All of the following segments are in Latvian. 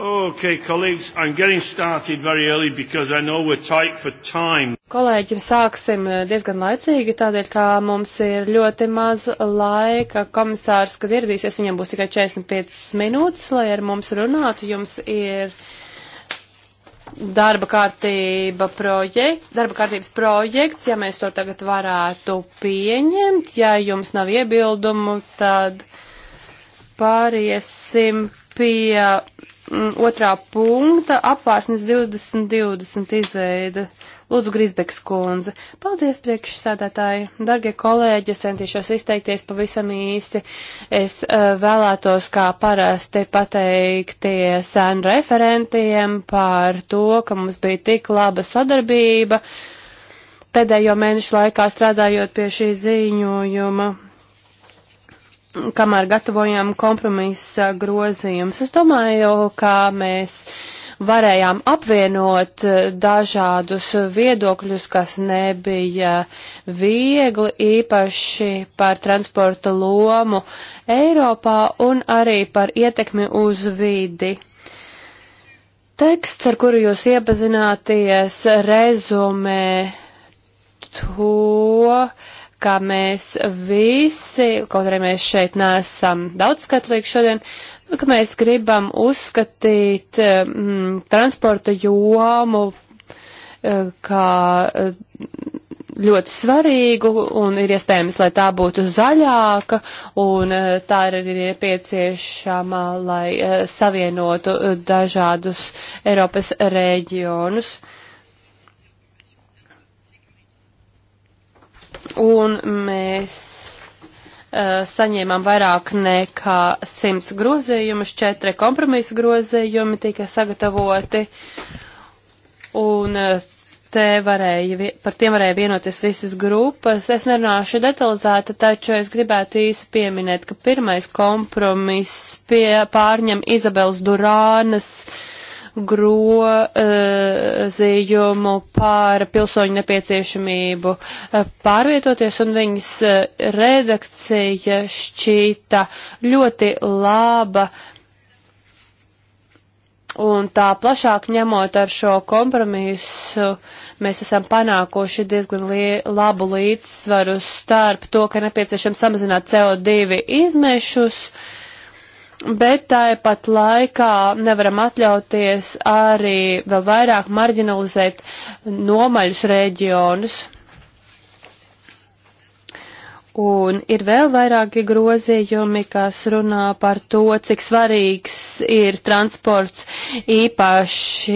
Okay, colleagues, I'm getting started very early because I know we're tight for time. Kolēģi, sāksim eh, diezgan laicīgi, tādēļ, ka mums ir ļoti maz laika. Komisārs, kad ieradīsies, viņam būs tikai 45 minūtes, lai ar mums runātu. Jums ir darba kārtība projekt, darba kārtības projekts, ja mēs to tagad varētu pieņemt. Ja jums nav iebildumu, tad pāriesim pie mm, otrā punkta apvārsnes 2020 izveida. Lūdzu, Grisbeks kundze. Paldies, priekšsādātāji. Dargie kolēģi, es centīšos izteikties pavisam īsi. Es uh, vēlētos, kā parasti, pateikties sēnu referentiem par to, ka mums bija tik laba sadarbība pēdējo mēnešu laikā strādājot pie šī ziņojuma kamēr gatavojam kompromisa grozījumus. Es domāju, ka mēs varējām apvienot dažādus viedokļus, kas nebija viegli, īpaši par transporta lomu Eiropā un arī par ietekmi uz vidi. Teksts, ar kuru jūs iepazināties, rezumē to, uh, ka mēs visi, kaut arī mēs šeit nesam daudzskatlīgi šodien, nu, ka mēs gribam uzskatīt eh, mm, transporta jomu eh, kā eh, ļoti svarīgu un ir iespējams, lai tā būtu zaļāka un tā ir arī nepieciešama, lai savienotu dažādus Eiropas reģionus. Uh, un mēs saņēmām vairāk nekā simts grozījumus, četri kompromisa grozījumi tika sagatavoti, un te varēja, par tiem varēja vienoties visas grupas. Es nerunāšu detalizēti, taču es gribētu īsi pieminēt, ka pirmais kompromiss pie, pārņem Izabels Durānas uh, grozījumu pār pilsoņu nepieciešamību eh, pārvietoties, un viņas eh, redakcija šķīta ļoti laba. Un tā plašāk ņemot ar šo kompromisu, mēs esam panākuši diezgan li labu līdzsvaru starp to, ka nepieciešams samazināt CO2 izmešus, uh, bet tāpat laikā nevaram atļauties arī vēl vairāk marginalizēt nomaļus reģionus. Un ir vēl vairāki grozījumi, kas runā par to, cik svarīgs ir transports īpaši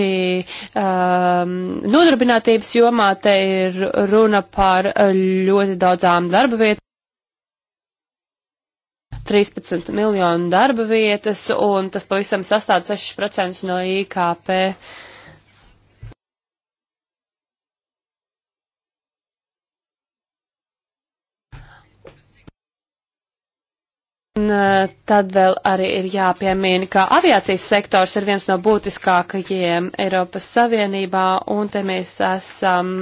um, nodarbinātības jomā. Te ir runa par ļoti daudzām darba vietām. 13 miljonu darba vietas, un tas pavisam sastāv 6% no IKP. Un eh, tad vēl arī ir jāpiemina, ka aviācijas sektors ir viens no būtiskākajiem Eiropas Savienībā, un te mēs esam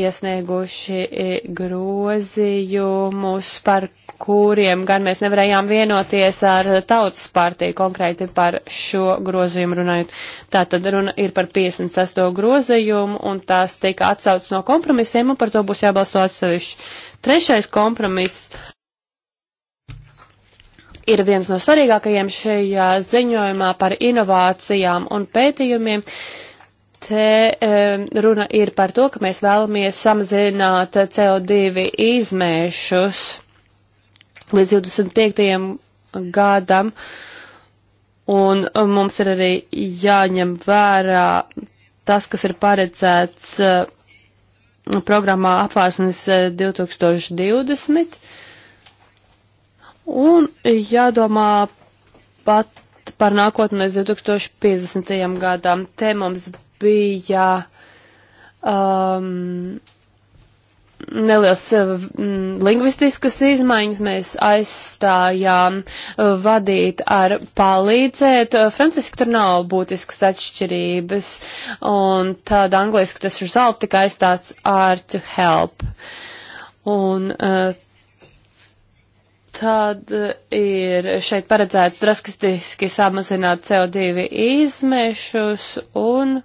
iesnieguši eh, grozījumus par kuriem gan mēs nevarējām vienoties ar tautas partiju konkrēti par šo grozījumu runājot. Tā tad runa ir par 56. grozījumu, un tās tika atsaucas no kompromisiem, un par to būs jābalso atsevišķi. Trešais kompromiss ir viens no svarīgākajiem šajā ziņojumā par inovācijām un pētījumiem. Te um, runa ir par to, ka mēs vēlamies samazināt CO2 izmēšus līdz 25. gadam. Un um, mums ir arī jāņem vērā tas, kas ir paredzēts uh, programmā apvārsnes 2020. Uh, Un jādomā pat par nākotni līdz 2050. gadam. Te mums bija um, nelielas eh, mm, lingvistiskas izmaiņas. Mēs aizstājām eh, vadīt ar palīdzēt. Eh, franciski tur nav būtiskas atšķirības, un tad angliski tas result tika aizstāts ar to help. Un uh, tad ir šeit paredzēts drastiski samazināt CO2 izmešus un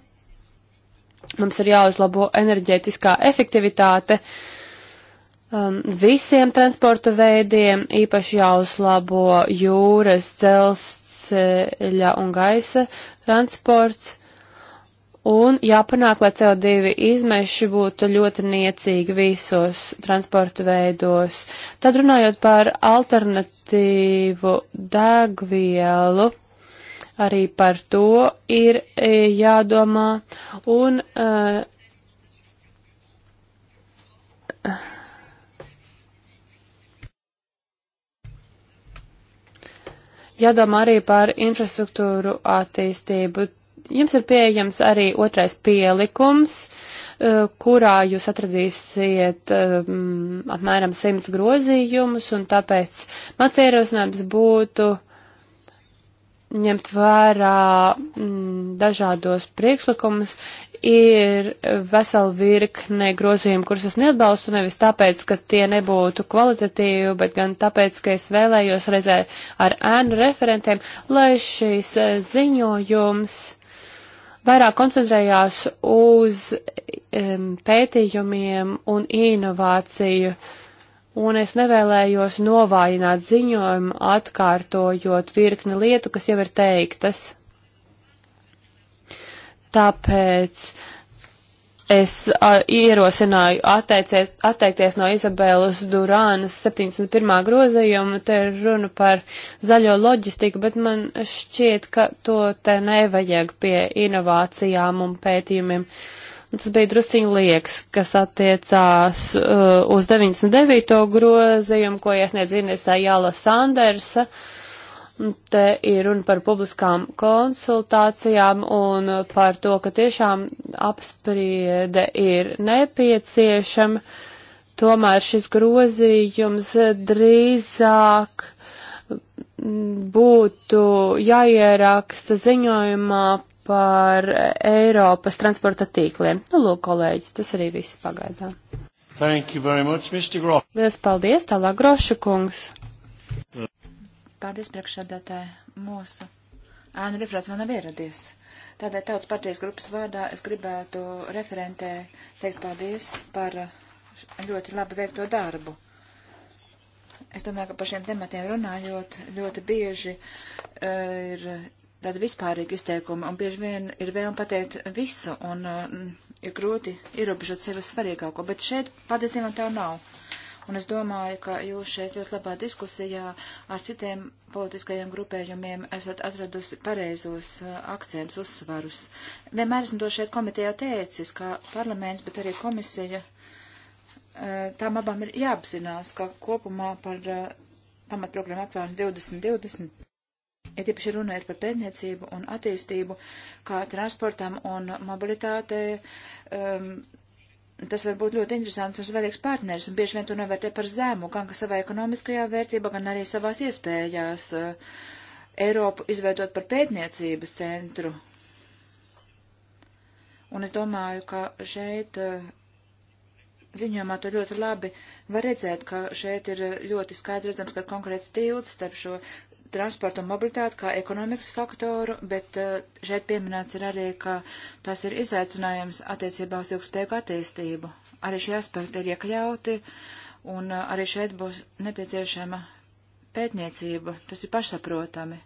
Mums ir jāuzlabo enerģētiskā efektivitāte um, visiem transporta veidiem, īpaši jāuzlabo jūras, dzelzceļa un gaisa transports. Un jāpanāk, lai CO2 izmeši būtu ļoti niecīgi visos transporta veidos. Tad runājot par alternatīvu degvielu, Arī par to ir e, jādomā. Un, uh, jādomā arī par infrastruktūru attīstību. Jums ir pieejams arī otrais pielikums, e, kurā jūs atradīsiet um, apmēram simts grozījumus, un tāpēc mans ierosinājums būtu ņemt vērā m, mm, dažādos priekšlikumus, ir vesela virkne grozījumu, kurus es neatbalstu, nevis tāpēc, ka tie nebūtu kvalitatīvi, bet gan tāpēc, ka es vēlējos reizē ar ēnu referentiem, lai šīs eh, ziņojums vairāk koncentrējās uz um, pētījumiem un inovāciju uh, un es nevēlējos novājināt ziņojumu, atkārtojot virkni lietu, kas jau ir teiktas. Tāpēc es a, ierosināju atteicies, atteikties no Izabelas Durānas 71. grozījuma, te ir runa par zaļo loģistiku, bet man šķiet, ka to te nevajag pie inovācijām un pētījumiem. Uh, Un nu, tas bija drusciņu liekas, kas attiecās uh, uz 99. grozījumu, ko iesniedz Inesā Jāla Sandersa. Te ir runa par publiskām konsultācijām un par to, ka tiešām apspriede ir nepieciešama. Tomēr šis grozījums drīzāk būtu jāieraksta ziņojumā par Eiropas transporta tīkliem. Nu, lūk, kolēģis, tas arī viss pagaidām. Thank you very much, Mr. Grof. Liels paldies, tālāk Groša kungs. Paldies, priekšsādātāji, mūsu. Ā, nu, referāts man nav ieradies. Tādēļ tautas partijas grupas vārdā es gribētu referentē teikt paldies par ļoti labi veikto darbu. Es domāju, ka par šiem tematiem runājot, ļoti bieži uh, ir tāda vispārīga izteikuma, un bieži vien ir vēlme pateikt visu, un uh, ir grūti ierobežot sevi uz svarīgāko, bet šeit, paldies Dievam, tā nav. Un es domāju, ka jūs šeit ļoti labā diskusijā ar citiem politiskajiem grupējumiem esat atradusi pareizos uh, akcentus, uzsvarus. Vienmēr esmu to šeit komitejā teicis, ka parlaments, bet arī komisija, uh, tām abām ir jāapzinās, ka kopumā par uh, pamatprogrammu apvērnu 2020 ja tieši runa ir par pētniecību un attīstību, kā transportam un mobilitātei, um, tas var būt ļoti interesants un svarīgs partners, un bieži vien to novērtē par zēmu, gan savā ekonomiskajā vērtībā, gan arī savās iespējās uh, Eiropu izveidot par pētniecības centru. Un es domāju, ka šeit uh, ziņojumā to ļoti labi var redzēt, ka šeit ir ļoti skaidrs redzams, ka konkrēts tilts starp šo transportu un mobilitāti kā ekonomikas faktoru, bet eh, šeit pieminēts ir arī, ka tas ir izaicinājums attiecībā uz ilgspējīgu attīstību. Arī šie aspekti ir iekļauti, un eh, arī šeit būs nepieciešama pētniecība. Tas ir pašsaprotami.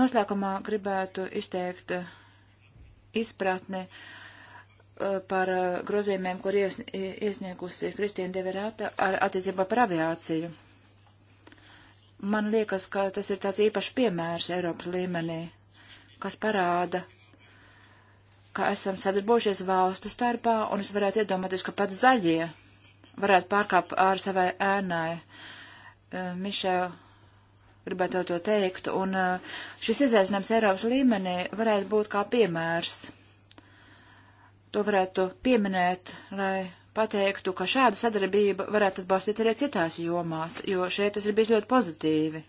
Noslēgumā gribētu izteikt eh, izpratni par grozījumiem, kur iesniegusi Kristīna Deverāta attiecībā par aviāciju. Man liekas, ka tas ir tāds īpašs piemērs Eiropas līmenī, kas parāda, ka esam sadarbojušies valstu starpā, un es varētu iedomāties, ka pat zaļie varētu pārkāpt ār savai ēnai. Eh, Mišēl gribētu to teikt, un eh, šis izaicinājums Eiropas līmenī varētu būt kā piemērs. To varētu pieminēt, lai pateiktu, ka šāda sadarbība varētu atbalstīt arī citās jomās, jo šeit tas ir bijis ļoti pozitīvi.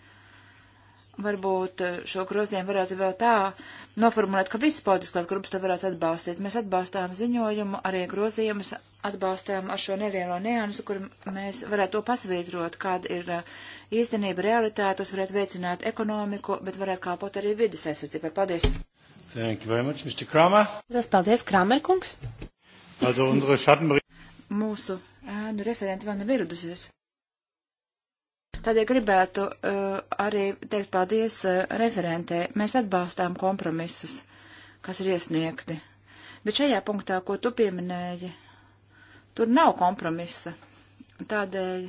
Varbūt eh, šo grozījumu varētu vēl tā noformulēt, ka visas politiskās grupas to varētu atbalstīt. Mēs atbalstām ziņojumu, arī grozījumus atbalstām ar šo nevieno neansu, kur mēs varētu to pasvītrot, kāda ir eh, īstenība realitāte, tas varētu veicināt ekonomiku, bet varētu kāpot arī vidas aizsardzībai. Paldies! Thank you very much, Mr. Kramer. Tas paldies, Kramer kungs. Also unsere Schattenberichte mūsu ēnu referenti vēl nav ieradusies. Tādēļ gribētu uh, arī teikt paldies uh, referentē. Mēs atbalstām kompromisus, kas ir iesniegti. Bet šajā punktā, ko tu pieminēji, tur nav kompromisa. Tādēļ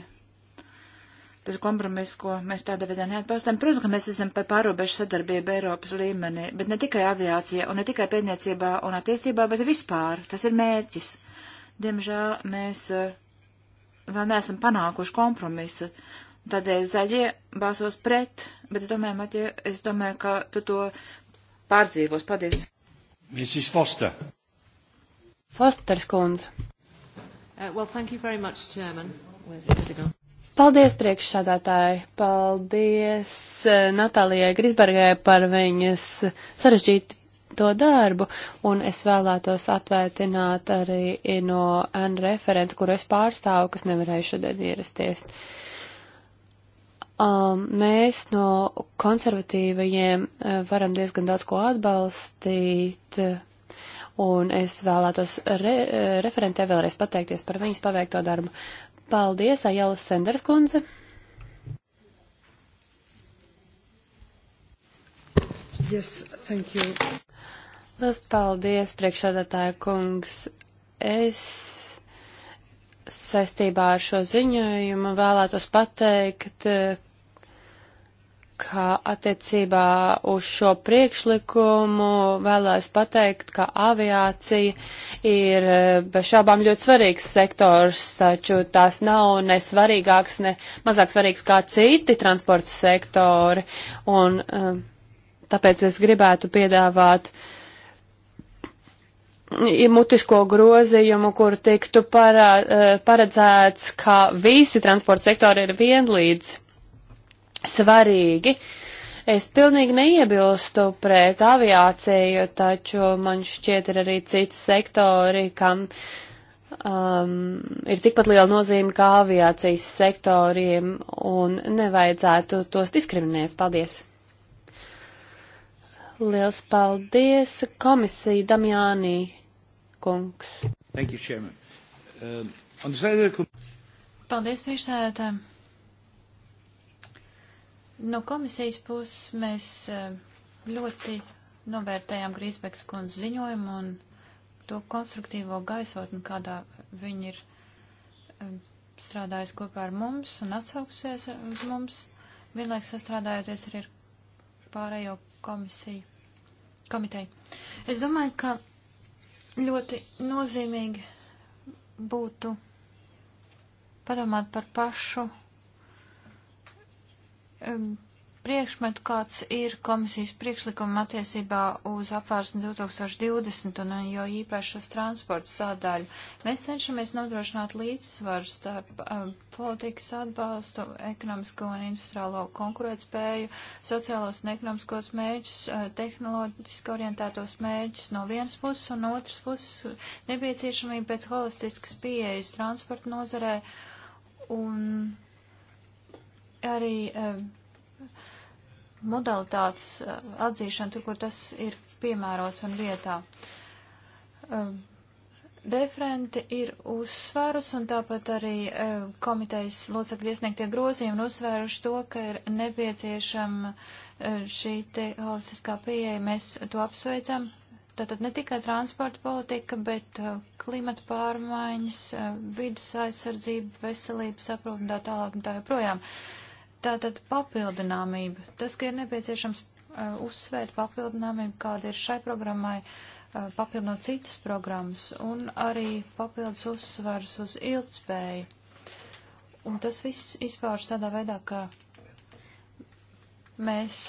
tas kompromiss, ko mēs tādā veidā neatbalstām. Protams, ka mēs esam par pārobežu sadarbību Eiropas līmenī, bet ne tikai aviācijā un ne tikai pētniecībā un attīstībā, bet vispār. Tas ir mērķis. Diemžēl mēs eh, vēl neesam panākuši kompromisu. Tādēļ zaļie balsos pret, bet es domāju, Matija, es domāju, ka tu to pārdzīvos. Paldies. Mrs. Foster. Fosters kundze. Uh, well, thank you very much, Chairman. Where did it go? Paldies priekšsādātāji, paldies uh, Natālijai Grisbergai par viņas sarežģīti to darbu, un es vēlētos atvērtināt arī no N referenta, kuru es pārstāvu, kas nevarēja šodien ierasties. Um, mēs no konservatīvajiem uh, varam diezgan daudz ko atbalstīt, un es vēlētos re, uh, referentē vēlreiz pateikties par viņas paveikto darbu. Paldies, Ajala Senders kundze! Yes, thank you. Lielas paldies, priekšsādātāja kungs. Es saistībā ar šo ziņojumu vēlētos pateikt, ka attiecībā uz šo priekšlikumu vēlēs pateikt, ka aviācija ir bez šābām ļoti svarīgs sektors, taču tās nav ne svarīgāks, ne mazāk svarīgs kā citi transporta sektori. Un eh, tāpēc es gribētu piedāvāt uh, mutisko grozījumu, kur tiktu parā, e, paredzēts, ka visi transporta sektori ir vienlīdz svarīgi. Es pilnīgi neiebilstu pret aviāciju, taču man šķiet ir arī citi sektori, kam um, ir tikpat liela nozīme kā aviācijas sektoriem un nevajadzētu tos diskriminēt. Paldies! Liels paldies komisija Damjānī! kungs. Thank you, Chairman. Um, Paldies, priekšsēdētājiem. No komisijas puses mēs um, ļoti novērtējām Grīsbekas kundzes ziņojumu un to konstruktīvo gaisotni, kādā viņi ir um, strādājis kopā ar mums un atsauksies um, uz mums, vienlaiks sastrādājoties arī ar pārējo komisiju, komiteju. Es domāju, ka Ļoti nozīmīgi būtu padomāt par pašu priekšmetu, kāds ir komisijas priekšlikuma attiecībā uz apvārsni 2020 un jau īpaši uz transporta sādaļu. Mēs cenšamies nodrošināt līdzsvaru starp um, politikas atbalstu, ekonomisko un industriālo konkurētspēju, sociālos un ekonomiskos mērķus, uh, tehnoloģiski orientētos mērķus no vienas puses un no otras puses nepieciešamību pēc holistiskas pieejas transporta nozarē un arī um, modalitātes eh, atzīšana tur, kur tas ir piemērots un vietā. Eh, referenti ir uzsvērus un tāpat arī eh, komitejas locekļu iesniegtie grozījumi uzsvēruši to, ka ir nepieciešama šī te holistiskā pieeja. Mēs to apsveicam, Tātad ne tikai transporta politika, bet uh, klimata pārmaiņas, uh, vidas aizsardzība, veselības aprūpe un tā tālāk un tā joprojām. Uh, Tātad papildināmība. Tas, ka ir nepieciešams uh, uzsvērt papildināmību, kāda ir šai programmai, uh, papildinot citas programmas, un arī papildus uzsvars uz ilgtspēju. Un tas viss izpaužas tādā veidā, ka mēs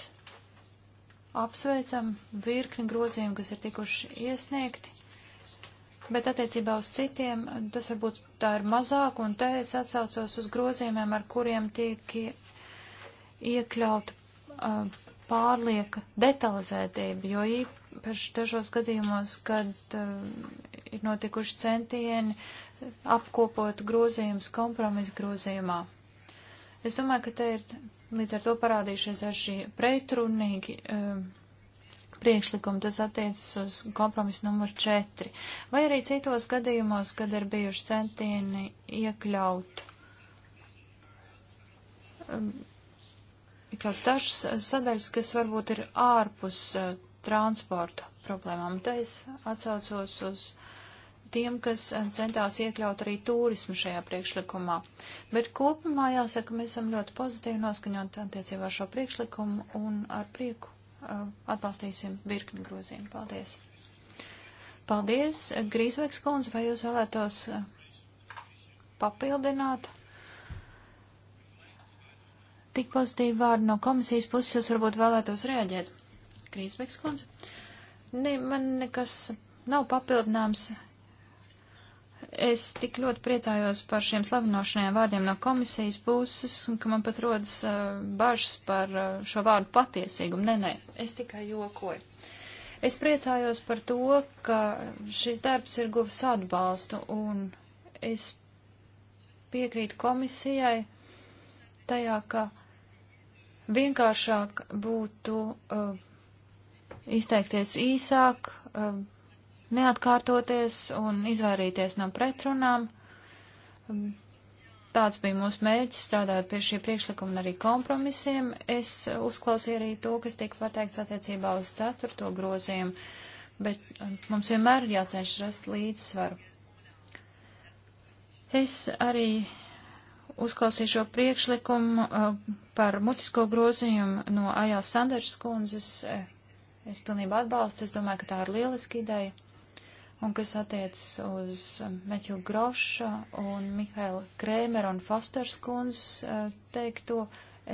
apsveicam virkni grozījumu, kas ir tikuši iesniegti, bet attiecībā uz citiem tas varbūt tā ir mazāk, un te es atsaucos uz grozījumiem, ar kuriem tiek iekļaut uh, pārlieka detalizētība, jo īpaši dažos gadījumos, kad uh, ir notikuši centieni apkopot grozījumus kompromisu grozījumā. Es domāju, ka te ir līdz ar to parādījušies ar šī pretrunīgi uh, priekšlikumi, tas attiecas uz kompromisu numur 4, vai arī citos gadījumos, kad ir bijuši centieni iekļaut. Um, iekļaut dažas sadaļas, kas varbūt ir ārpus uh, transporta problēmām. Te es atsaucos uz tiem, kas eh, centās iekļaut arī turismu šajā priekšlikumā. Bet kopumā jāsaka, mēs esam ļoti pozitīvi noskaņot attiecībā šo priekšlikumu un ar prieku uh, atbalstīsim virkni grozījumu. Paldies! Paldies, Grīsveiks kundze, vai jūs vēlētos papildināt? tik pozitīvi vārdi no komisijas puses, jūs varbūt vēlētos reaģēt. Krīsbeks kundze. Ne, man nekas nav papildināms. Es tik ļoti priecājos par šiem slavinošanajiem vārdiem no komisijas puses, ka man pat rodas uh, bažas par uh, šo vārdu patiesīgumu. Nē, nē, es tikai jokoju. Es priecājos par to, ka šis darbs ir guvis atbalstu, un es piekrītu komisijai tajā, ka Vienkāršāk būtu uh, izteikties īsāk, uh, neatkārtoties un izvairīties no pretrunām. Um, tāds bija mūsu mērķis strādājot pie šī priekšlikuma un arī kompromisiem. Es uzklausīju arī to, kas tika pateikts attiecībā uz ceturto grozījumu, bet um, mums vienmēr ir jācenšas rast līdzsvaru. Es arī uzklausīju šo priekšlikumu uh, par mutisko grozījumu no Ajās Sandačas kundzes. Eh, es pilnībā atbalstu, es domāju, ka tā ir lieliska ideja. Un kas attiecas uz Meķu um, Groša un Mihaila Krēmera un Fosters kundzes eh, teikto,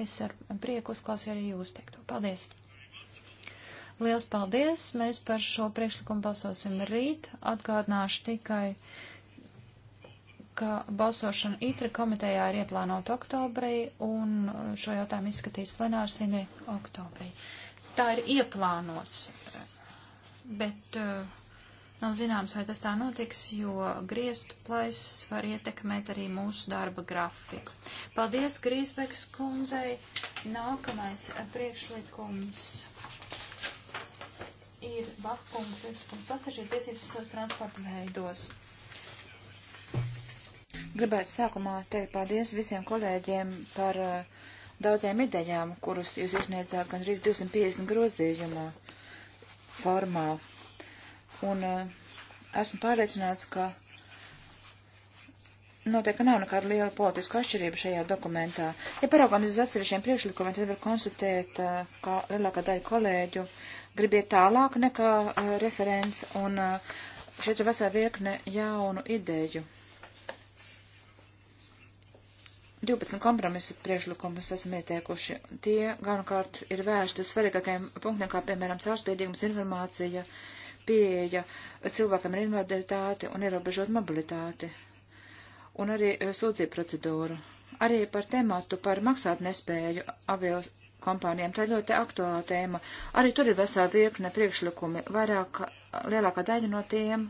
es ar prieku uzklausīju arī jūs teikto. Paldies! Liels paldies! Mēs par šo priekšlikumu balsosim rīt. Atgādināšu tikai ka balsošana ITRA e komitejā ir ieplānota oktobrī un šo jautājumu izskatīs plenārsīnī oktobrī. Tā ir ieplānots, bet uh, nav zināms, vai tas tā notiks, jo griestu plaisas var ietekmēt arī mūsu darba grafiku. Paldies, Grīsbeks kundzei. Nākamais eh, priekšlikums ir Bahkunga priekšlikums pasažieru tiesības visos transporta veidos. Gribētu sākumā teikt paldies visiem kolēģiem par uh, daudziem idejām, kurus jūs izniedzāt gan arī 250 grozījumā formā. Un uh, esmu pārliecināts, ka noteikti nav nekāda liela politiska atšķirība šajā dokumentā. Ja paraugamies uz atsevišķiem priekšlikumiem, tad var konstatēt, uh, ka lielākā daļa kolēģu grib iet tālāk nekā uh, referents, un uh, šeit ir vesela virkne jaunu ideju. 12 kompromisu priekšlikumus esam ieteikuši. Tie galvenokārt ir vērsti uz svarīgākajiem punktiem, kā piemēram caurspīdīgums informācija, pieeja cilvēkam ar invaliditāti un ierobežot mobilitāti, un arī eh, sūdzību procedūru. Arī par tematu par maksāt nespēju avio kompānijām. Tā ir ļoti aktuāla tēma. Arī tur ir vesela virkne priekšlikumi. Vairāk, lielākā daļa no tiem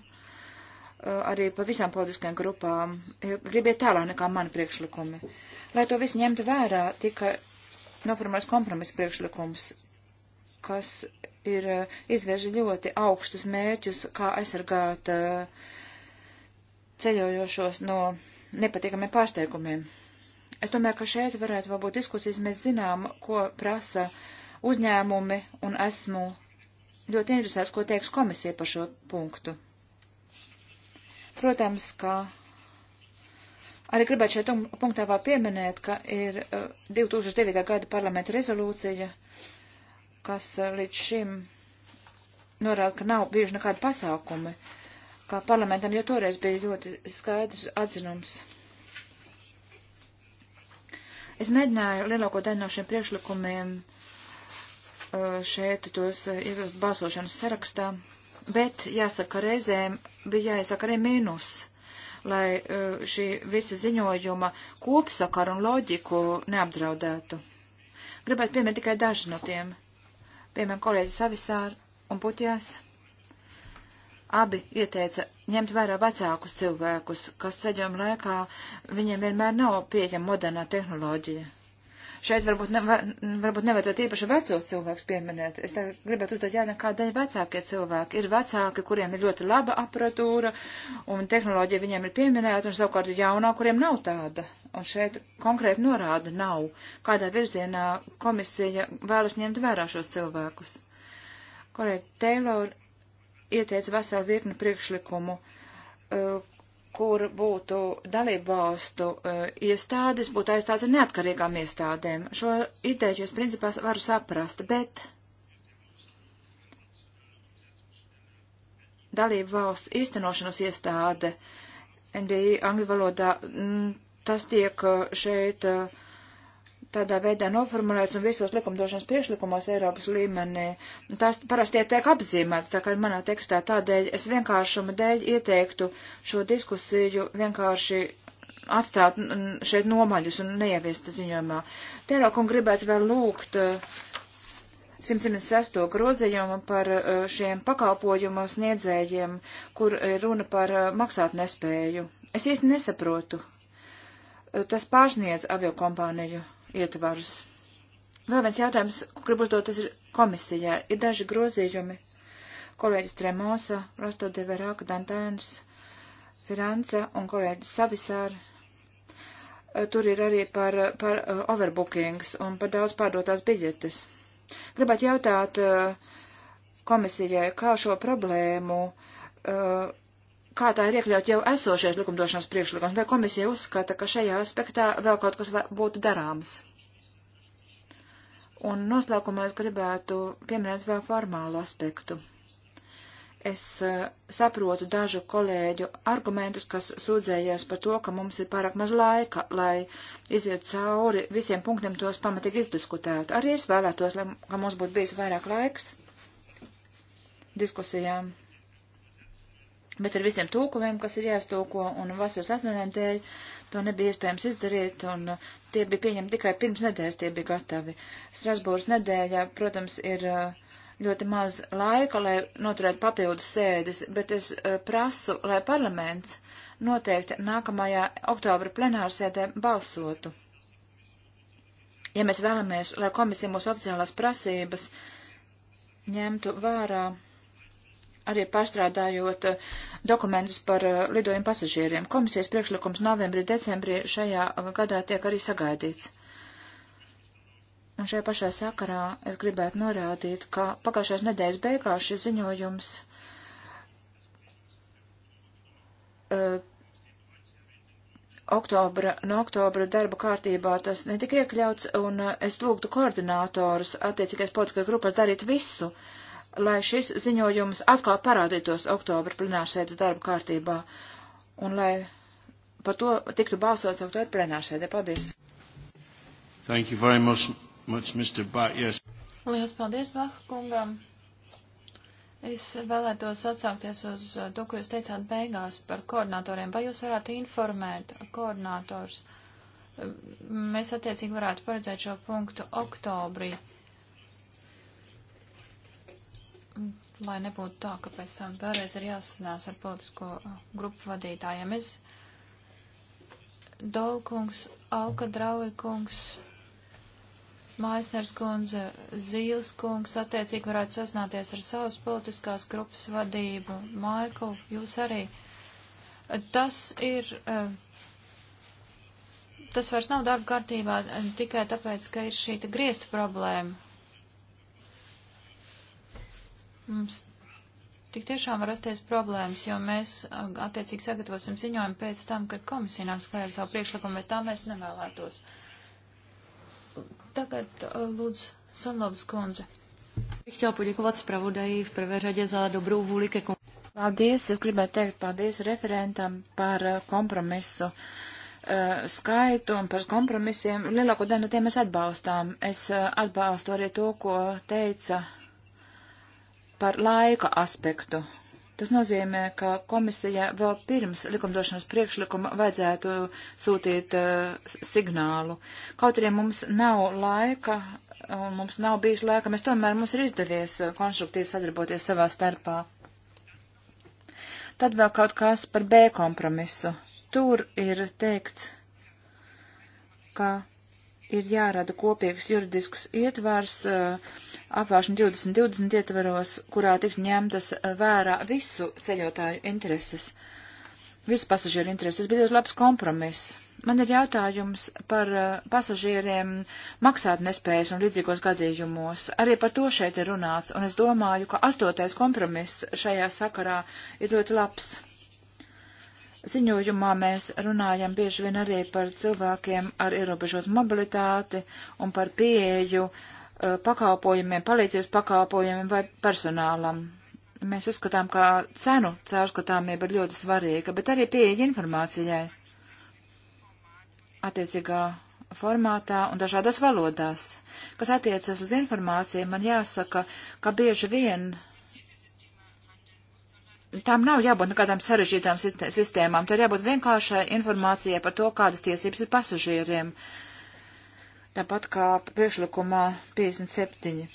Eh, arī pa visām politiskajām grupām, eh, gribiet tālāk nekā mani priekšlikumi. Lai to visu ņemtu vērā, tika noformulēts kompromiss priekšlikums, kas ir eh, izvērži ļoti augstus mērķus, kā aizsargāt ceļojošos no nepatīkamiem pārsteigumiem. Es domāju, ka šeit varētu vēl būt diskusijas. Mēs zinām, ko prasa uzņēmumi, un esmu ļoti interesēts, ko teiks komisija par šo punktu. Protams, ka arī gribētu šeit punktā vēl pieminēt, ka ir 2009. Uh, gada parlamenta rezolūcija, kas uh, līdz šim norāda, ka nav bijuši nekādi pasākumi, kā parlamentam jau toreiz bija ļoti skaidrs atzinums. Es mēģināju lielāko daļu no šiem priekšlikumiem uh, šeit tos balsošanas sarakstā Bet, jāsaka, reizēm bija jāiesaka arī mīnus, lai eh, šī visa ziņojuma kopsakaru un loģiku neapdraudētu. Gribētu pieminēt tikai daži no tiem. Piemēram, kolēģis Avisāri un Putjās. Abi ieteica ņemt vērā vecākus cilvēkus, kas ceļojuma laikā viņiem vienmēr nav pieejama modernā tehnoloģija. Šeit varbūt, ne, varbūt nevajadzētu īpaši vecos cilvēkus pieminēt. Es gribētu uzdot jautājumu, kādēļ vecākie cilvēki ir vecāki, kuriem ir ļoti laba aparatūra un tehnoloģija viņiem ir pieminēta, un savukārt ir jaunā, kuriem nav tāda. Un šeit konkrēti norāda nav, kādā virzienā komisija vēlas ņemt vērā šos cilvēkus. Kolēģi Taylor ieteica veselu virkni priekšlikumu, uh, kur būtu dalību valstu uh, iestādes, būtu aizstāts ar neatkarīgām iestādēm. Šo ideju es principā varu saprast, bet dalību valsts īstenošanas iestāde, NDI angļu valodā, m, mm, tas tiek e, šeit uh, tādā veidā noformulēts un visos likumdošanas priešlikumos Eiropas līmenī. Tās parasti tiek apzīmētas, tā kā ir manā tekstā. Tādēļ es vienkāršuma dēļ ieteiktu šo diskusiju vienkārši atstāt šeit nomaļus un neieviest ziņojumā. Tērāk un gribētu vēl lūgt 176. Eh, grozījumu par eh, šiem pakalpojumu sniedzējiem, kur runa par eh, maksāt nespēju. Es īsti nesaprotu. Tas pārsniedz aviokompāniju ietvarus. Vēl viens jautājums, ko gribu uzdot, tas ir komisijā. Ir daži grozījumi. Kolēģis Tremosa, Rasto de Verāka, Dantēns, Firenze un kolēģis Savisāri. Eh, tur ir arī par, par eh, overbookings un par daudz pārdotās biļetes. Gribētu jautāt eh, komisijai, kā šo problēmu uh, kā tā ir iekļaut jau esošais likumdošanas priekšlikums, vai komisija uzskata, ka šajā aspektā vēl kaut kas būtu darāms? Un noslēgumā es gribētu pieminēt vēl formālu aspektu. Es eh, saprotu dažu kolēģu argumentus, kas sūdzējās par to, ka mums ir pārāk maz laika, lai iziet cauri visiem punktiem tos pamatīgi izdiskutētu. Arī es vēlētos, lai, ka mums būtu bijis vairāk laiks diskusijām bet ar visiem tūkumiem, kas ir jāiztūko, un vasaras atvainājuma dēļ to nebija iespējams izdarīt, un uh, tie bija pieņemti tikai pirms nedēļas, tie bija gatavi. Strasbūras nedēļā, protams, ir uh, ļoti maz laika, lai noturētu papildus sēdes, bet es uh, prasu, lai parlaments noteikti nākamajā oktobra plenārsēdē balsotu. Ja mēs vēlamies, lai komisija mūsu oficiālās prasības ņemtu vērā arī pārstrādājot eh, dokumentus par eh, lidojumu pasažieriem. Komisijas priekšlikums novembrī, decembrī šajā eh, gadā tiek arī sagaidīts. Un šajā pašā sakarā es gribētu norādīt, ka pagājušās nedēļas beigās šis ziņojums uh, oktobra, no oktobra darba kārtībā tas netika iekļauts, un es lūgtu koordinātors attiecīgais politiskajai grupas darīt visu, uh, lai šis ziņojums atkal parādītos oktobra plenārsēdes darba kārtībā un lai par to tiktu balsots oktobra plenārsēdē. Paldies! Thank you very much, much Mr. Bach. Yes. Lielas paldies, Baha kungam! Es vēlētos atsaukties uz to, ko jūs teicāt beigās par koordinatoriem. Vai jūs varētu informēt koordinators? Mēs attiecīgi varētu paredzēt šo punktu oktobrī lai nebūtu tā, ka pēc tam vēlreiz ir jāsasinās ar politisko uh, grupu vadītājiem. Es Dolkungs, Alka Drauikungs, Maisners kundze, Zīles kungs, attiecīgi varētu sasināties ar savas politiskās grupas vadību. Maikl, jūs arī. Tas ir. Uh, tas vairs nav darba kārtībā uh, tikai tāpēc, ka ir šī griezta problēma. Mums tik tiešām var rasties problēmas, jo mēs attiecīgi sagatavosim ziņojumu pēc tam, kad komisija nāks klāja ar savu priekšlikumu, bet tā mēs nevēlētos. Tagad lūdzu Sanlovas kundze. Paldies, es gribētu teikt paldies referentam par kompromisu skaitu un par kompromisiem. Lielāko daļu no tiem mēs atbalstām. Es atbalstu arī to, ko teica par laika aspektu. Tas nozīmē, ka komisija vēl pirms likumdošanas priekšlikuma vajadzētu sūtīt uh, signālu. Kaut arī mums nav laika, un uh, mums nav bijis laika, mēs tomēr mums ir izdevies uh, konstruktīvi sadarboties savā starpā. Tad vēl kaut kas par B kompromisu. Tur ir teikts, ka ir jārada kopīgs juridisks ietvars eh, apvāršana 2020 ietvaros, kurā tiktu ņemtas eh, vērā visu ceļotāju intereses, visu pasažieru intereses, bija ļoti labs kompromiss. Man ir jautājums par eh, pasažieriem maksāt nespējas un līdzīgos gadījumos. Arī par to šeit ir runāts, un es domāju, ka astotais kompromiss šajā sakarā ir ļoti labs. Ziņojumā mēs runājam bieži vien arī par cilvēkiem ar ierobežotu mobilitāti un par pieeju uh, pakalpojumiem, palīdzības pakalpojumiem vai personālam. Mēs uzskatām, ka cenu caurskatāmība ir ļoti svarīga, bet arī pieeja informācijai attiecīgā formātā un dažādās valodās. Kas attiecas uz informāciju, man jāsaka, ka bieži vien tām nav jābūt nekādām sarežģītām sistēmām, tur jābūt vienkāršai informācijai par to, kādas tiesības ir pasažieriem. Tāpat kā priekšlikumā 57.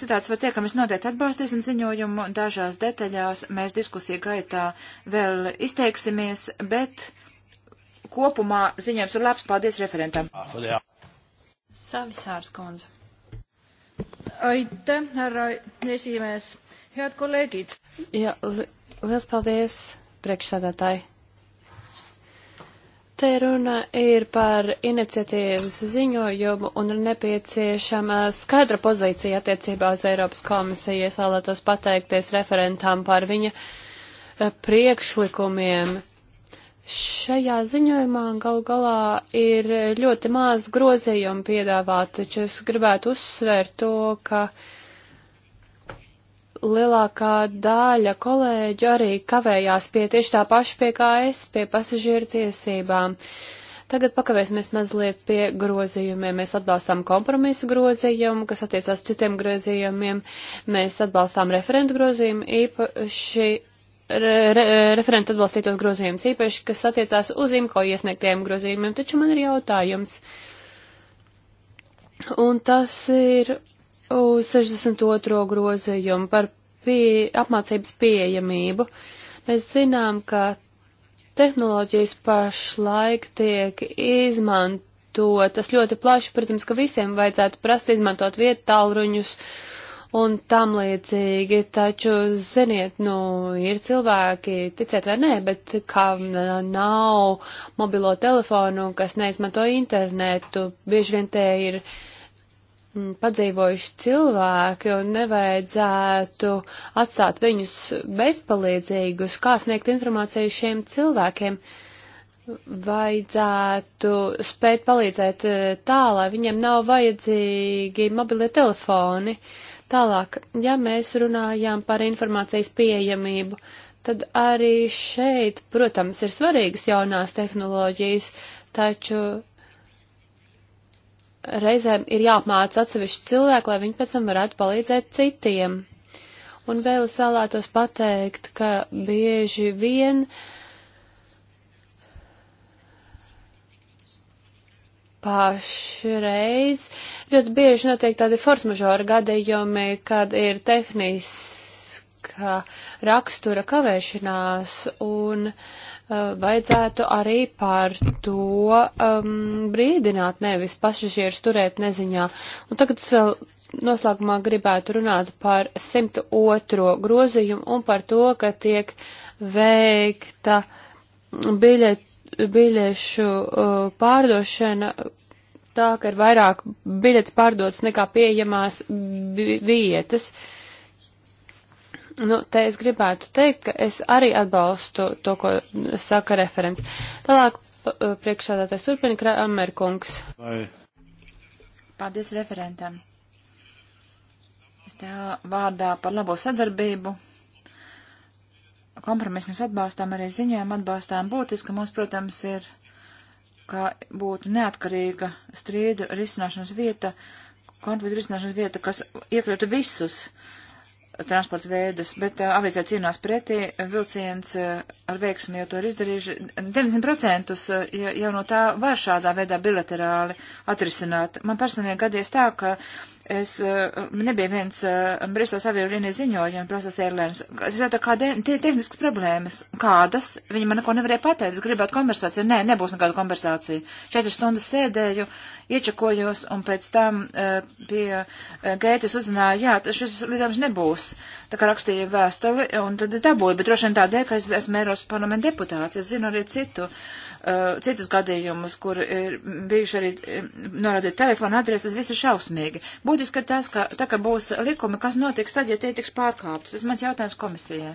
Citāts var teikt, ka mēs noteikti atbalstīsim ziņojumu, dažās detaļās mēs diskusiju gaitā vēl izteiksimies, bet kopumā ziņojums ir labs. Paldies referentam. Savisārs kundze. Aitäh, härra esimees Head kolēģīt! Jā, li liels paldies, priekšsādātāji! Te runa ir par iniciatīvas ziņojumu un ir nepieciešama skaidra pozīcija attiecībā uz Eiropas komisiju. Es vēlētos pateikties referentām par viņa eh, priekšlikumiem. Šajā ziņojumā gal galā ir ļoti maz grozījumu piedāvāt, taču es gribētu uzsvērt to, ka uh, lielākā daļa kolēģu arī kavējās pie tieši tā paša pie kā es, pie pasažieru tiesībām. Tagad pakavēsimies mazliet pie grozījumiem. Mēs atbalstām kompromisu grozījumu, kas attiecās citiem grozījumiem. Mēs atbalstām referentu grozījumu īpaši. Re, re, referenta atbalstītos grozījumus īpaši, kas attiecās uz IMCO iesniegtiem grozījumiem, taču man ir jautājums. Un tas ir uz 62. grozījumu par pie, apmācības pieejamību. Mēs zinām, ka tehnoloģijas pašlaik tiek izmantotas ļoti plaši, protams, ka visiem vajadzētu prast izmantot vietu tālruņus un tam līdzīgi, taču, ziniet, nu, ir cilvēki, ticiet vai nē, bet kam nav mobilo telefonu, kas neizmanto internetu, bieži vien te ir uh, Mm, padzīvojuši cilvēki un nevajadzētu atstāt viņus bezpalīdzīgus, kā sniegt informāciju šiem cilvēkiem. Vajadzētu spēt palīdzēt e, tā, lai viņiem nav vajadzīgi mobilie telefoni. Tālāk, ja mēs runājām par informācijas pieejamību, tad arī šeit, protams, ir svarīgas jaunās tehnoloģijas, taču reizēm ir jāapmāca atsevišķi cilvēki, lai viņi pēc tam varētu palīdzēt citiem. Un vēl es vēlētos pateikt, ka bieži vien pašreiz ļoti bieži notiek tādi forsmažora gadījumi, kad ir tehniska rakstura kavēšanās un uh, Eh, vajadzētu arī par to um, brīdināt, nevis pasažierus turēt neziņā. Un tagad es vēl noslēgumā gribētu runāt par 102. grozījumu un par to, ka tiek veikta biļet, biļešu uh, pārdošana tā, ka ir vairāk biļets pārdots nekā pieejamās vietas. Uh, Nu, te es gribētu teikt, ka es arī atbalstu to, ko saka referents. Tālāk uh, priekšādātais turpina Kramerkungs. Paldies referentam. Es tev vārdā par labo sadarbību. Kompromisu mēs atbalstām arī ziņojumu, atbalstām būtiski. Mums, protams, ir, ka būtu neatkarīga strīdu risināšanas vieta, konfliktu risināšanas vieta, kas iekļautu visus transporta veidus, bet uh, eh, aviācija cīnās pretī, vilciens uh, ar veiksmi jau to ir izdarījuši. 90% uh, eh, jau no tā var šādā veidā bilaterāli atrisināt. Man personīgi gadies tā, ka Es uh, nebija viens uh, eh, Brisos aviolīnijas ziņojums, Brasas Airlines. Es jautāju, kādēļ tie tehniskas problēmas, kādas, viņi man neko nevarēja pateikt, es gribētu konversāciju. Nē, nebūs nekāda konversācija. Četras stundas sēdēju, iečakojos un pēc tam uh, pie uh, gētas uzzināju, jā, šis lidojums nebūs. Tā kā rakstīju vēstuli un tad es dabūju, bet droši vien tādēļ, ka es esmu Eiropas parlamenta deputāts, es zinu arī citu. Uh, uh, citus gadījumus, kur ir bijuši arī eh, norādīt telefona adreses, tas viss ir šausmīgi. Būtiski ir tas, ka tā kā būs likumi, kas notiks tad, ja tie tiks pārkāptas. Tas mans jautājums komisijai.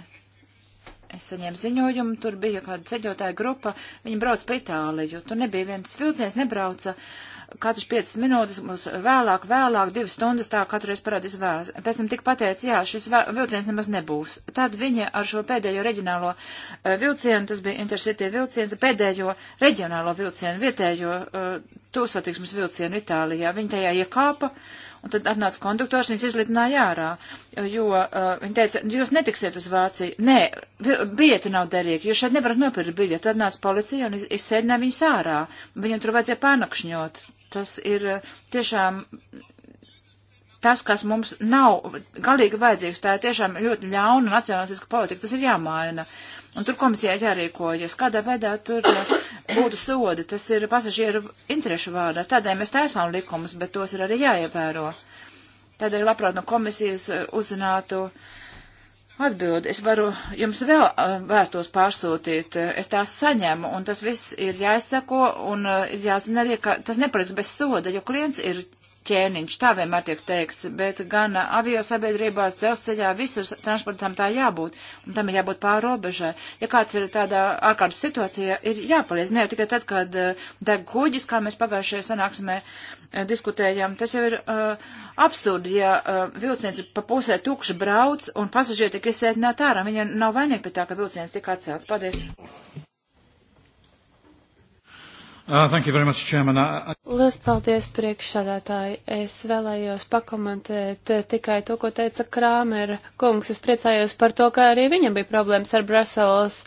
Es saņēmu ziņojumu, tur bija kāda ceļotāja grupa, viņi brauc pa Itāliju, tur nebija viens vilciens, nebrauca. Uh, katrs 5 minūtes, mums vēlāk, vēlāk, 2 stundas tā katru reizi parādīs vēlas. Pēc tam tika pateicis, jā, šis vilciens nemaz nebūs. Tad viņa ar šo pēdējo reģionālo eh, vilcienu, tas bija Intercity vilciens, pēdējo reģionālo vilcienu, vietējo eh, tūsatiksmes vilcienu Itālijā, viņa tajā iekāpa. Un tad atnāca konduktors, viņas izlidināja ārā, jo uh, eh, viņi teica, jūs netiksiet uz Vāciju. Nē, biļeti nav derīgi, jūs šeit nevarat nopirkt biļeti. Tad nāca policija un iz, izsēdināja viņus ārā. Viņam tur vajadzēja pārnakšņot. Tas ir eh, tiešām tas, kas mums nav galīgi vajadzīgs, tā ir tiešām ļoti ļauna nacionālistiska politika, tas ir jāmaina. Un tur komisijai jārīkojas, kādā veidā tur eh, būtu sodi, tas ir pasažieru interešu vārdā. Tādēļ mēs taisām likumus, bet tos ir arī jāievēro. Tādēļ labprāt no komisijas eh, uzzinātu. Uh, atbildi. Es varu jums vēl vēstos pārsūtīt. Es tās saņemu, un tas viss ir jāizsako, un ir jāzina arī, ka tas nepaliks bez soda, jo klients ir ķēniņš, tā vienmēr tiek teikts, bet gan avio sabiedrībās, dzelzceļā, visur transportam tā jābūt, un tam ir jābūt pāri robežai. Ja kāds ir tādā ārkārtas situācijā, ir jāpaliec, ne jau tikai tad, kad deg kuģis, kā mēs pagājušajā sanāksmē diskutējām, tas jau ir uh, absurdi, ja uh, vilciens pa pusē tukši brauc un pasažieri tiek izsēdināti ārā. Viņa nav vainīga pie tā, ka vilciens tika atcelts. Paldies! Uh, much, Chairman. I... Uh, uh, Lielas paldies, priekšsādātāji. Es vēlējos pakomentēt uh, tikai to, ko teica Krāmer kungs. Es priecājos par to, ka arī viņam bija problēmas ar Brussels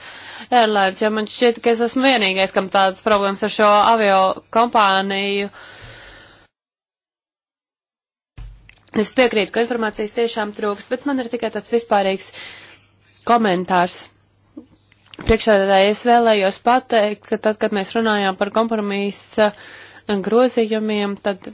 Airlines, jo man šķiet, ka es esmu vienīgais, kam tādas problēmas ar šo avio kompāniju. Uh, Es piekrītu, ka informācijas tiešām trūks, bet man ir tikai tāds vispārīgs komentārs. Priekšādātāji es vēlējos pateikt, ka tad, kad mēs runājām par kompromisa grozījumiem, tad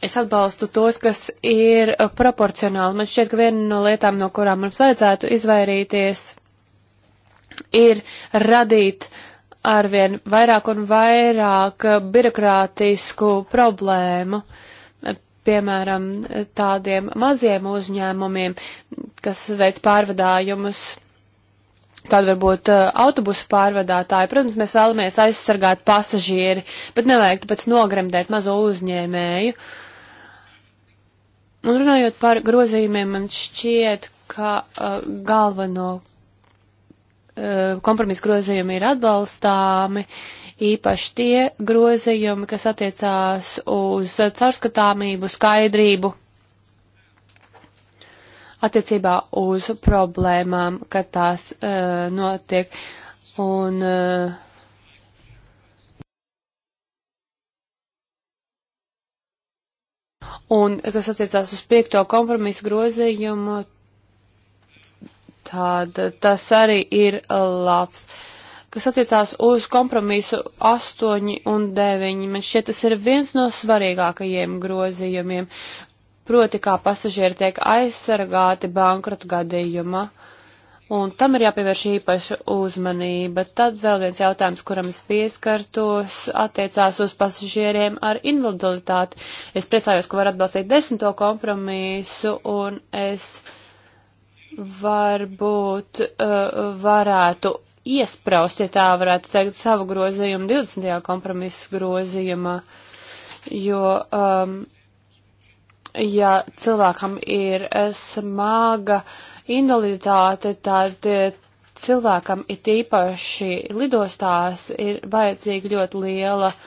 Es atbalstu tos, kas ir proporcionāli. Man šķiet, ka viena no lietām, no kurām mums vajadzētu izvairīties, ir radīt uh, arvien vairāk un vairāk birokrātisku problēmu, piemēram, tādiem maziem uzņēmumiem, kas veic pārvadājumus. Tāda varbūt uh, autobusu pārvadātāja. Protams, mēs vēlamies aizsargāt pasažieri, bet nevajag tāpēc nogremdēt mazo uzņēmēju. Un runājot par grozījumiem, man šķiet, ka uh, galveno Eh, kompromisa grozījumi ir atbalstāmi, īpaši tie grozījumi, kas attiecās uz caurskatāmību, skaidrību attiecībā uz problēmām, kad tās uh, notiek. Un, uh, Un, kas attiecās uz piekto kompromisu grozījumu, tad tas arī ir uh, labs. Kas attiecās uz kompromisu 8 un 9, man šķiet tas ir viens no svarīgākajiem grozījumiem, proti kā pasažieri tiek aizsargāti bankratu gadījumā. Un tam ir jāpievērš īpaša uzmanība. Tad vēl viens jautājums, kuram es pieskartos, attiecās uz pasažieriem ar invaliditāti. Es priecājos, ka var atbalstīt desmito kompromisu, un es varbūt uh, varētu iespraust, ja tā varētu teikt, savu grozījumu 20. kompromisa grozījumā, jo, um, ja cilvēkam ir smaga invaliditāte, tad eh, cilvēkam it īpaši lidostās ir vajadzīga ļoti liela uh,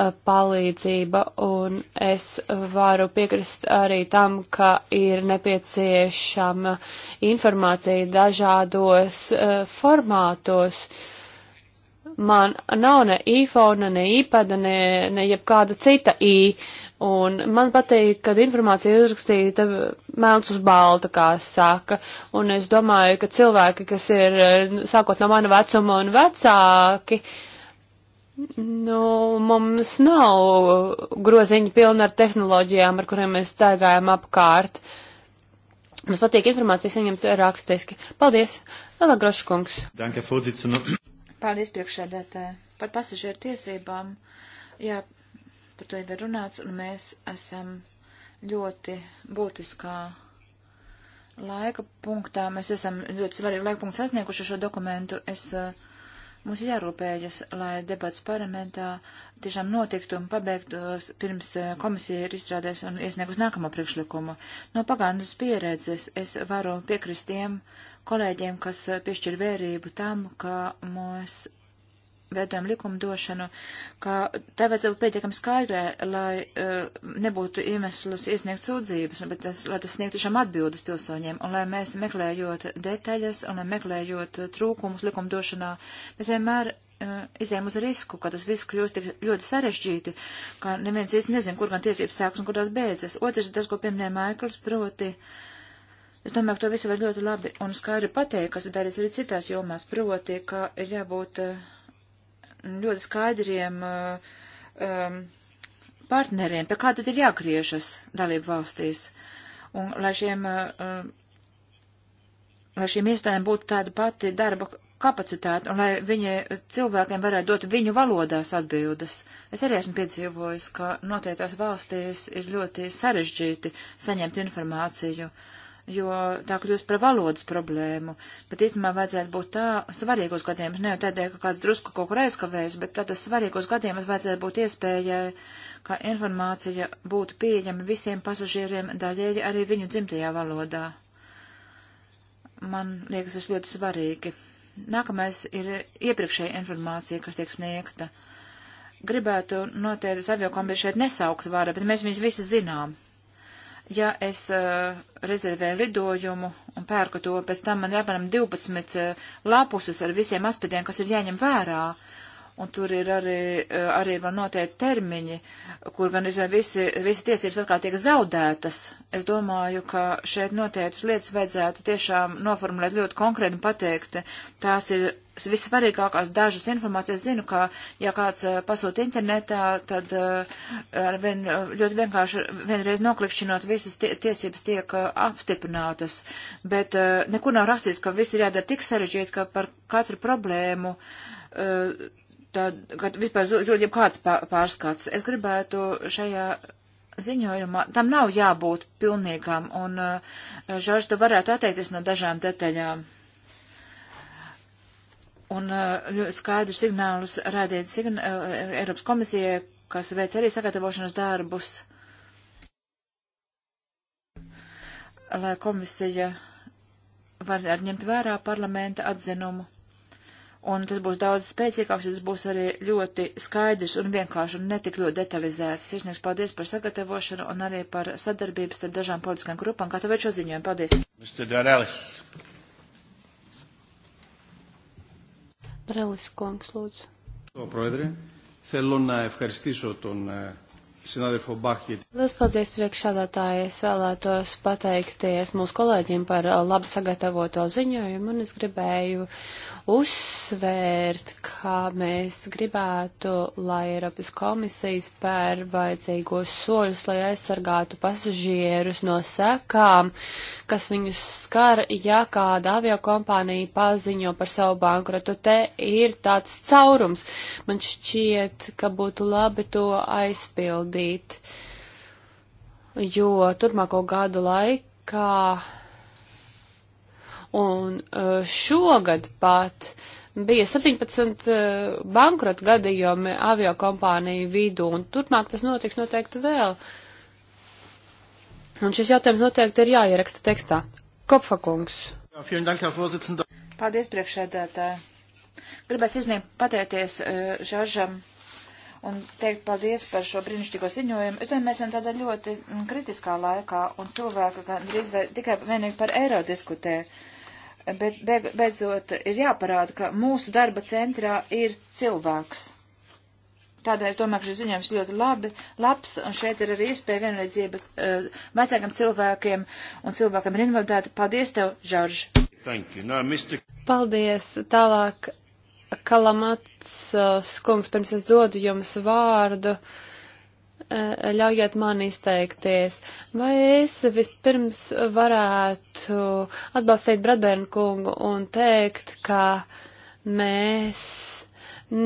Uh, palīdzība, un es varu piekrist arī tam, ka ir nepieciešama informācija dažādos uh, formātos. Man nav ne iPhone, ne iPad, ne, ne jebkāda cita i, Un man patīk, kad informācija ir uzrakstīta melns uz balta, kā saka. Un es domāju, ka cilvēki, kas ir uh, sākot no mana vecuma un vecāki, uh, Nu, mums nav groziņa pilna ar tehnoloģijām, ar kuriem mēs staigājam apkārt. Mums patīk informācijas saņemt rakstiski. Paldies, Lala Groškungs. Danke, Fuzicinu. Paldies, priekšsēdētāji. Par pasažieru tiesībām, jā, par to jau ir runāts, un mēs esam ļoti būtiskā laika punktā. Mēs esam ļoti svarīgi laika punktu sasnieguši šo dokumentu. Es, uh, Mums jārūpējas, lai debats parlamentā tiešām notiktu un pabeigtos pirms eh, komisija ir izstrādājusi un iesniegus nākamo priekšlikumu. No pagātnes pieredzes es varu piekrist tiem kolēģiem, kas piešķir vērību tam, ka mūs veidojam likumdošanu, ka tā vajadzētu būt pietiekami skaidrē, lai uh, nebūtu iemesls iesniegt sūdzības, bet tas, lai tas sniegtu tiešām atbildes pilsoņiem, un lai mēs meklējot detaļas un lai meklējot trūkumus likumdošanā, mēs vienmēr uh, izējām uz risku, ka tas viss kļūst tik ļoti sarežģīti, ka neviens īsti nezin, kur gan tiesības sāks un kur tās beidzas. Otrs ir tas, ko pieminēja Maikls, proti. Es domāju, ka to visu var ļoti labi un skaidri pateikt, kas ir darīts arī citās jomās, proti, ka ir jābūt uh, ļoti skaidriem uh, um, partneriem, pie kā tad ir jāgriežas dalību valstīs. Un lai šiem, uh, um, lai šiem iestādēm būtu tāda pati darba kapacitāte un lai viņi cilvēkiem varētu dot viņu valodās atbildes. Es arī esmu piedzīvojis, ka noteiktās valstīs ir ļoti sarežģīti saņemt informāciju. Uh, jo tā kļūst par valodas problēmu. Bet īstenībā vajadzētu būt tā svarīgos gadījumus, ne jau tādēļ, ka kāds drusku kaut kur aizkavējas, bet tādā svarīgos gadījumus vajadzētu būt iespējai, ka informācija būtu pieejama visiem pasažieriem daļēji arī viņu dzimtajā valodā. Man liekas, tas ļoti svarīgi. Nākamais ir iepriekšēja informācija, kas tiek sniegta. Gribētu noteikti aviokombi šeit nesaukt vārdu, bet mēs viņus visi zinām ja es uh, rezervēju lidojumu un pērku to, pēc tam man jāpanam 12 uh, lapuses ar visiem aspektiem, kas ir jāņem vērā. Uh, un tur ir arī, eh, arī var noteikti termiņi, kur gan izvien visi, visi tiesības atkal tiek zaudētas. Es domāju, ka šeit noteiktas lietas vajadzētu tiešām noformulēt ļoti konkrēti un pateikt. Tās ir vissvarīgākās dažas informācijas. Zinu, ka, ja kāds eh, pasūta internetā, tad eh, ar vien, ļoti vienkārši vienreiz noklikšķinot visas tie, tiesības tiek apstiprinātas, bet nekur nav rakstīts, ka viss ir jādara tik sarežģīti, ka par katru problēmu uh, tad, kad vispār zūd jau kāds pārskats. Es gribētu šajā ziņojumā, tam nav jābūt pilnīgām, un, eh, Žorž, tu varētu atteikties no dažām detaļām. Un eh, ļoti skaidru signālus rādīt sign eh, Eiropas komisijai, kas veic arī sagatavošanas darbus, lai komisija var ņemt vērā parlamenta atzinumu un tas būs daudz spēcīgāks, tas būs arī ļoti skaidrs un vienkārši un netik ļoti detalizēts. Sirsnieks, paldies par sagatavošanu un arī par sadarbību starp dažām politiskām grupām. Kā tev ir šo ziņojumu? Paldies! Mr. Darelis. Darelis Kongs, lūdzu. To, proedri, θέλω να ευχαριστήσω τον συνάδελφο Μπαχ. Lielas paldies priekšādātāji. Es vēlētos pateikties mūsu kolēģiem par labi sagatavoto ziņojumu un es gribēju uzsvērt, ka mēs gribētu, lai Eiropas komisija spēr vajadzīgos soļus, lai aizsargātu pasažierus no sekām, kas viņus skar, ja kāda aviokompānija paziņo par savu bankrotu. Te ir tāds caurums. Man šķiet, ka būtu labi to aizpildīt, jo turpmāko gadu laikā Un e, šogad pat bija 17 e, bankrota gadījumi avio kompāniju vidū, un turpmāk tas notiks noteikti vēl. Un šis jautājums noteikti ir jāieraksta tekstā. Kopfakungs. Paldies, priekšsēdētāji. Gribēs izniegt pateikties e, Žažam un teikt paldies par šo brīnišķīgo ziņojumu. Es domāju, mēs esam tādā ļoti kritiskā laikā, un cilvēki drīz vai tikai vienīgi par eiro diskutē. Uh, bet beig, beidzot ir jāparāda, ka mūsu darba centrā ir cilvēks. Tādēļ es domāju, ka šis ziņojums ļoti labi, labs, un šeit ir arī iespēja vienlaidzība uh, eh, vecākam cilvēkiem un cilvēkam ar invaliditāti. Paldies tev, Žorž! No, Mr... Paldies! Tālāk, Kalamats uh, eh, skungs, pirms es dodu jums vārdu. Uh, Eh, ļaujiet man izteikties. Vai es vispirms varētu atbalstīt Bradbērnu kungu un teikt, ka mēs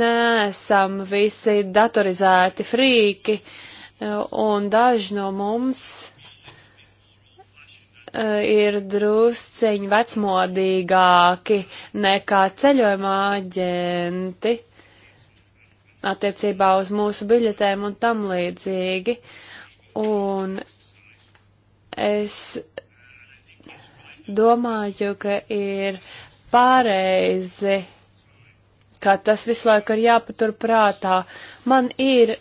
neesam visi datorizēti frīki eh, un daži no mums eh, ir drusceņi vecmodīgāki nekā ceļojuma aģenti. Uh, attiecībā uz mūsu biļetēm un tam līdzīgi. Un es domāju, ka ir pareizi, ka tas visu laiku ir jāpatur prātā. Man ir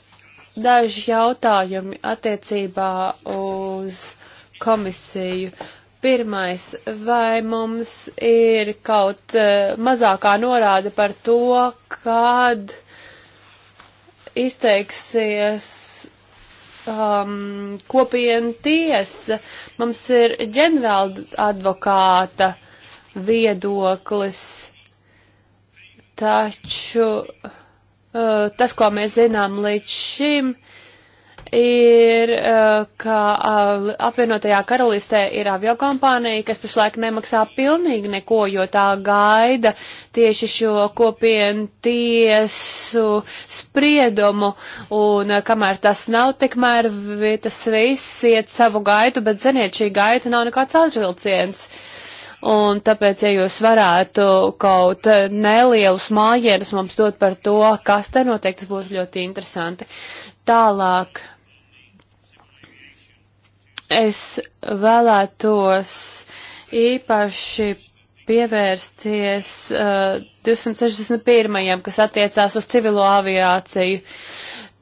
daži jautājumi attiecībā uz komisiju. Pirmais, vai mums ir kaut eh, mazākā norāde par to, kad izteiksies um, kopienu tiesa. Mums ir ģenerāla advokāta viedoklis, taču uh, tas, ko mēs zinām līdz šim, ir, eh, ka eh, apvienotajā karalistē ir aviokompānija, kas pašlaik nemaksā pilnīgi neko, jo tā gaida tieši šo kopienu tiesu spriedumu, un eh, kamēr tas nav, tikmēr tas viss iet savu gaitu, bet ziniet, šī gaita nav nekāds atvilciens. Un tāpēc, ja jūs varētu kaut nelielus mājienas mums dot par to, kas te notiek, tas būtu ļoti interesanti. Tālāk Es vēlētos īpaši pievērsties uh, 261. kas attiecās uz civilo aviāciju.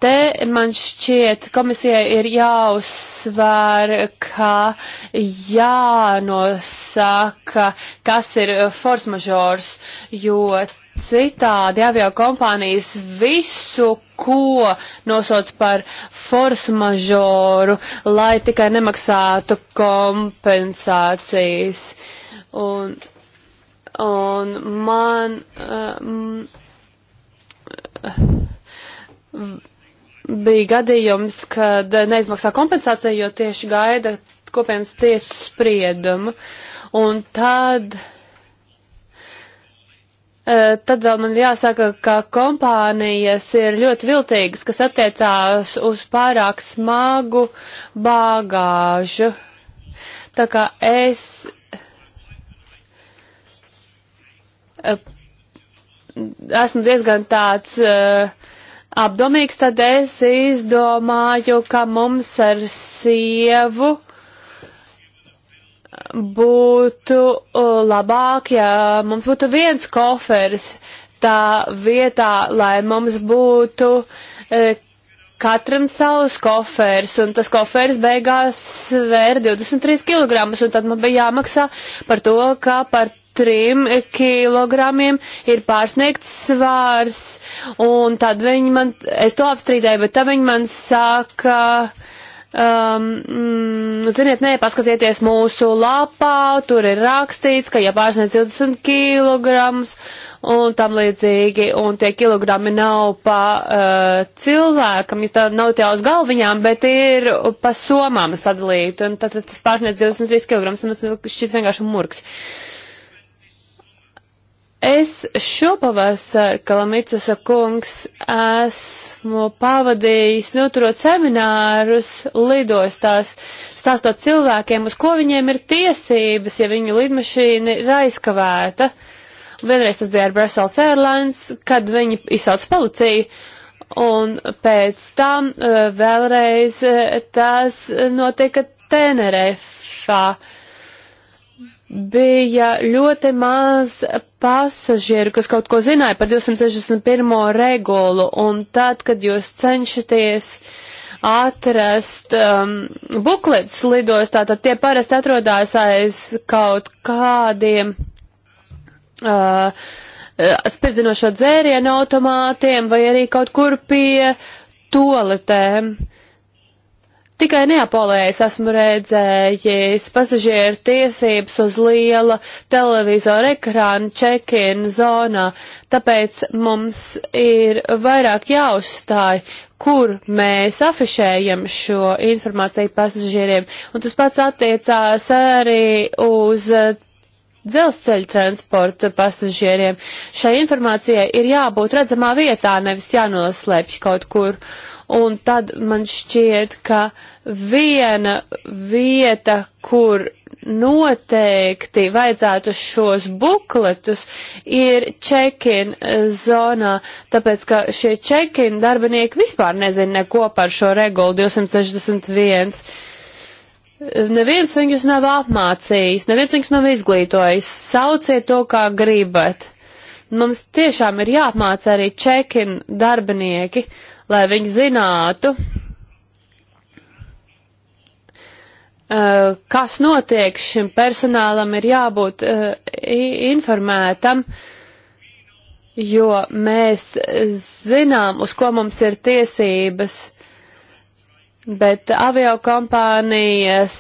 Te man šķiet, komisijai ir jāuzsver, ka jānosaka, kas ir force majeures, jo citādi avio kompānijas visu, ko nosauc par force majoru, lai tikai nemaksātu kompensācijas. Un, un man. Um, bija gadījums, kad neizmaksā kompensāciju, jo tieši gaida kopienas tiesu spriedumu. Un tad uh, Eh, tad vēl man ir jāsaka, ka kompānijas ir ļoti viltīgas, kas attiecās uz pārāk smagu bagāžu. Tā kā es. Eh, esmu diezgan tāds uh, apdomīgs, tad es izdomāju, ka mums ar sievu uh, būtu labāk, ja mums būtu viens koferis tā vietā, lai mums būtu e, katram savs koferis, un tas koferis beigās svēra 23 kg, un tad man bija jāmaksā par to, ka par trim kilogramiem ir pārsniegts svārs, un tad viņi man, es to apstrīdēju, bet tad viņi man saka, uh, Um, mm, ziniet, nē, paskatieties mūsu lapā, tur ir rakstīts, ka ja pārsniedz 20 kg un tam līdzīgi, un tie kilogrami nav pa uh, cilvēkam, ja tā nav tie uz galviņām, bet ir pa somām sadalīti, un tad, tad tas pārsniedz 23 kg, un tas šķiet vienkārši murgs. Uh, Es šopavasar, Kalamicus kungs, esmu pavadījis noturot seminārus lidostās, stāstot cilvēkiem, uz ko viņiem ir tiesības, ja viņu lidmašīna ir aizkavēta. Vienreiz tas bija ar Brussels Airlines, kad viņi izsauc policiju, un pēc tam eh, vēlreiz eh, tas notika Tenerefā bija ļoti maz pasažieru, kas kaut ko zināja par 261. regulu, un tad, kad jūs cenšaties atrast um, bukletus lidostā, tad tie parasti atrodās aiz kaut kādiem uh, spēdzinošo dzērienu automātiem vai arī kaut kur pie toaletēm. Uh, Tikai Neapolē es esmu redzējis pasažieru tiesības uz liela televizora ekrāna check-in zonā, tāpēc mums ir vairāk jāuzstāj, kur mēs afišējam šo informāciju pasažieriem. Un tas pats attiecās arī uz dzelzceļa transporta pasažieriem. Šai informācijai ir jābūt redzamā vietā, nevis jānoslēpj kaut kur un tad man šķiet, ka viena vieta, kur noteikti vajadzētu šos bukletus, ir check-in zonā, tāpēc, ka šie check-in darbinieki vispār nezina neko par šo regulu 261. Neviens viņus nav apmācījis, neviens viņus nav izglītojis. Sauciet to, kā gribat. Mums tiešām ir jāapmāca arī čekin darbinieki, lai viņi zinātu, eh, kas notiek šim personālam, ir jābūt eh, informētam, jo mēs zinām, uz ko mums ir tiesības. Bet avio kompānijas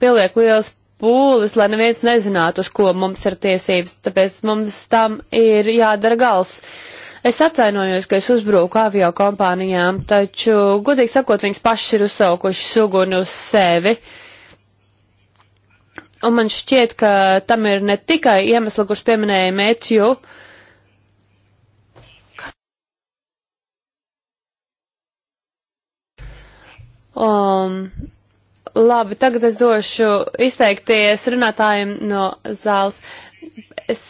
pieliek liels pūles, lai neviens nezinātu, uz ko mums ir tiesības, tāpēc mums tam ir jādara gals. Es atvainojos, ka es uzbruku avio kompānijām, taču, godīgi sakot, viņas pašas ir uzsaukuši suguni uz sevi. Un man šķiet, ka tam ir ne tikai iemesli, kurš pieminēja Mētju, um, Labi, tagad es došu izteikties runātājiem no zāles. Es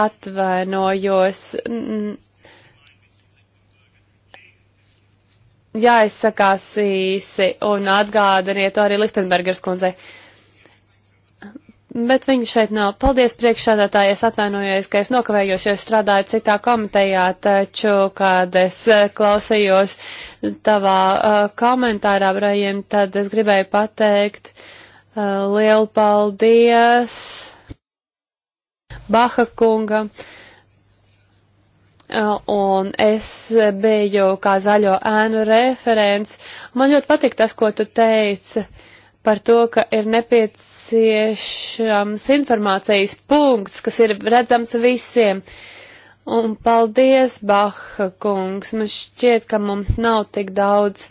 atvainojos. Jāizsakās īsi un atgādiniet to arī Lichtenbergers kundzei bet viņi šeit nav. Paldies priekšsādātāji, es atvainojos, ka es nokavējos, jo es strādāju citā komitejā, taču, kad es eh, klausījos tavā uh, komentārā, Brajiem, tad es gribēju pateikt uh, lielu paldies Baha kungam. Uh, un es biju kā zaļo ēnu referents. Man ļoti patīk tas, ko tu teici par to, ka ir nepiec nepieciešams informācijas punkts, kas ir redzams visiem. Un paldies, Baha kungs, man šķiet, ka mums nav tik daudz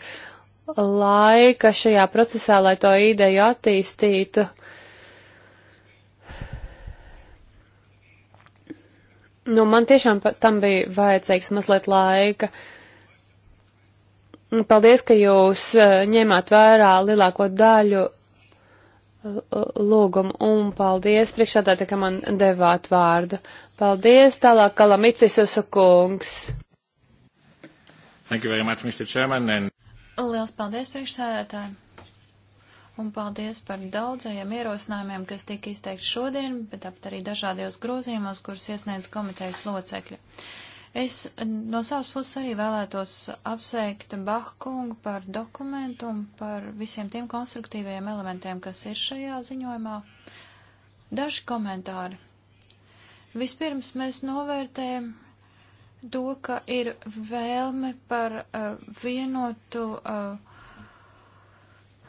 laika šajā procesā, lai to ideju attīstītu. Nu, man tiešām tam bija vajadzīgs mazliet laika. Paldies, ka jūs eh, ņēmāt vērā lielāko daļu lūgumu un paldies priekšādātā, ka man devāt vārdu. Paldies, tālāk Kalamicis Usakungs. Thank you very much, Mr. Chairman. And... Liels paldies priekšsēdētājiem. Un paldies par daudzajiem ierosinājumiem, kas tika izteikti šodien, bet arī dažādajos grozījumos, kurus iesniedz komitejas locekļi. Uh, Es no savas puses arī vēlētos apsveikt Bahkungu par dokumentu un par visiem tiem konstruktīvajiem elementiem, kas ir šajā ziņojumā. Daži komentāri. Vispirms mēs novērtējam to, ka ir vēlme par uh, vienotu uh,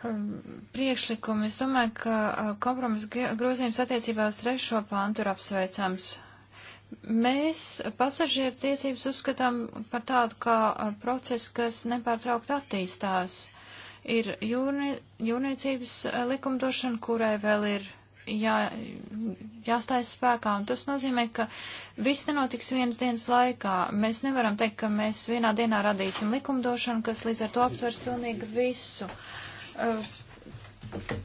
um, priekšlikumu. Es domāju, ka uh, kompromisa grozījums attiecībā uz trešo pantu ir apsveicams. Mēs pasažieru tiesības uzskatām par tādu kā procesu, kas nepārtraukt attīstās. Ir jūrnie, jūrniecības likumdošana, kurai vēl ir jā, jāstājas spēkā, un tas nozīmē, ka viss nenotiks vienas dienas laikā. Mēs nevaram teikt, ka mēs vienā dienā radīsim likumdošanu, kas līdz ar to aptvers pilnīgi visu.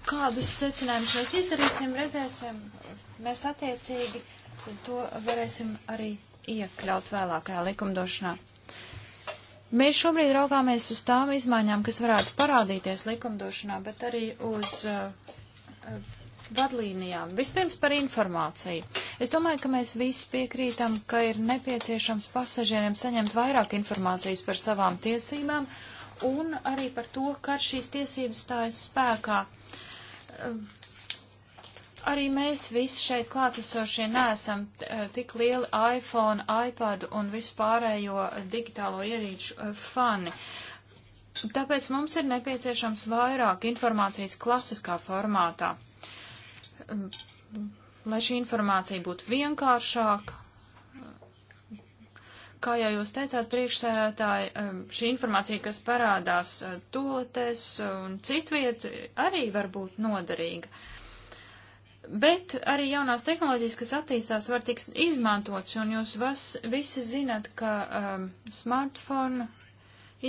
Kādus secinājumus mēs izdarīsim, redzēsim, mēs attiecīgi tad to varēsim arī iekļaut vēlākajā likumdošanā. Mēs šobrīd raugāmies uz tām izmaiņām, kas varētu parādīties likumdošanā, bet arī uz uh, uh, vadlīnijām. Vispirms par informāciju. Es domāju, ka mēs visi piekrītam, ka ir nepieciešams pasažieriem saņemt vairāk informācijas par savām tiesībām un arī par to, kad šīs tiesības stājas spēkā. Uh, arī mēs visi šeit klātesošie neesam eh, tik lieli iPhone, iPad un vispārējo digitālo ierīču eh, fani. Tāpēc mums ir nepieciešams vairāk informācijas klasiskā formātā, mm, lai šī informācija būtu vienkāršāka. Kā jau jūs teicāt, priekšsēdētāji, mm, šī informācija, kas parādās eh, toletēs un citviet, arī var būt noderīga. Bet arī jaunās tehnoloģijas, kas attīstās, var tikt izmantots, un jūs vas, visi zinat, ka um, smartphone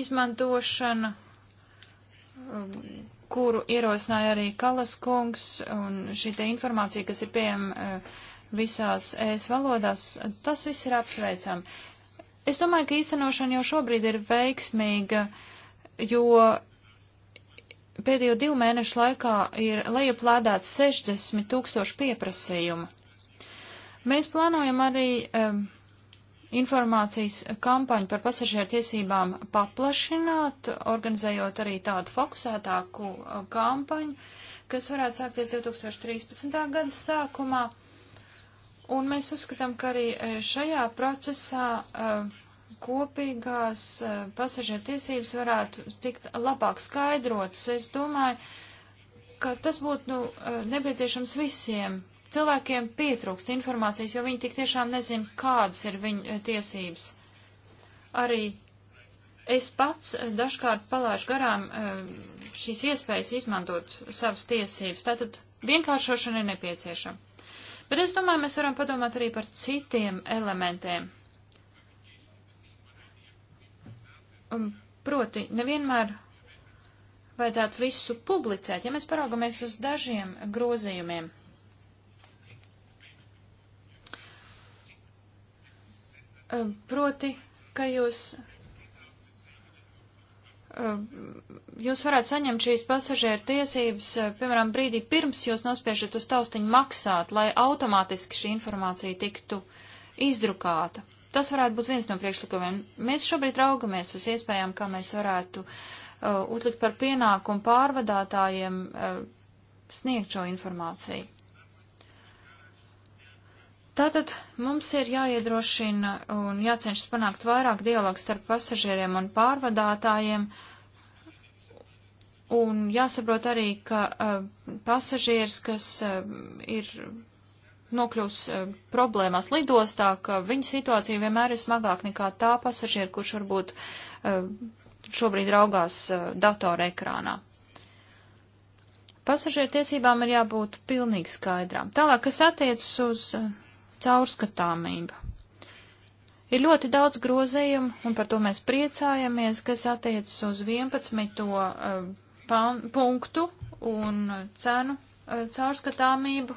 izmantošana, um, kuru ierosināja arī Kalas kungs, un šī te informācija, kas ir pieejama uh, visās ES valodās, tas viss ir apsveicam. Es domāju, ka īstenošana jau šobrīd ir veiksmīga, jo pēdējo divu mēnešu laikā ir lejuplādēts 60 tūkstoši pieprasījumu. Mēs plānojam arī um, informācijas kampaņu par pasažieru tiesībām paplašināt, organizējot arī tādu fokusētāku uh, kampaņu, kas varētu sākties 2013. gada sākumā. Un mēs uzskatām, ka arī uh, šajā procesā uh, kopīgās eh, pasažieru tiesības varētu tikt labāk skaidrotas. Es domāju, ka tas būtu nu, eh, nepieciešams visiem. Cilvēkiem pietrūkst informācijas, jo viņi tik tiešām nezina, kādas ir viņu eh, tiesības. Arī es pats dažkārt palaižu garām šīs iespējas izmantot savas tiesības. Tātad vienkāršošana ir nepieciešama. Bet es domāju, mēs varam padomāt arī par citiem elementiem. Proti, nevienmēr vajadzētu visu publicēt, ja mēs paraugamies uz dažiem grozījumiem. Proti, ka jūs, jūs varētu saņemt šīs pasažieru tiesības, piemēram, brīdī pirms jūs nospiežat uz taustiņu maksāt, lai automātiski šī informācija tiktu izdrukāta. Tas varētu būt viens no priekšlikumiem. Mēs šobrīd raugamies uz iespējām, kā mēs varētu uh, uzlikt par pienākumu pārvadātājiem uh, sniegt šo informāciju. Tātad mums ir jāiedrošina un jācenšas panākt vairāk dialogu starp pasažieriem un pārvadātājiem, un jāsaprot arī, ka uh, pasažieris, kas uh, ir nokļūs eh, problēmās lidostā, ka viņa situācija vienmēr ir smagāka nekā tā pasažiera, kurš varbūt eh, šobrīd raugās eh, datora ekrānā. Pasažieru tiesībām ir jābūt pilnīgi skaidrām. Tālāk, kas attiecas uz caurskatāmību. Ir ļoti daudz grozījumu, un par to mēs priecājamies, kas attiecas uz 11. punktu un cenu caurskatāmību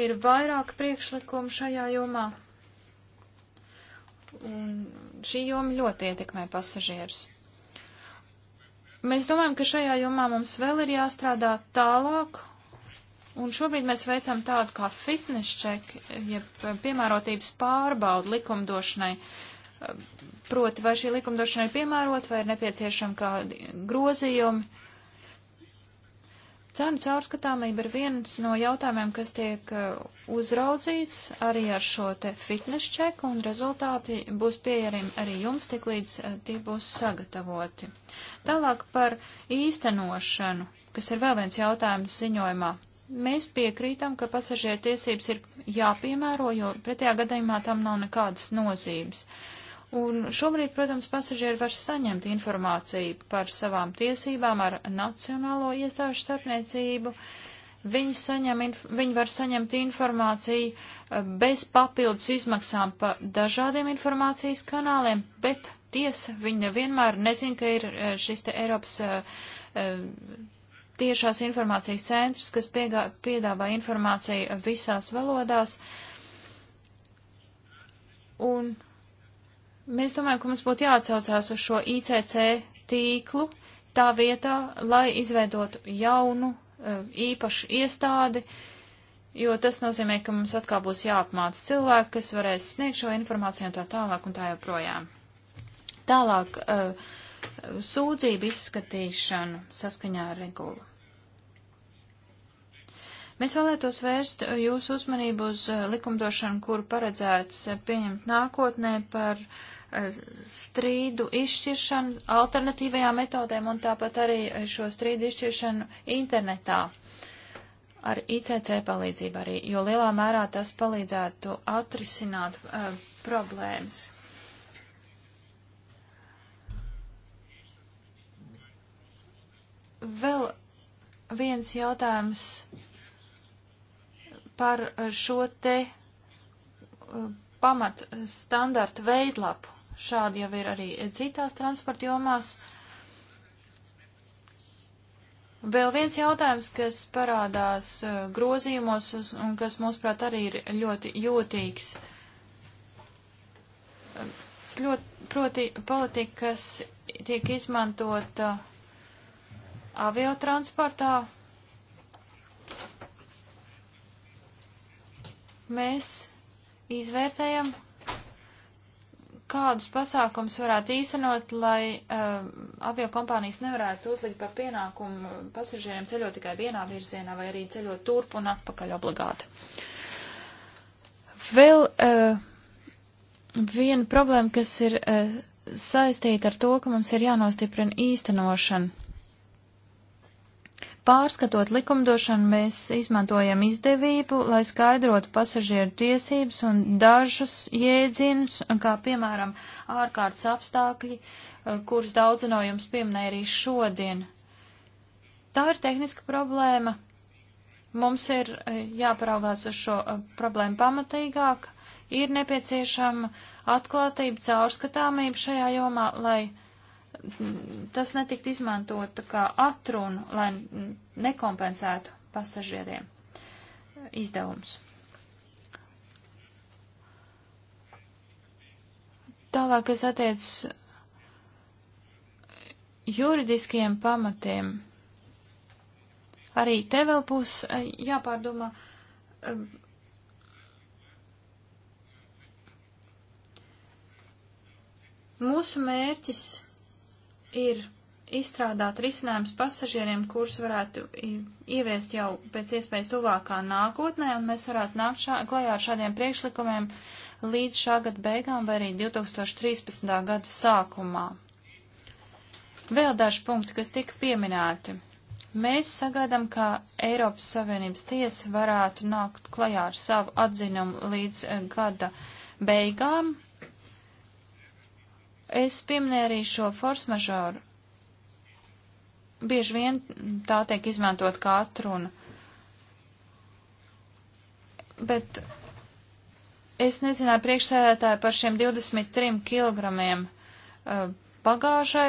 Ir vairāk priekšlikumu šajā jomā. Un šī joma ļoti ietekmē pasažierus. Mēs domājam, ka šajā jomā mums vēl ir jāstrādā tālāk, un šobrīd mēs veicam tādu kā fitness check, jeb eh, piemērotības pārbaudu likumdošanai. Eh, proti, vai šī likumdošana ir piemērota, vai ir nepieciešama kādi grozījumi. Cenu caurskatāmība ir viens no jautājumiem, kas tiek uh, uzraudzīts arī ar šo te fitness čeku, un rezultāti būs pieejami arī jums, tik līdz uh, tie būs sagatavoti. Tālāk par īstenošanu, kas ir vēl viens jautājums ziņojumā. Mēs piekrītam, ka pasažieru tiesības ir jāpiemēro, jo pretējā gadījumā tam nav nekādas nozīmes. Uh, Un šobrīd, protams, pasažieri var saņemt informāciju par savām tiesībām ar nacionālo iestāžu starpniecību. Viņi, saņem, viņi var saņemt informāciju eh, bez papildus izmaksām pa dažādiem informācijas kanāliem, bet tiesa viņa vienmēr nezin, ka ir eh, šis te Eiropas eh, tiešās informācijas centrs, kas piegā, piedāvā informāciju visās valodās. Un Mēs domājam, ka mums būtu jāatcaucās uz šo ICC tīklu tā vietā, lai izveidotu jaunu e, īpašu iestādi, jo tas nozīmē, ka mums atkal būs jāapmāca cilvēki, kas varēs sniegt šo informāciju un tā tālāk un tā joprojām. Tālāk e, sūdzību izskatīšanu saskaņā ar regulu. Mēs vēlētos vērst jūsu uzmanību uz e, likumdošanu, kuru paredzēts pieņemt nākotnē par uh, Eh, strīdu izšķiršanu alternatīvajām metodēm un tāpat arī šo strīdu izšķiršanu internetā ar ICC palīdzību arī, jo lielā mērā tas palīdzētu atrisināt uh, problēmas. Vēl viens jautājums par šo te uh, eh, pamat standartu veidlapu Šādi jau ir arī citās transporta jomās. Vēl viens jautājums, kas parādās uh, grozījumos un kas, mūsuprāt, arī ir ļoti jūtīgs. Ļoti, proti, politika, kas tiek izmantota aviotransportā, mēs izvērtējam, kādus pasākums varētu īstenot, lai uh, um, avio kompānijas nevarētu uzlikt par pienākumu pasažieriem ceļot tikai vienā virzienā vai arī ceļot turp un atpakaļ obligāti. Vēl uh, viena problēma, kas ir uh, saistīta ar to, ka mums ir jānostiprina īstenošana. Pārskatot likumdošanu, mēs izmantojam izdevību, lai skaidrotu pasažieru tiesības un dažus jēdzienus, kā piemēram ārkārtas apstākļi, eh, kurus daudzi no jums pieminēja arī šodien. Tā ir tehniska problēma. Mums ir eh, jāparaugās uz šo eh, problēmu pamatīgāk. Ir nepieciešama atklātība, caurskatāmība šajā jomā, lai tas netiktu izmantot kā atrunu, lai nekompensētu pasažieriem izdevums. Tālāk, kas attiec juridiskiem pamatiem, arī te vēl būs e, jāpārdomā. E, mūsu mērķis ir izstrādāt risinājums pasažieriem, kurus varētu ieviest jau pēc iespējas tuvākā nākotnē, un mēs varētu nākt šā, klajā ar šādiem priekšlikumiem līdz šā gada beigām vai arī 2013. gada sākumā. Vēl daži punkti, kas tika pieminēti. Mēs sagaidām, ka Eiropas Savienības tiesa varētu nākt klajā ar savu atzinumu līdz eh, gada beigām, Es pieminēju arī šo force majeure. Bieži vien tā tiek izmantot kā atruna. Bet es nezināju priekšsēdētāju par šiem 23 kilogramiem uh, eh, pagājušai,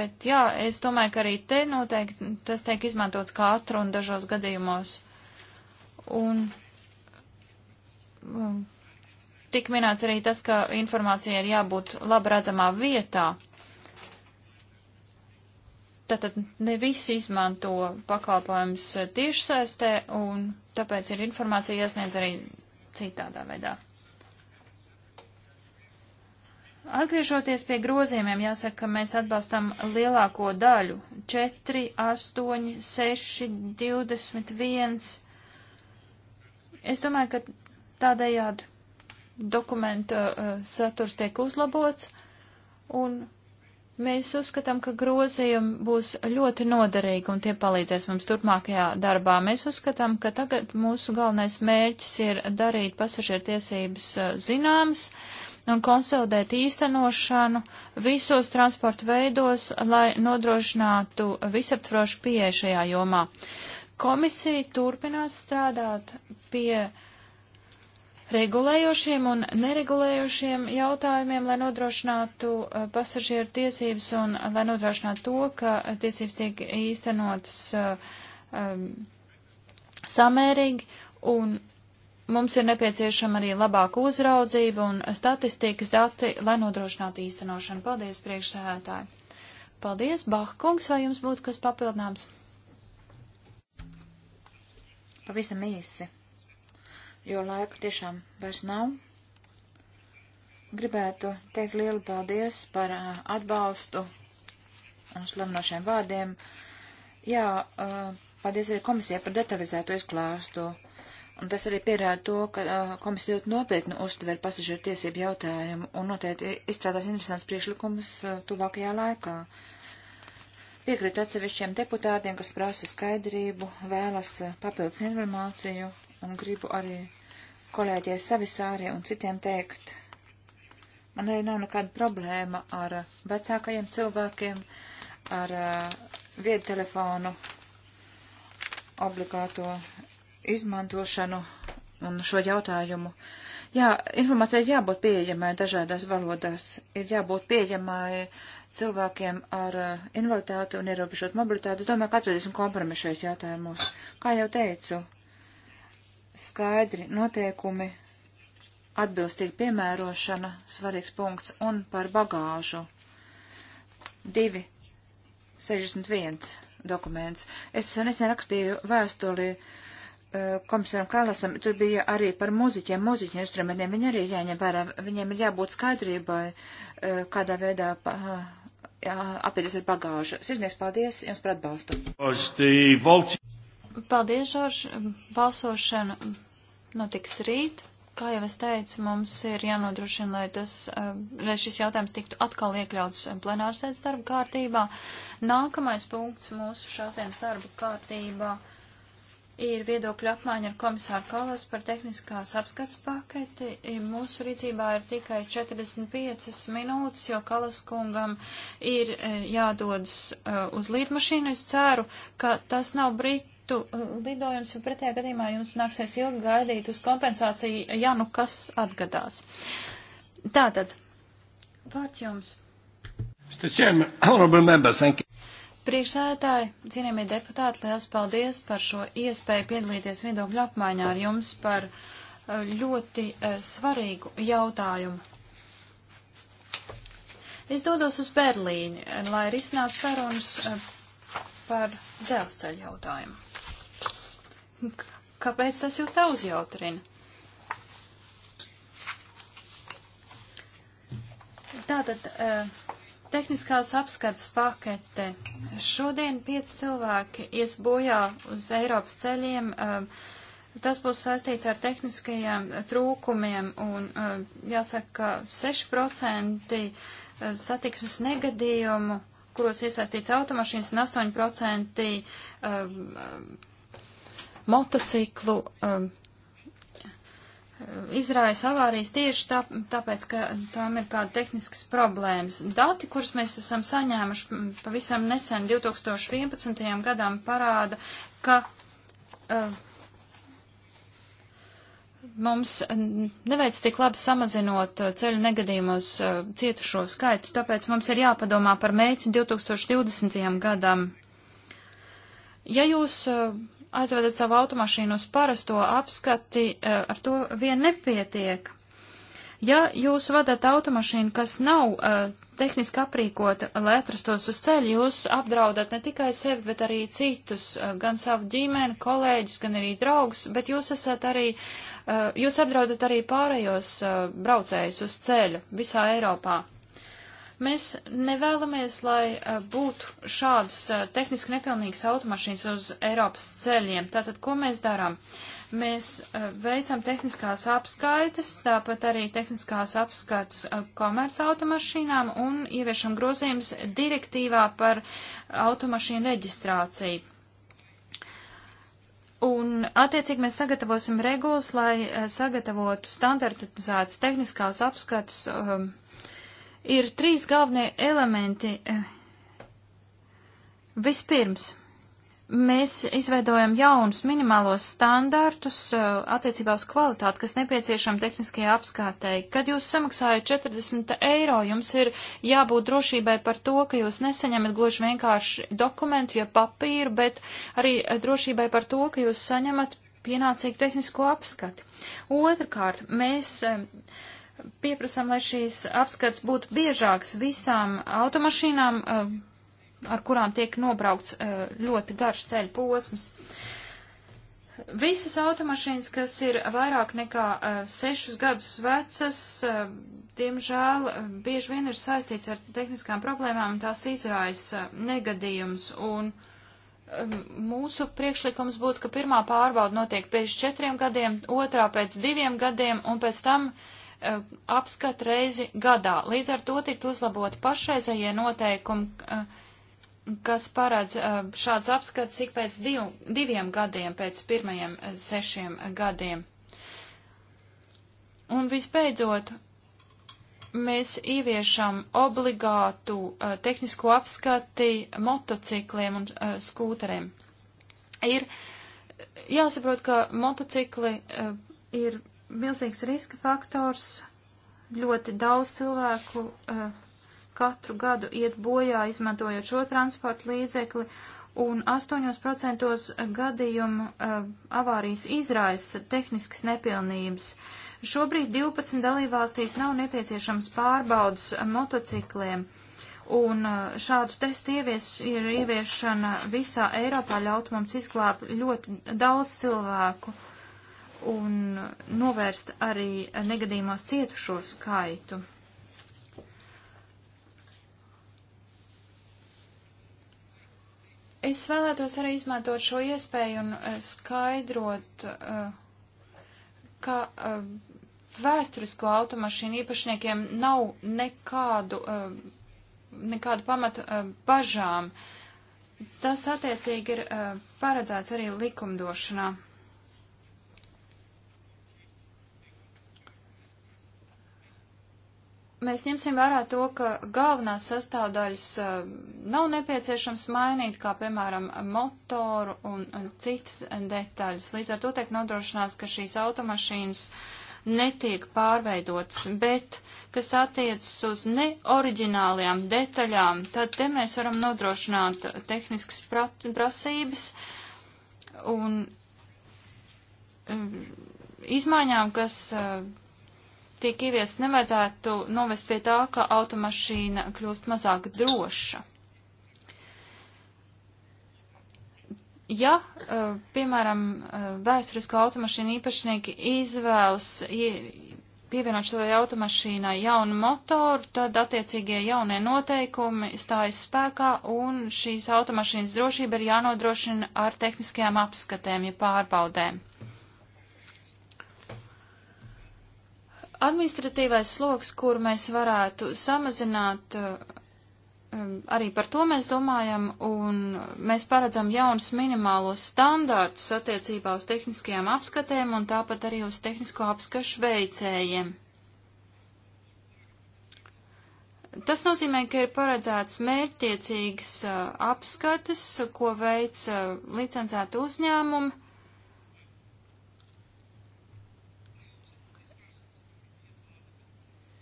bet jā, es domāju, ka arī te noteikti tas tiek izmantots kā atruna dažos gadījumos. Un um, tik minēts arī tas, ka informācija ir jābūt labi redzamā vietā. Tātad ne visi izmanto pakalpojums tiešsaistē, un tāpēc ir informācija jāsniedz arī citādā veidā. Atgriežoties pie grozījumiem, jāsaka, ka mēs atbalstam lielāko daļu - 4, 8, 6, 21. Es domāju, ka tādējādi dokumenta eh, saturs tiek uzlabots, un mēs uzskatām, ka grozījumi būs ļoti noderīgi un tie palīdzēs mums turpmākajā darbā. Mēs uzskatām, ka tagad mūsu galvenais mērķis ir darīt pasažieru tiesības eh, zināmas un konsolidēt īstenošanu visos transporta veidos, lai nodrošinātu visaptvarošu pieeja šajā jomā. Komisija turpinās strādāt pie regulējošiem un neregulējošiem jautājumiem, lai nodrošinātu eh, pasažieru tiesības un lai nodrošinātu to, ka tiesības tiek īstenotas um, samērīgi un mums ir nepieciešama arī labāka uzraudzība un statistikas dati, lai nodrošinātu īstenošanu. Paldies, priekšsēdētāji! Paldies, Bahkungs, vai jums būtu kas papildināms? Pavisam īsi jo laika tiešām vairs nav. Gribētu teikt lielu paldies par atbalstu un slavinošiem vārdiem. Jā, paldies arī komisijai par detalizēto izklāstu. Un tas arī pierāda to, ka komisija ļoti nopietni uztver pasažieru tiesību jautājumu un noteikti izstrādās interesants priekšlikums tuvākajā laikā. Piekrīt atsevišķiem deputātiem, kas prasa skaidrību, vēlas papildus informāciju un gribu arī kolēģiem Savisārī un citiem teikt, man arī nav nekāda problēma ar vecākajiem cilvēkiem, ar eh, viedtelefonu obligāto izmantošanu un šo jautājumu. Jā, informācija ir jābūt pieejamai dažādās valodās, ir jābūt pieejamai cilvēkiem ar eh, invaliditāti un ierobežot mobilitāti. Es domāju, ka atradīsim kompromisu šajos jautājumos. Kā jau teicu, skaidri noteikumi, atbilstīga piemērošana, svarīgs punkts, un par bagāžu. 261 dokuments. Es nesen rakstīju vēstuli eh, komisāram Kalasam, tur bija arī par muziķiem, muziķu instrumentiem, viņi arī jāņem vērā, viņiem ir jābūt skaidrībai, eh, kādā veidā apieties ar bagāžu. Sirdnieks, paldies jums par atbalstu. Paldies, Žorž. Balsošana notiks rīt. Kā jau es teicu, mums ir jānodrošina, lai, tas, eh, lai šis jautājums tiktu atkal iekļauts plenārsēdes darba kārtībā. Nākamais punkts mūsu šodienas darba kārtībā ir viedokļu apmaiņa ar komisāru Kalas par tehniskās apskats paketi. Mūsu rīcībā ir tikai 45 minūtes, jo Kalas kungam ir eh, jādodas eh, uz līdmašīnu. Es ceru, ka tas nav Brit būtu uh, lidojums, jo pretējā gadījumā jums nāksies ilgi gaidīt uz kompensāciju, ja nu kas atgadās. Tātad, vārds jums. Priekšsēdētāji, cienījamie deputāti, liels paldies par šo iespēju piedalīties viedokļu apmaiņā ar jums par uh, ļoti uh, svarīgu jautājumu. Es dodos uz Berlīni, lai risinātu sarunas par dzelzceļa jautājumu. Kāpēc tas jūs tā uzjautrina? Tātad, uh, tehniskās apskates pakete. Šodien pieci cilvēki ies bojā uz Eiropas ceļiem. Um, Tas būs saistīts ar tehniskajiem trūkumiem un um, jāsaka, ka 6% satiksmes negadījumu, kuros iesaistīts automašīnas un 8% um, motociklu um, izraisa avārijas tieši tā, tāpēc, ka tām ir kāda tehniskas problēmas. Dati, kurus mēs esam saņēmuši pavisam nesen 2011. gadām, parāda, ka uh, mums neveic tik labi samazinot uh, ceļu negadījumos uh, cietušo skaitu, tāpēc mums ir jāpadomā par mēķi 2020. gadam. Ja jūs uh, aizvedat savu automašīnu uz parasto apskati, eh, ar to vien nepietiek. Ja jūs vadat automašīnu, kas nav uh, tehniski aprīkota, lai atrastos uz ceļa, jūs apdraudat ne tikai sevi, bet arī citus, uh, gan savu ģimeni, kolēģus, gan arī draugus, bet jūs esat arī, uh, jūs apdraudat arī pārējos braucējus uz ceļa visā Eiropā. Mēs nevēlamies, lai eh, būtu šādas eh, tehniski nepilnīgas automašīnas uz Eiropas ceļiem. Tātad, ko mēs darām? Mēs eh, veicam tehniskās apskaites, tāpat arī tehniskās apskaites komerca automašīnām un ieviešam grozījums direktīvā par automašīnu reģistrāciju. Un, attiecīgi, mēs sagatavosim regulas, lai sagatavotu standartizētas tehniskās apskates um, Ir trīs galvenie elementi. Eh, vispirms, mēs izveidojam jaunus minimālos standārtus eh, attiecībā uz kvalitāti, kas nepieciešama tehniskajā apskātei. Kad jūs samaksājat 40 eiro, jums ir jābūt drošībai par to, ka jūs nesaņemat gluži vienkārši dokumentu, ja papīru, bet arī eh, drošībai par to, ka jūs saņemat pienācīgu tehnisko apskati. Otrakārt, mēs. Uh, pieprasām, lai šīs apskats būtu biežāks visām automašīnām, eh, ar kurām tiek nobraukts eh, ļoti garš ceļu posms. Visas automašīnas, kas ir vairāk nekā eh, sešus gadus vecas, diemžēl bieži vien ir saistīts ar tehniskām problēmām un tās izraisa negadījums. Un mūsu priekšlikums būtu, ka pirmā pārbauda notiek pēc četriem gadiem, otrā pēc diviem gadiem un pēc tam uh, Eh, apskat reizi gadā. Līdz ar to tikt uzlabot pašreizējie noteikumi, eh, kas paredz eh, šāds apskats ik pēc div, diviem gadiem, pēc pirmajiem sešiem gadiem. Un visbeidzot, mēs ieviešam obligātu uh, tehnisko apskati motocikliem un uh, skūteriem. Ir jāsaprot, ka motocikli uh, ir milzīgs riska faktors. Ļoti daudz cilvēku uh, katru gadu iet bojā, izmantojot šo transportu līdzekli, un 8% gadījumu uh, avārijas izraisa tehniskas nepilnības. Šobrīd 12 dalībvalstīs nav nepieciešams pārbaudas motocikliem, un uh, šādu testu ievies, ir ieviešana visā Eiropā ļaut mums izglābt ļoti daudz cilvēku. Uh, un novērst arī negadījumos cietušo skaitu. Es vēlētos arī izmantot šo iespēju un eh, skaidrot, eh, ka eh, vēsturisko automašīnu īpašniekiem nav nekādu, nekādu pamatu bažām. Tas attiecīgi ir paredzēts arī likumdošanā. mēs ņemsim vērā to, ka galvenās sastāvdaļas eh, nav nepieciešams mainīt, kā piemēram motoru un, un citas detaļas. Līdz ar to tiek nodrošinās, ka šīs automašīnas netiek pārveidotas, bet kas attiecas uz neoriģinālajām detaļām, tad te mēs varam nodrošināt tehniskas prasības un um, izmaiņām, kas uh, tiek ieviests, nevajadzētu novest pie tā, ka automašīna kļūst mazāk droša. Ja, eh, piemēram, eh, vēsturisko automašīnu īpašnieki izvēlas pievienot savai automašīnai jaunu motoru, tad attiecīgie jaunie noteikumi stājas spēkā un šīs automašīnas drošība ir jānodrošina ar tehniskajām apskatēm, ja pārbaudēm. administratīvais sloks, kur mēs varētu samazināt, uh, um, arī par to mēs domājam, un mēs paredzam jaunus minimālos standārtus attiecībā uz tehniskajām apskatēm un tāpat arī uz tehnisko apskašu veicējiem. Tas nozīmē, ka ir paredzēts mērķtiecīgas uh, apskates, ko veic uh, licencēta uzņēmuma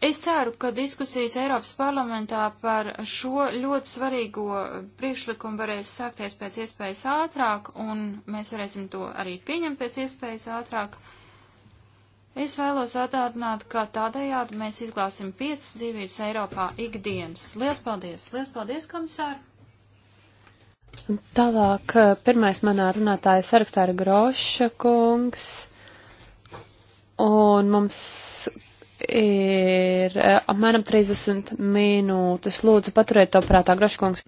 Es ceru, ka diskusijas Eiropas parlamentā par šo ļoti svarīgo priekšlikumu varēs sākties pēc iespējas ātrāk, un mēs varēsim to arī pieņemt pēc iespējas ātrāk. Es vēlos atgādināt, ka tādējādi mēs izglāsim piecas dzīvības Eiropā ikdienas. Lielas paldies! Lielas paldies, komisār! Tālāk, eh, pirmais manā runātāja sarakstā ir Groša kungs, un mums ir eh, apmēram 30 minūtes. Lūdzu, paturiet to prātā, Graškungs.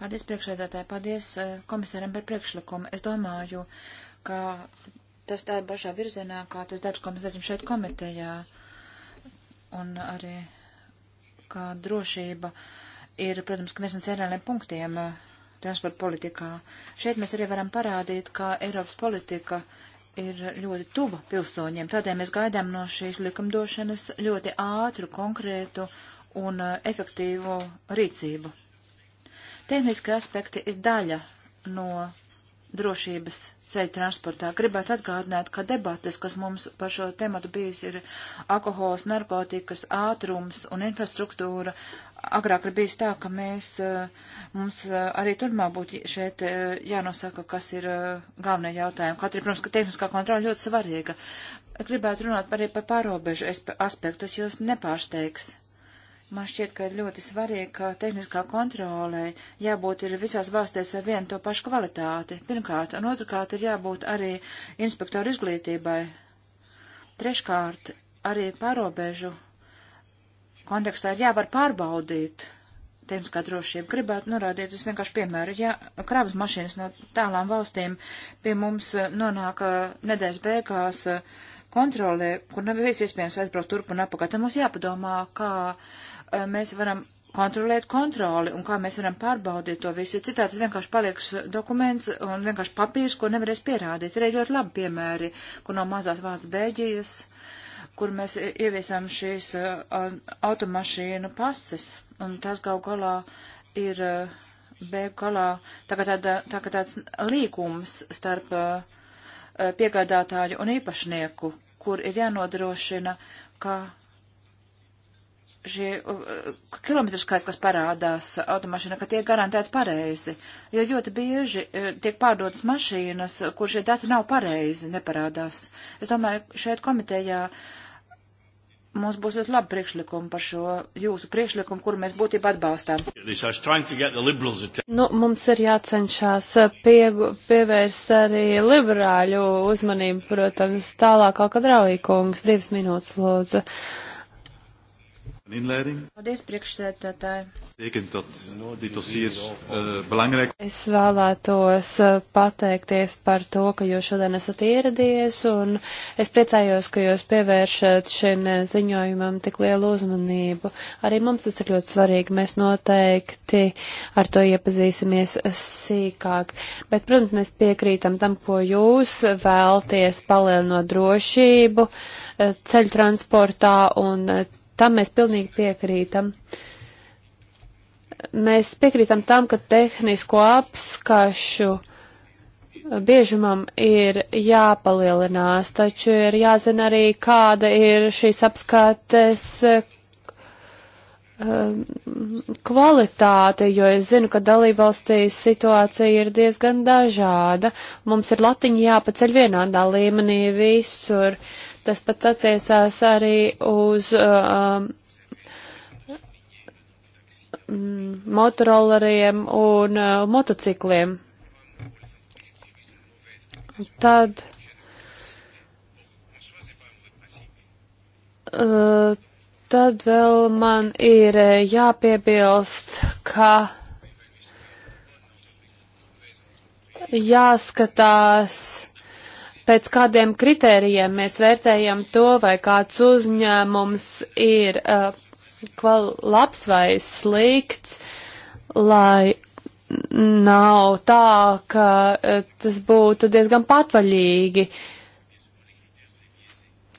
Paldies priekšsēdētāji, paldies eh, komisāram par priekšlikumu. Es domāju, ka tas tā ir bažā virzienā, kā tas darbs, ko mēs veicam šeit komitejā, un arī kā drošība ir, protams, ka viens no centrālajiem punktiem eh, transporta politikā. Šeit mēs arī varam parādīt, ka Eiropas politika ir ļoti tuva pilsoņiem. Tādēļ mēs gaidām no šīs likumdošanas ļoti ātru, konkrētu un eh, efektīvu rīcību. Tehniski aspekti ir daļa no drošības ceļu transportā. Gribētu atgādināt, ka debates, kas mums par šo tematu bijis, ir alkohols, narkotikas, ātrums un infrastruktūra, agrāk ir bijis tā, ka mēs, eh, mums eh, arī turpmāk būtu šeit eh, jānosaka, kas ir galvenie jautājumi. Kaut arī, protams, ka tehniskā kontrola ļoti svarīga. Gribētu runāt arī par pārobežu aspektu, tas jūs nepārsteigs. Man šķiet, ka ir ļoti svarīgi, ka tehniskā kontrolē jābūt ir visās valstīs ar vienu to pašu kvalitāti. Pirmkārt, un otrkārt ir jābūt arī inspektoru izglītībai. Treškārt, arī pārobežu kontekstā ir jāvar pārbaudīt tehniskā drošība. Gribētu norādīt, es vienkārši piemēru, ja kravas mašīnas no tālām valstīm pie mums eh, nonāk eh, nedēļas beigās eh, kontrolē, kur nav viss iespējams aizbraukt turp un apakaļ, tad mums jāpadomā, kā mēs varam kontrolēt kontroli un kā mēs varam pārbaudīt to visu. Citādi tas vienkārši paliks dokuments un vienkārši papīrs, ko nevarēs pierādīt. Ir ļoti labi piemēri, kur no mazās valsts Bēļģijas kur mēs ieviesām šīs uh, automašīnu pases, un tas gal galā ir uh, beigu galā tā kā, tāda, tā kā tāds līgums starp uh, piegādātāju un īpašnieku, kur ir jānodrošina, ka šie kilometru skaits, kas parādās automašīna, ka tiek garantēti pareizi, jo ļoti bieži tiek pārdotas mašīnas, kur šie dati nav pareizi, neparādās. Es domāju, šeit komitejā uh, mums būs ļoti labi priekšlikumi par šo jūsu priekšlikumu, kuru mēs būtībā atbalstām. Nu, mums ir jācenšas piegu, pievērst arī liberāļu uzmanību, protams, tālāk, kā Draujīkungs, divas minūtes lūdzu. Uh, Paldies, priekšsēdētāji. Eh, es vēlētos eh, pateikties par to, ka jūs šodien esat ieradies, un es priecājos, ka jūs pievēršat šim eh, ziņojumam tik lielu uzmanību. Arī mums tas ir ļoti svarīgi. Mēs noteikti ar to iepazīsimies sīkāk. Bet, protams, mēs piekrītam tam, ko jūs vēlties palielinot drošību ceļu transportā un tam mēs pilnīgi piekrītam. Mēs piekrītam tam, ka tehnisko apskašu biežumam ir jāpalielinās, taču ir jāzina arī, kāda ir šīs apskates um, kvalitāte, jo es zinu, ka dalībvalstīs situācija ir diezgan dažāda. Mums ir latiņa jāpaceļ vienādā līmenī visur. Uh, Tas pats attiecās arī uz uh, um, motoroleriem un uh, motocikliem. Tad uh, tad vēl man ir uh, jāpiebilst, ka jāskatās pēc kādiem kritērijiem mēs vērtējam to, vai kāds uzņēmums ir uh, labs vai slikts, lai nav tā, ka uh, tas būtu diezgan patvaļīgi.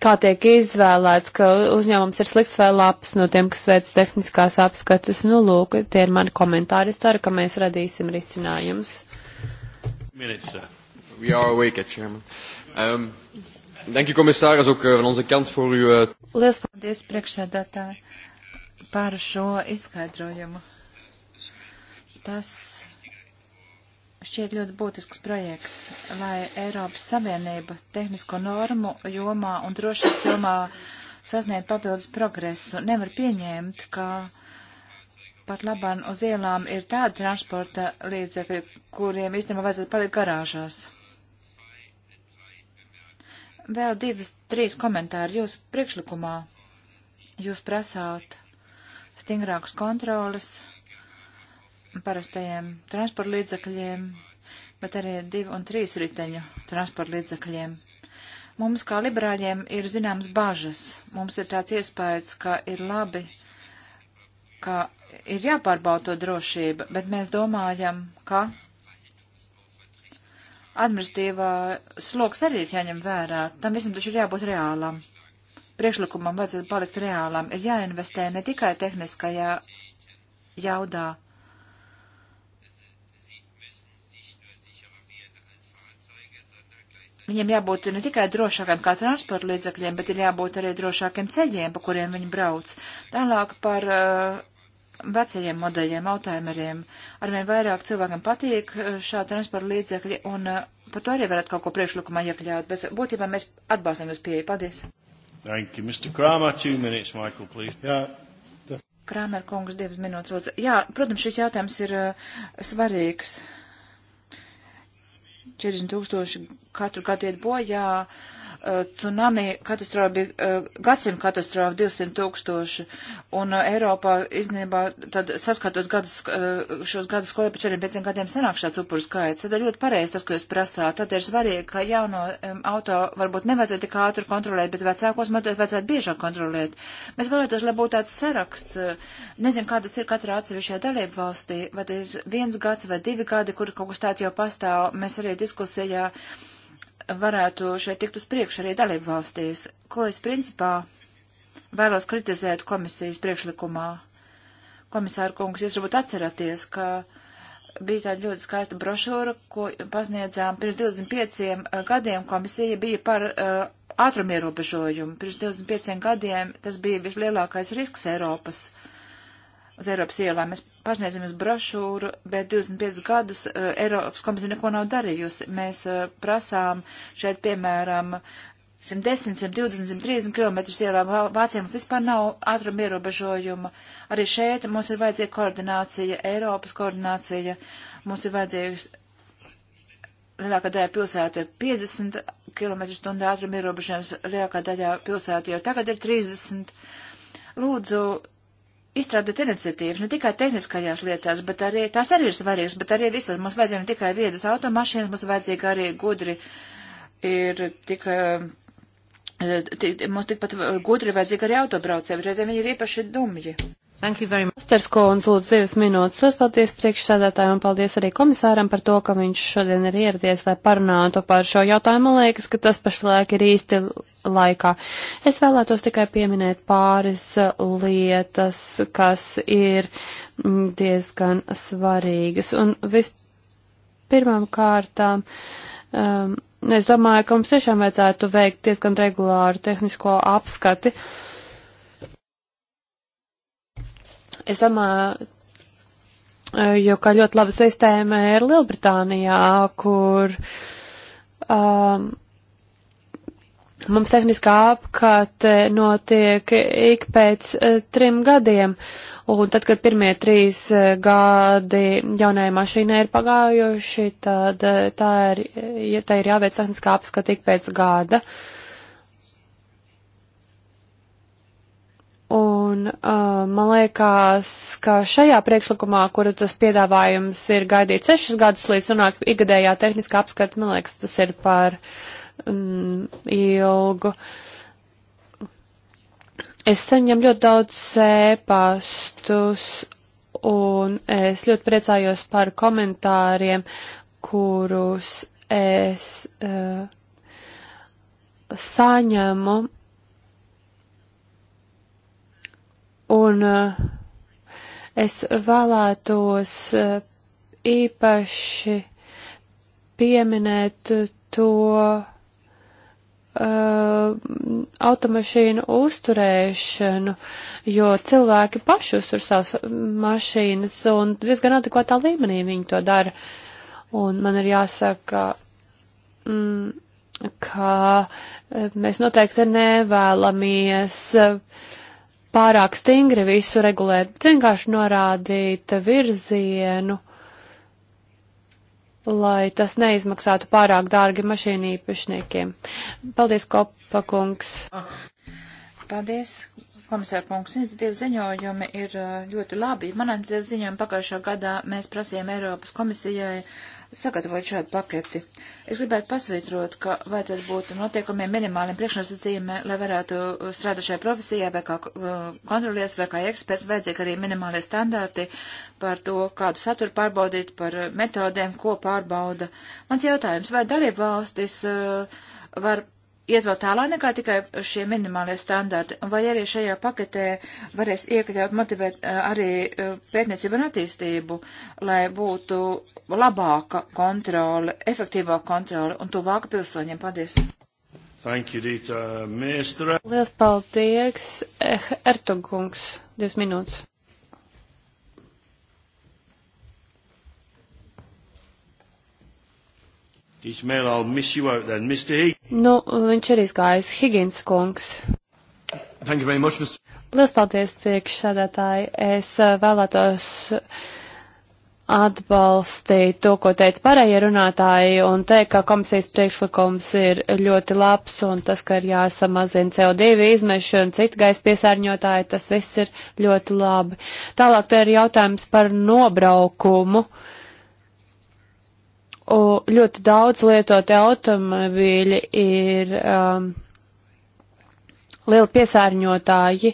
Kā tiek izvēlēts, ka uzņēmums ir slikts vai labs no tiem, kas veic tehniskās apskates? Nu, lūk, tie ir mani komentāri. Es ceru, ka mēs radīsim risinājumus. Minutes, sir. We are awake, Chairman. Uh, Um, dank u commissaris ook uh, van onze kant voor uw... Uh... Eh, Lielas paldies priekšsēdētāji par šo izskaidrojumu. Tas šķiet ļoti būtisks projekts, lai Eiropas Savienība tehnisko normu jomā un drošības jomā sasniegt papildus progresu. Nevar pieņemt, ka pat labāk uz ielām ir tādi transporta līdzekļi, kuriem īstenībā vajadzētu palikt garāžās. Vēl divas, trīs komentāri jūsu priekšlikumā. Jūs prasāt stingrākas kontrolas parastajiem transporta līdzakļiem, bet arī divu un trīs riteņu transporta līdzakļiem. Mums kā liberāļiem ir zināms bažas. Mums ir tāds iespējas, ka ir labi, ka ir jāpārbauda to drošība, bet mēs domājam, ka administratīvā sloks arī ir jāņem vērā. Tam visam taču ir jābūt reālam. Priekšlikumam vajadzētu palikt reālam. Ir jāinvestē ne tikai tehniskajā jaudā. Viņiem jābūt ne tikai drošākiem kā transporta līdzakļiem, bet ir jābūt arī drošākiem ceļiem, pa kuriem viņi brauc. Tālāk par uh, vecajiem modeļiem, autaimeriem. Arvien vairāk cilvēkam patīk eh, šādi transporta līdzekļi, un eh, par to arī varētu kaut ko priekšlikumā iekļaut, bet būtībā mēs atbalstam jūs pieeju. Paldies! Thank you, Mr. Kramer. Two minutes, Michael, please. Yeah. Krāmer kungs, divas minūtes lūdzu. Jā, protams, šis jautājums ir uh, svarīgs. 40 tūkstoši katru gadu iet bojā, Eh, tsunami katastrofa bija eh, gadsimta katastrofa 200 tūkstoši, un eh, Eiropā iznībā tad saskatot gadus, šos gadus, ko jau pa 45 gadiem sanāk šāds upuru skaits, tad ir ļoti pareizi tas, ko jūs prasāt. Tad ir svarīgi, ka jauno auto varbūt nevajadzētu tik ātri kontrolēt, bet vecākos modeļus vajadzētu biežāk kontrolēt. Mēs vēlētos, lai būtu tāds saraksts, nezinu, kā tas ir katrā atsevišķajā dalību valstī, vai tas ir viens gads vai divi gadi, kur kaut kas tāds jau pastāv. Mēs arī diskusijā. Uh, varētu šeit tikt uz priekšu arī dalību valstīs, ko es principā vēlos kritizēt komisijas priekšlikumā. Komisāra kungs, jūs varbūt atceraties, ka bija tāda ļoti skaista brošūra, ko pasniedzām pirms 25 eh, gadiem komisija bija par uh, ātrumierobežojumu. Pirms 25 gadiem tas bija vislielākais risks Eiropas uz Eiropas ielām. Mēs pašniedzam uz brošūru, bet 25 gadus uh, Eiropas komisija neko nav darījusi. Mēs uh, prasām šeit, piemēram, 110, 120, 130 km ielām Vācijā mums vispār nav ātruma ierobežojuma. Arī šeit mums ir vajadzīga koordinācija, Eiropas koordinācija. Mums ir vajadzīgs lielākā daļa pilsēta ir 50 km stundā ātruma ierobežojums, lielākā daļā pilsēta jau tagad ir 30. Lūdzu, izstrādāt iniciatīvas ne tikai tehniskajās lietās, bet arī tās arī ir svarīgas, bet arī visur. Mums vajadzēja ne tikai viedas automašīnas, mums vajadzīga arī gudri ir tik. Eh, mums tikpat eh, gudri vajadzīga arī autobraucēji, reizēm viņi ir īpaši dumji. Masters Kolons lūdzu divas minūtes. Es paldies priekšsēdētājiem un paldies arī komisāram par to, ka viņš šodien ir ieradies, lai parunātu par šo jautājumu. Man liekas, ka tas pašlaik ir īsti laikā. Es vēlētos tikai pieminēt pāris uh, lietas, kas ir mm, diezgan svarīgas. Un vispirmām kārtām. Um, Es domāju, ka mums tiešām vajadzētu veikt diezgan regulāru tehnisko apskati. Uh, Es domāju, eh, jo kā ļoti laba sistēma ir Lielbritānijā, kur um, mums tehniskā apkate notiek ik pēc uh, trim gadiem. Un tad, kad pirmie trīs uh, gadi jaunajai mašīnai ir pagājuši, tad uh, tā ir, ja tā ir jāveic tehniskā apskate ik pēc gada. Uh, Un uh, man liekas, ka šajā priekšlikumā, kuru tas piedāvājums ir gaidīt sešus gadus līdz nonāk ikgadējā tehniskā apskata, man liekas, tas ir par um, ilgu. Es saņemu ļoti daudz sēpastus un es ļoti priecājos par komentāriem, kurus es uh, saņemu Un eh, es vēlētos eh, īpaši pieminēt to uh, automašīnu uzturēšanu, jo cilvēki paši uztur savas mašīnas un diezgan adekvātā līmenī viņi to dara. Un man ir jāsaka, mm, ka mēs noteikti nevēlamies uh, pārāk stingri visu regulēt, bet vienkārši norādīt virzienu, lai tas neizmaksātu pārāk dārgi mašīnu īpašniekiem. Paldies, Kopa kungs! Paldies, komisāra kungs, iniciatīvas ziņojumi ir ļoti labi. Manā iniciatīvas ziņojuma pagājušā gadā mēs prasījām Eiropas komisijai sagatavot šādu paketi. Es gribētu pasvītrot, ka vajadzētu būt noteikumiem minimāliem priekšnosacījumiem, lai varētu strādāt šajā profesijā, vai kā uh, kontrolies, vai kā eksperts, vajadzīgi arī minimālie standarti par to, kādu saturu pārbaudīt, par metodēm, ko pārbauda. Mans jautājums, vai dalība valstis uh, var iet vēl tālāk nekā tikai šie minimālie standarti, vai arī šajā paketē varēs iekļaut motivēt eh, arī eh, pētniecību un attīstību, lai būtu labāka kontrole, efektīvāka kontrole un tuvāka pilsoņiem. Paldies! Thank you, Dita. Mr. Liels paldies, eh, Ertogungs, divas minūtes. Ismail, I'll miss you out then. Mr. Higgins. Nu, viņš ir izgājis. Higgins kungs. Thank you very much, Mr. Lielas paldies, priekšsādātāji. Es eh, vēlētos atbalstīt to, ko teica pārējie runātāji, un teikt, ka komisijas priekšlikums ir ļoti labs, un tas, ka ir jāsamazina CO2 izmeši un citu gaisa piesārņotāji, tas viss ir ļoti labi. Tālāk te ir jautājums par nobraukumu. Uh, U ļoti daudz lietoti automobīļi ir um, lieli piesārņotāji.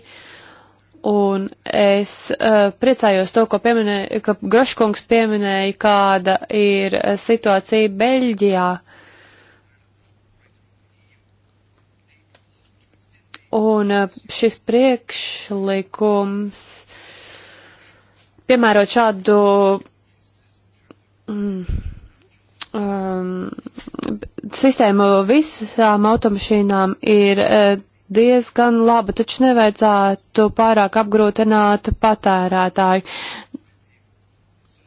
Un es uh, priecājos to, ko pieminēja, ka Groškungs pieminēja, kāda ir situācija Beļģijā. Un uh, šis priekšlikums, piemērot šādu. Mm, um, sistēma visām automašīnām ir uh, diezgan laba, taču nevajadzētu pārāk apgrūtināt patērētāju.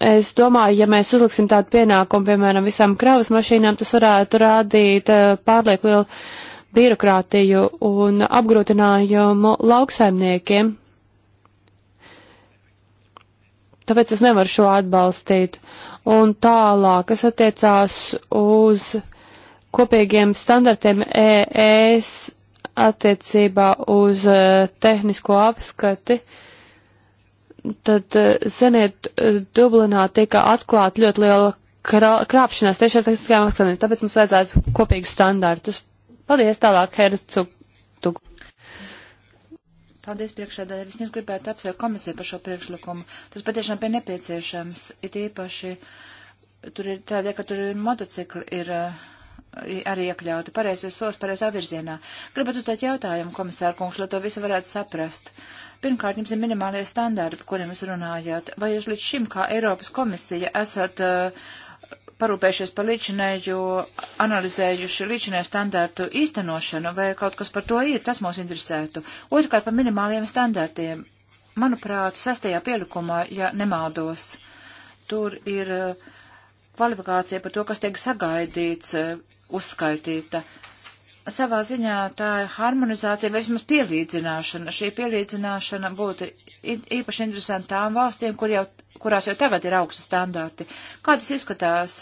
Es domāju, ja mēs uzliksim tādu pienākumu, piemēram, visām kravas mašīnām, tas varētu rādīt uh, pārlieku lielu birokrātiju un apgrūtinājumu lauksaimniekiem tāpēc es nevaru šo atbalstīt. Un tālāk, kas attiecās uz kopīgiem standartiem ES attiecībā uz uh, tehnisko apskati, tad, uh, ziniet, e, Dublinā tika atklāta ļoti liela krāpšanās tieši ar tehniskajām akcentiem, tāpēc mums vajadzētu kopīgus standartus. Paldies tālāk, Hercog Paldies priekšādājai. Vismaz gribētu apsveikt komisiju par šo priekšlikumu. Tas patiešām bija nepieciešams. It īpaši tur ir tādēļ, ka tur ir motocikli ir eh, arī iekļauti. Pareizais solis pareizā virzienā. Gribētu uzdot jautājumu, komisāra kungs, lai to visu varētu saprast. Pirmkārt, jums ir minimālie standārti, par kuriem jūs runājāt. Vai jūs līdz šim, kā Eiropas komisija, esat uh, parūpējušies par līdzinēju, analizējuši līdzinēju standārtu īstenošanu, vai kaut kas par to ir, tas mūs interesētu. Otrkārt par minimāliem standārtiem. Manuprāt, sastajā pielikumā, ja nemaldos, tur ir eh, kvalifikācija par to, kas tiek sagaidīts, eh, uzskaitīta. Savā ziņā tā ir harmonizācija, vai vismaz pielīdzināšana. Šī pielīdzināšana būtu īpaši interesanta tām valstīm, kur jau kurās jau tagad ir augsti standarti. Kā tas izskatās,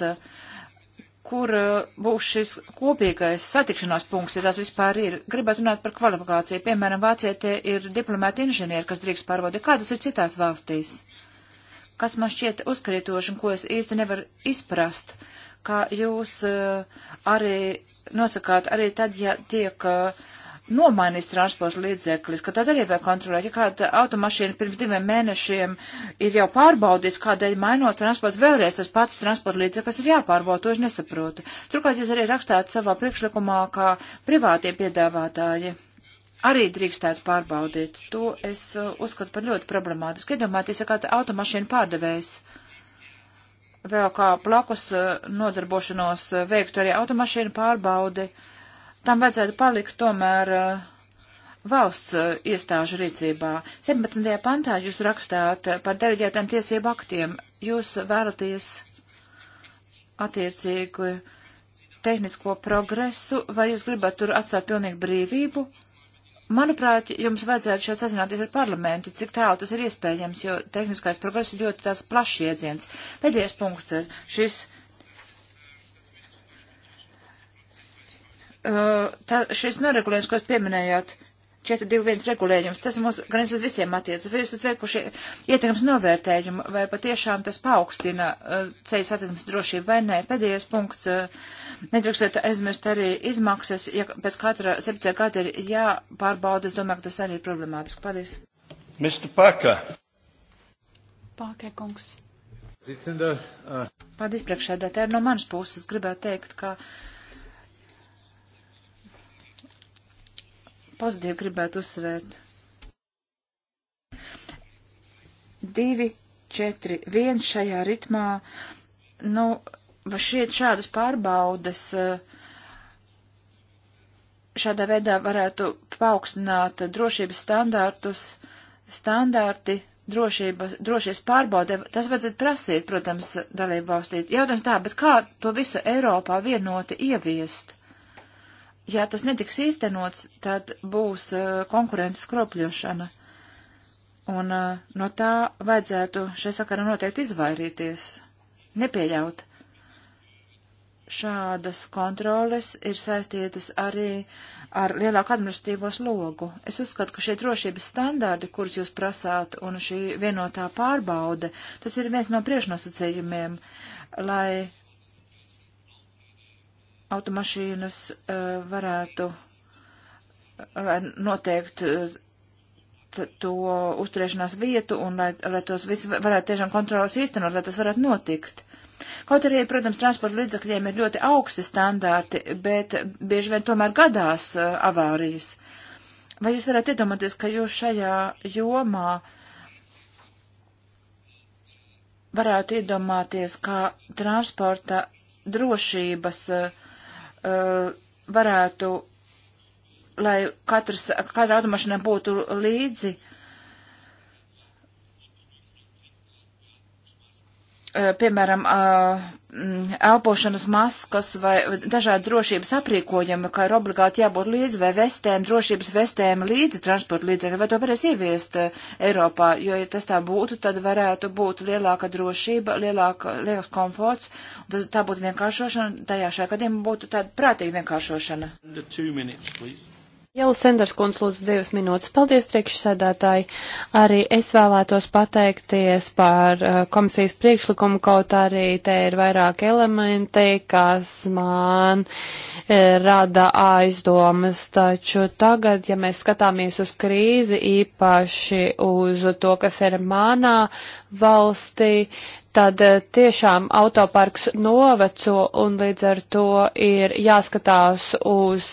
kur eh, būs šis kopīgais satikšanās punkts, ja tās vispār ir? Gribētu runāt par kvalifikāciju. Piemēram, Vācijā tie ir diplomēti inženieri, kas drīkst pārbaudīt. Kā tas ir citās valstīs? Kas man šķiet uzkrietoši un ko es īsti nevaru izprast, kā jūs eh, arī nosakāt, arī tad, ja tiek uh, nomainīs transporta līdzeklis, ka tad arī vajag kontrolēt, ja kāda automašīna pirms diviem mēnešiem ir jau pārbaudīts, kādēļ mainot transportu vēlreiz, tas pats transporta līdzeklis ir jāpārbauda, to es nesaprotu. Turklāt jūs arī rakstāt savā priekšlikumā, kā privātie piedāvātāji. Arī drīkstētu pārbaudīt. To es uh, uzskatu par ļoti problemātisku. Iedomājieties, ja kāda automašīna pārdevējs vēl kā plakus uh, nodarbošanos uh, veiktu arī automašīnu pārbaudi. Uh, tam vajadzētu palikt tomēr eh, valsts eh, iestāžu rīcībā. 17. pantā jūs rakstāt eh, par deleģētām tiesību aktiem. Jūs vēlaties attiecīgi tehnisko progresu, vai jūs gribat tur atstāt pilnīgu brīvību? Manuprāt, jums vajadzētu šeit sazināties ar parlamentu, cik tālu tas ir iespējams, jo tehniskais progress ir ļoti tās plašs iedziens. Pēdējais punkts ir šis Uh, tā, šis neregulējums, ko jūs pieminējāt, 421 regulējums, tas mums gan uz visiem attiecas. Vai jūs esat veikuši ietekmes novērtējumu, vai patiešām tas paaugstina uh, ceļu satiksmes drošību vai nē? Pēdējais punkts. Uh, nedrīkstēt aizmirst arī izmaksas, ja pēc katra septītā gada ir jāpārbauda. Es domāju, ka tas arī ir problemātiski. Paldies. Mr. Paka. Paka kungs. Zicinda, uh... Paldies priekšēdā. Tā ir no manas puses. Gribētu teikt, ka. Uh, pozitīvi gribētu uzsvērt. 2, 4, 1 šajā ritmā, nu, šeit šādas pārbaudas eh, šādā veidā varētu paaugstināt drošības standārtus, standārti drošības, drošības pārbaudē, tas vajadzētu prasīt, protams, dalību valstī. Jautājums tā, bet kā to visu Eiropā vienoti ieviest? ja tas netiks īstenots, tad būs uh, konkurences kropļošana. Un uh, no tā vajadzētu šai sakarā noteikti izvairīties, nepieļaut. Šādas kontroles ir saistītas arī ar lielāku administratīvo slogu. Es uzskatu, ka šie drošības standārti, kurus jūs prasāt, un šī vienotā pārbaude, tas ir viens no priešnosacījumiem, lai automašīnas eh, varētu eh, noteikt eh, to uzturēšanās vietu un lai, lai tos viss varētu tiešām kontrolas īstenot, lai tas varētu notikt. Kaut arī, protams, transporta līdzakļiem ir ļoti augsti standārti, bet bieži vien tomēr gadās avārijas. Vai jūs varētu iedomāties, ka jūs šajā jomā varētu iedomāties, ka transporta drošības uh, uh, varētu, lai katrs, katra automašīna būtu līdzi uh, Eh, piemēram, eh, mm, elpošanas maskas vai dažādi drošības aprīkojumi, kā ir obligāti jābūt līdzi, vai vestēm, drošības vestēm līdzi transporta līdzekļi, vai to varēs ieviest eh, Eiropā, jo, ja tas tā būtu, tad varētu būt lielāka drošība, lielāka, lielāks komforts, tas, tā būtu vienkāršošana, tajā šajā gadījumā būtu tāda prātīga vienkāršošana. Minutes, Jēlis Sanders kundz lūdzu divas minūtes. Paldies, priekšsēdētāji. Arī es vēlētos pateikties par eh, komisijas priekšlikumu, kaut arī te ir vairāk elementi, kas man eh, rada aizdomas. Taču tagad, ja mēs skatāmies uz krīzi, īpaši uz to, kas ir manā valstī, tad eh, tiešām autoparks noveco un līdz ar to ir jāskatās uz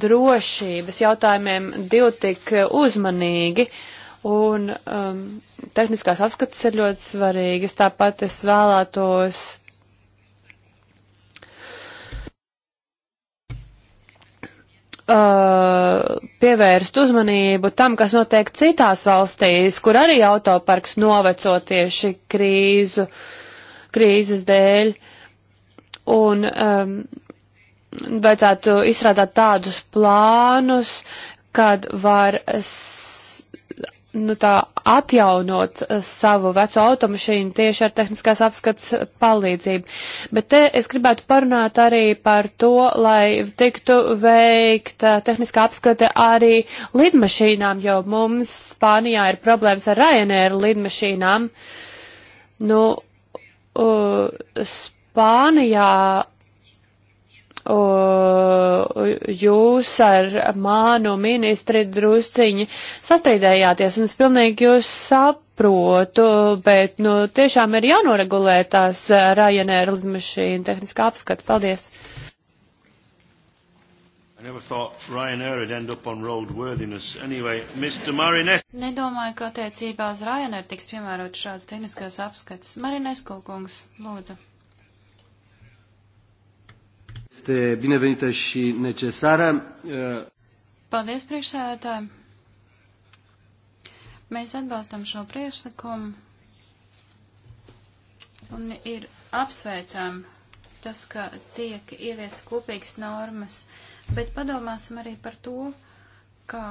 drošības jautājumiem divi tik uzmanīgi. Un um, tehniskās apskates ir ļoti svarīgas. Tāpat es vēlētos Uh, pievērst uzmanību tam, kas notiek citās valstīs, kur arī autoparks noveco tieši krīzu, krīzes dēļ. Un um, vajadzētu izstrādāt tādus plānus, kad var nu, tā, atjaunot savu veco automašīnu tieši ar tehniskās apskats palīdzību. Bet te es gribētu parunāt arī par to, lai tiktu veikta tehniskā apskate arī lidmašīnām, jo mums Spānijā ir problēmas ar Ryanair lidmašīnām. Nu, uh, Spānijā O, jūs ar mānu ministri drusciņi sastrīdējāties, un es pilnīgi jūs saprotu, bet, nu, tiešām ir jānoregulē tās eh, Ryanair lidmašīna tehniskā apskata. Paldies! Anyway, Nedomāju, ka attiecībā uz Ryanair tiks piemērot šāds tehniskās apskats. Marinesko kungs, lūdzu. Este binevenită și necesară. Paldies, priekšsēdētāji! Mēs atbalstam šo priekšlikumu un ir apsveicam tas, ka tiek ievies kopīgas normas, bet padomāsim arī par to, ka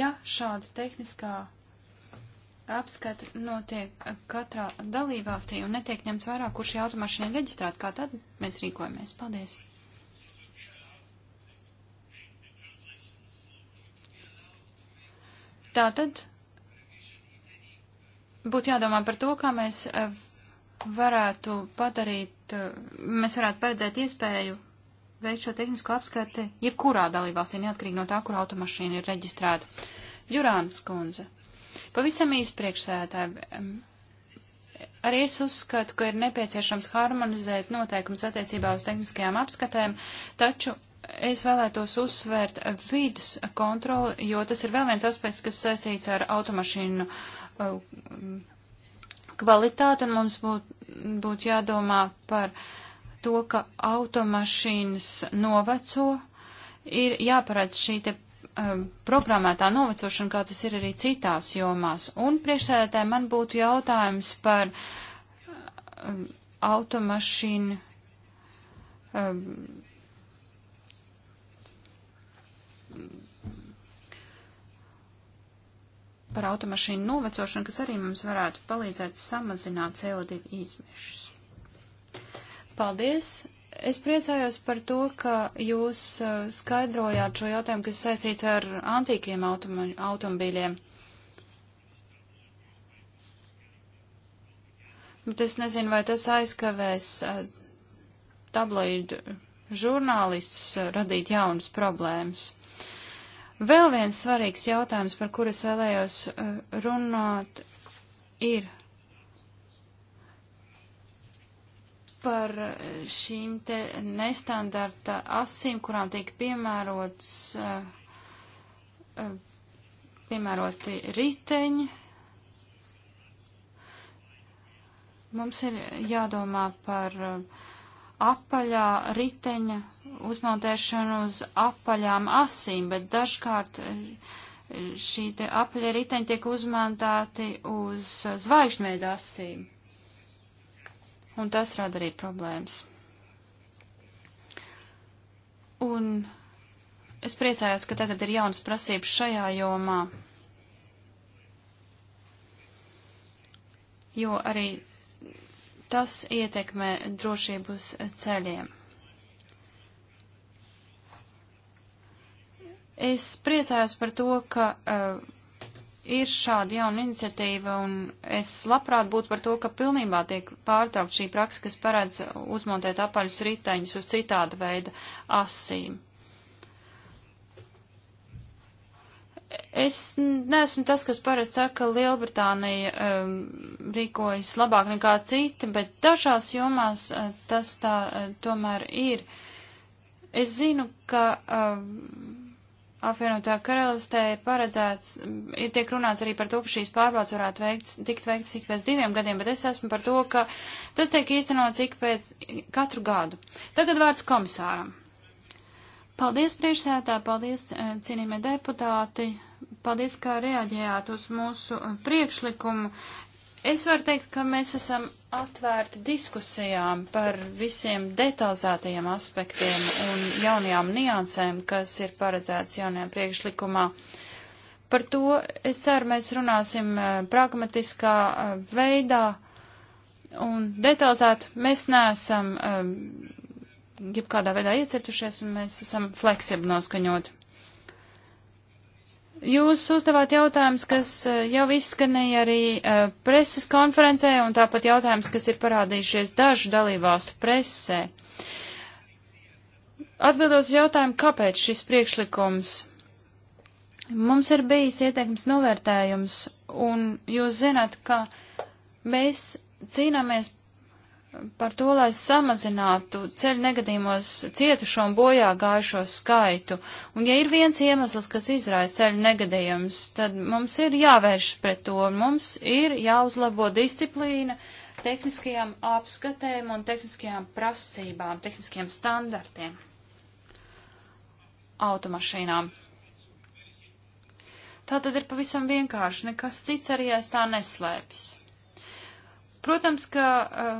ja šāda tehniskā apskata notiek katrā dalībvalstī un netiek ņemts vērā, kurš automašīna ir reģistrēta, kā tad mēs rīkojamies. Paldies! Tātad būtu jādomā par to, kā mēs eh, varētu padarīt, eh, mēs varētu paredzēt iespēju veikt šo tehnisko apskati jebkurā dalībvalstī, neatkarīgi no tā, kur automašīna ir reģistrēta. Jurāns Kunze. Pavisam īsi priekšsēdētāji. Arī es uzskatu, ka ir nepieciešams harmonizēt noteikumus attiecībā uz tehniskajām apskatēm, taču es vēlētos uzsvērt vidus kontroli, jo tas ir vēl viens aspekts, kas saistīts ar automašīnu e, kvalitāti, un mums būtu būt jādomā par to, ka automašīnas noveco, ir jāparāds šī te Um, programmētā novecošana, kā tas ir arī citās jomās. Un priekšsēdētāji man būtu jautājums par um, automašīnu um, par automašīnu novecošanu, kas arī mums varētu palīdzēt samazināt CO2 izmešus. Paldies! Es priecājos par to, ka jūs uh, skaidrojāt šo jautājumu, kas saistīts ar antīkiem automa automobīļiem. Bet es nezinu, vai tas aizkavēs uh, tabloīdu žurnālistus uh, radīt jaunas problēmas. Vēl viens svarīgs jautājums, par kuru es vēlējos runāt, ir par šīm te nestandarta asīm, kurām tiek piemērots, eh, eh, piemēroti riteņi. Mums ir jādomā par eh, apaļā riteņa uzmontēšanu uz apaļām asīm, bet dažkārt šī te apaļa riteņa tiek uzmantāti uz zvaigžņveida asīm un tas rada arī problēmas. Un es priecājos, ka tagad ir jaunas prasības šajā jomā, jo arī tas ietekmē drošību uz ceļiem. Es priecājos par to, ka uh, ir šāda jauna iniciatīva, un es labprāt būtu par to, ka pilnībā tiek pārtraukt šī praksa, kas paredz uzmontēt apaļus riteņus uz citāda veida asīm. Es neesmu tas, kas parasti saka, ka Lielbritānija um, rīkojas labāk nekā citi, bet dažās jomās uh, tas tā uh, tomēr ir. Es zinu, ka. Um, apvienotā karalistē ir paredzēts, ir tiek runāts arī par to, ka šīs pārbaudas varētu veikt, tikt veikts ik pēc diviem gadiem, bet es esmu par to, ka tas tiek īstenots ik pēc katru gadu. Tagad vārds komisāram. Paldies priekšsētā, paldies e, cienījumie deputāti, paldies, kā reaģējāt uz mūsu e, priekšlikumu. Es varu teikt, ka mēs esam atvērti diskusijām par visiem detalizētajiem aspektiem un jaunajām niansēm, kas ir paredzētas jaunajā priekšlikumā. Par to es ceru, mēs runāsim eh, pragmatiskā eh, veidā un detalizēt. Mēs neesam eh, jebkādā veidā iecertušies un mēs esam fleksibli noskaņoti. Jūs uzdevāt jautājums, kas eh, jau izskanēja arī eh, preses konferencē, un tāpat jautājums, kas ir parādījušies dažu dalībvalstu presē. Atbildot uz jautājumu, kāpēc šis priekšlikums? Mums ir bijis ieteikums novērtējums, un jūs zināt, ka mēs cīnāmies par to, lai samazinātu ceļu negadījumos cietušo un bojā gājušo skaitu. Un ja ir viens iemesls, kas izraisa ceļu negadījumus, tad mums ir jāvērš pret to, un mums ir jāuzlabo disciplīna tehniskajām apskatēm un tehniskajām prasībām, tehniskajiem standartiem automašīnām. Tā tad ir pavisam vienkārši, nekas cits arī aiz tā neslēpjas. Protams, ka uh,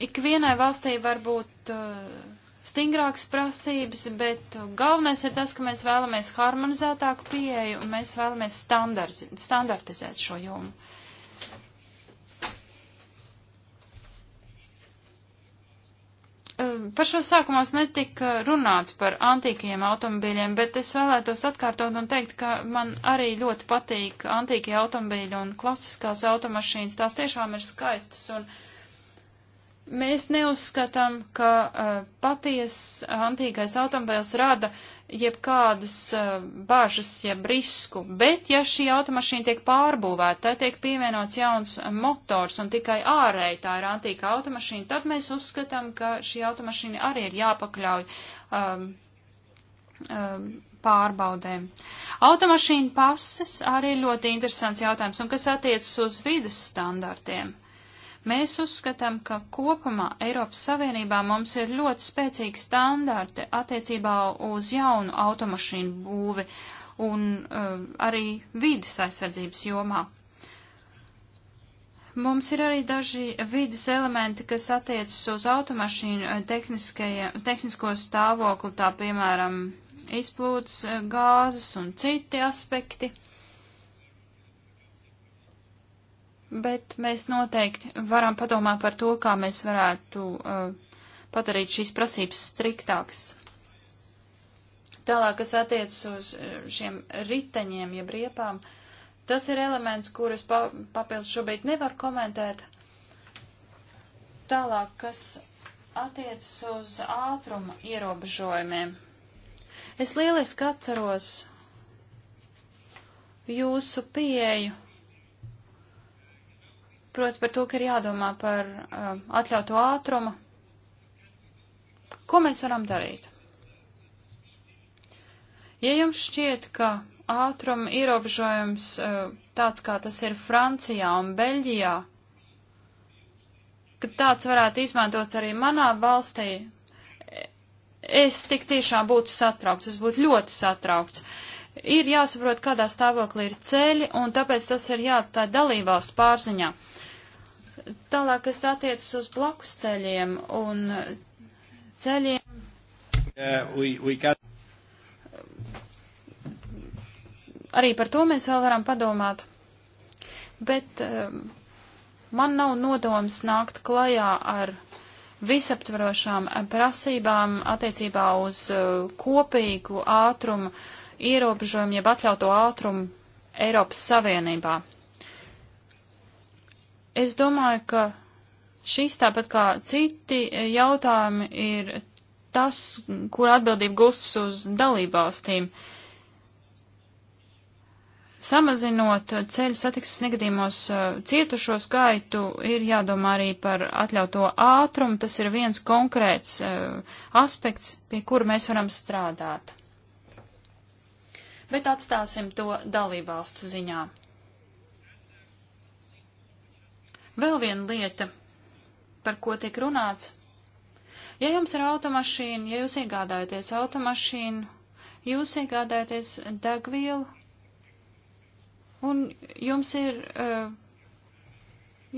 Ikvienai valstī var būt uh, stingrākas prasības, bet uh, galvenais ir tas, ka mēs vēlamies harmonizētāku pieeju un mēs vēlamies standartizēt šo jomu. Um, pašos sākumos netika runāts par antīkajiem automobīļiem, bet es vēlētos atkārtot un teikt, ka man arī ļoti patīk antīkie automobīļi un klasiskās automašīnas. Tās tiešām ir skaistas un uh, Mēs neuzskatām, ka uh, paties uh, antīkais automobils rada jebkādas uh, bažas, jeb risku, bet ja šī automašīna tiek pārbūvēta, tai tiek pievienots jauns motors un tikai ārēji tā ir antīka automašīna, tad mēs uzskatām, ka šī automašīna arī ir jāpakļauj um, um, pārbaudēm. Automašīna pases arī ir ļoti interesants jautājums, un kas attiecas uz vidas standartiem. Mēs uzskatām, ka kopumā Eiropas Savienībā mums ir ļoti spēcīgi standarti attiecībā uz jaunu automašīnu būvi un uh, arī vidas aizsardzības jomā. Mums ir arī daži vidas elementi, kas attiecas uz automašīnu eh, tehnisko stāvokli, tā piemēram izplūdes eh, gāzes un citi aspekti. bet mēs noteikti varam padomāt par to, kā mēs varētu uh, padarīt šīs prasības striktākas. Tālāk, kas attiecas uz uh, šiem riteņiem, jeb riepām, tas ir elements, kuras pa, papildus šobrīd nevar komentēt. Tālāk, kas attiecas uz ātruma ierobežojumiem. Es lieliski atceros jūsu pieeju Proti par to, ka ir jādomā par uh, atļautu ātrumu. Ko mēs varam darīt? Ja jums šķiet, ka ātruma ierobežojums uh, tāds, kā tas ir Francijā un Beļģijā, ka tāds varētu izmantot arī manā valstī, es tik tiešām būtu satraukts, es būtu ļoti satraukts ir jāsaprot, kādā stāvoklī ir ceļi, un tāpēc tas ir jāatstāj dalībvalstu pārziņā. Tālāk, kas attiecas uz blakus ceļiem un ceļiem. Uh, we, we got... Arī par to mēs vēl varam padomāt. Bet uh, man nav nodoms nākt klajā ar visaptvarošām prasībām attiecībā uz uh, kopīgu ātrumu uh, ierobežojumu, jeb atļautu ātrumu Eiropas Savienībā. Es domāju, ka šis tāpat kā citi jautājumi ir tas, kur atbildība gustas uz dalībvalstīm. Samazinot ceļu satiksmes negadījumos uh, cietušo skaitu, ir jādomā arī par atļauto ātrumu. Tas ir viens konkrēts uh, aspekts, pie kura mēs varam strādāt bet atstāsim to dalībvalstu ziņā. Vēl viena lieta, par ko tiek runāts. Ja jums ir automašīna, ja jūs iegādājaties automašīnu, jūs iegādājaties degvielu, un jums ir, eh,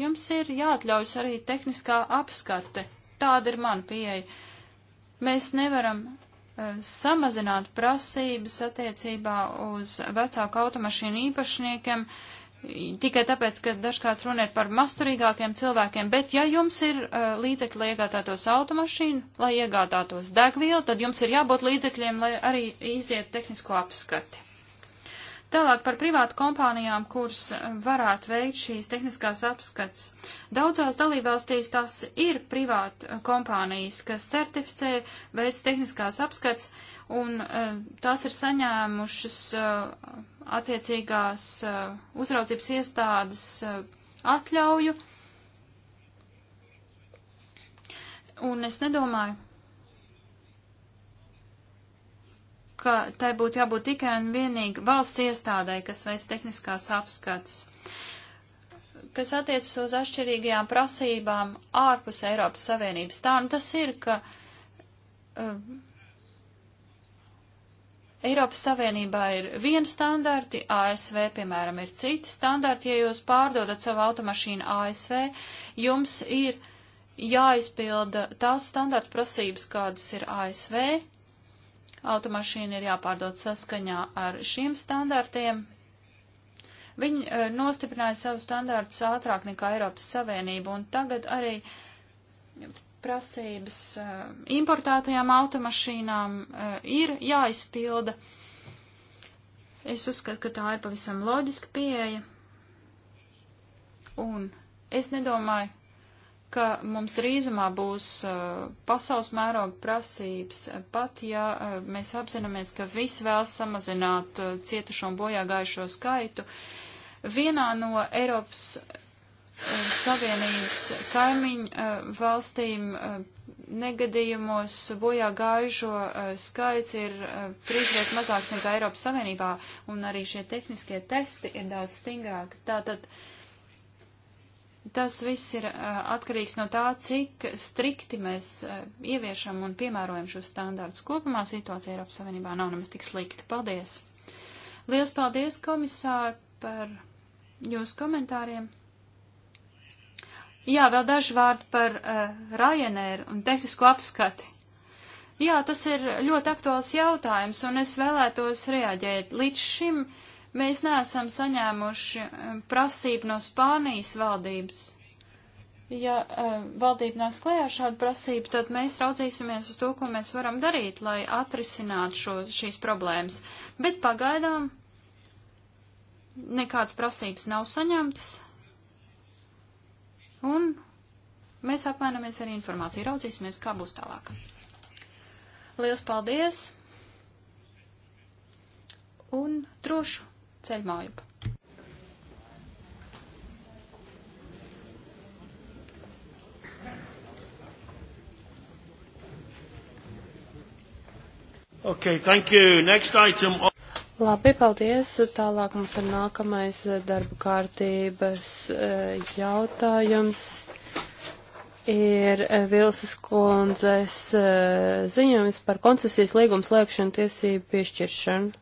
jums ir jāatļaujas arī tehniskā apskate. Tāda ir mana pieeja. Mēs nevaram Eh, samazināt prasības attiecībā uz vecāku automašīnu īpašniekiem, tikai tāpēc, ka dažkārt runa ir par masturīgākiem cilvēkiem, bet ja jums ir uh, līdzekļi, lai iegādātos automašīnu, lai iegādātos degvielu, tad jums ir jābūt līdzekļiem, lai arī izietu tehnisko apskati. Tālāk par privātu kompānijām, kuras varētu veikt šīs tehniskās apskats. Daudzās dalībvalstīs tās ir privātu kompānijas, kas certificē, veids tehniskās apskats, un eh, tās ir saņēmušas eh, attiecīgās eh, uzraudzības iestādes atļauju. Un es nedomāju, ka tai būtu jābūt tikai un vienīgi valsts iestādai, kas veids tehniskās apskatas. Kas attiecas uz atšķirīgajām prasībām ārpus Eiropas Savienības, tā un nu, tas ir, ka uh, Eiropas Savienībā ir viena standarti, ASV, piemēram, ir citi standarti. Ja jūs pārdodat savu automašīnu ASV, jums ir jāizpilda tās standarta prasības, kādas ir ASV, automašīna ir jāpārdod saskaņā ar šiem standartiem. Viņi uh, nostiprināja savu standārtus ātrāk nekā Eiropas Savienība, un tagad arī prasības uh, importētajām automašīnām uh, ir jāizpilda. Es uzskatu, ka tā ir pavisam loģiska pieeja, un es nedomāju, ka mums drīzumā būs uh, pasaules mēroga prasības, pat ja uh, mēs apzināmies, ka visi vēlas samazināt uh, cietušo un bojā gājušo skaitu. Vienā no Eiropas Savienības kaimiņu valstīm negadījumos bojā gājušo skaits ir trīsreiz mazāks nekā Eiropas Savienībā, un arī šie tehniskie testi ir daudz stingrāki. Tātad, uh, tas viss ir atkarīgs no tā, cik strikti mēs ieviešam un piemērojam šos standārdus. Kopumā situācija Eiropas Savienībā nav nemaz tik slikta. Paldies! Liels paldies, komisāri, par jūsu komentāriem! Jā, vēl daži vārdi par uh, Ryanair un tehnisko apskati. Jā, tas ir ļoti aktuāls jautājums, un es vēlētos reaģēt. Līdz šim uh, Mēs neesam saņēmuši eh, prasību no Spānijas valdības. Ja uh, valdība nāks klajā šādu prasību, tad mēs raudzīsimies uz to, ko mēs varam darīt, lai atrisinātu šo, šīs problēmas. Bet pagaidām nekādas prasības nav saņemtas. Un mēs apmainamies ar informāciju, raudzīsimies, kā būs tālāk. Liels paldies! Un drošu ceļmājumu. Okay, thank you. Next item. Labi, paldies. Tālāk mums ir nākamais darba kārtības eh, jautājums. Ir eh, Vilsas kundzes eh, ziņojums par koncesijas līgums lēkšanu tiesību piešķiršanu.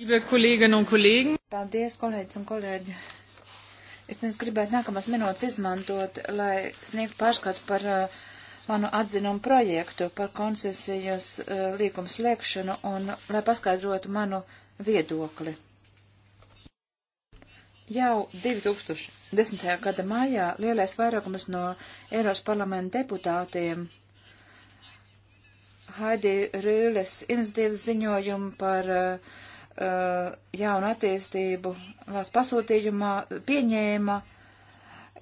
Paldies, kolēģis un kolēģi. Es mēs gribētu nākamās minūtes izmantot, lai sniegtu pārskatu par uh, manu atzinumu projektu par koncesijas uh, līgumu slēgšanu un lai paskaidrotu manu viedokli. Jau 2010. gada mājā lielais vairākums no Eiros parlamenta deputātiem Haidi Rīles iniciatīvas ziņojumu par uh, Uh, jaunu attīstību valsts pasūtījumā pieņēma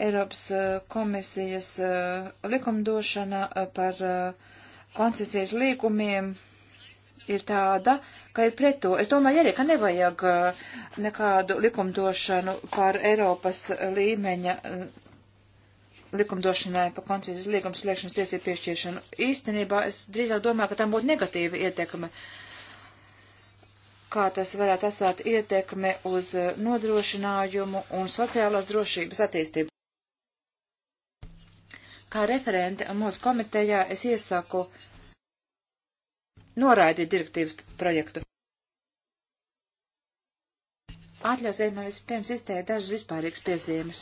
Eiropas uh, komisijas uh, likumdošana par koncesijas līgumiem ir tāda, ka ir pret to. Es domāju arī, ka nevajag nekādu likumdošanu par Eiropas līmeņa likumdošanai par koncesijas līgumu slēgšanas tiesību piešķiršanu. Īstenībā es drīzāk domāju, ka tam būtu negatīva ietekme. Uh, kā tas varētu atstāt ietekme uz eh, nodrošinājumu un sociālās drošības attīstību. Kā referente mūsu komitejā es iesaku noraidīt direktīvas projektu. Atļausiet man vispirms izteikt dažas vispārīgas piezīmes.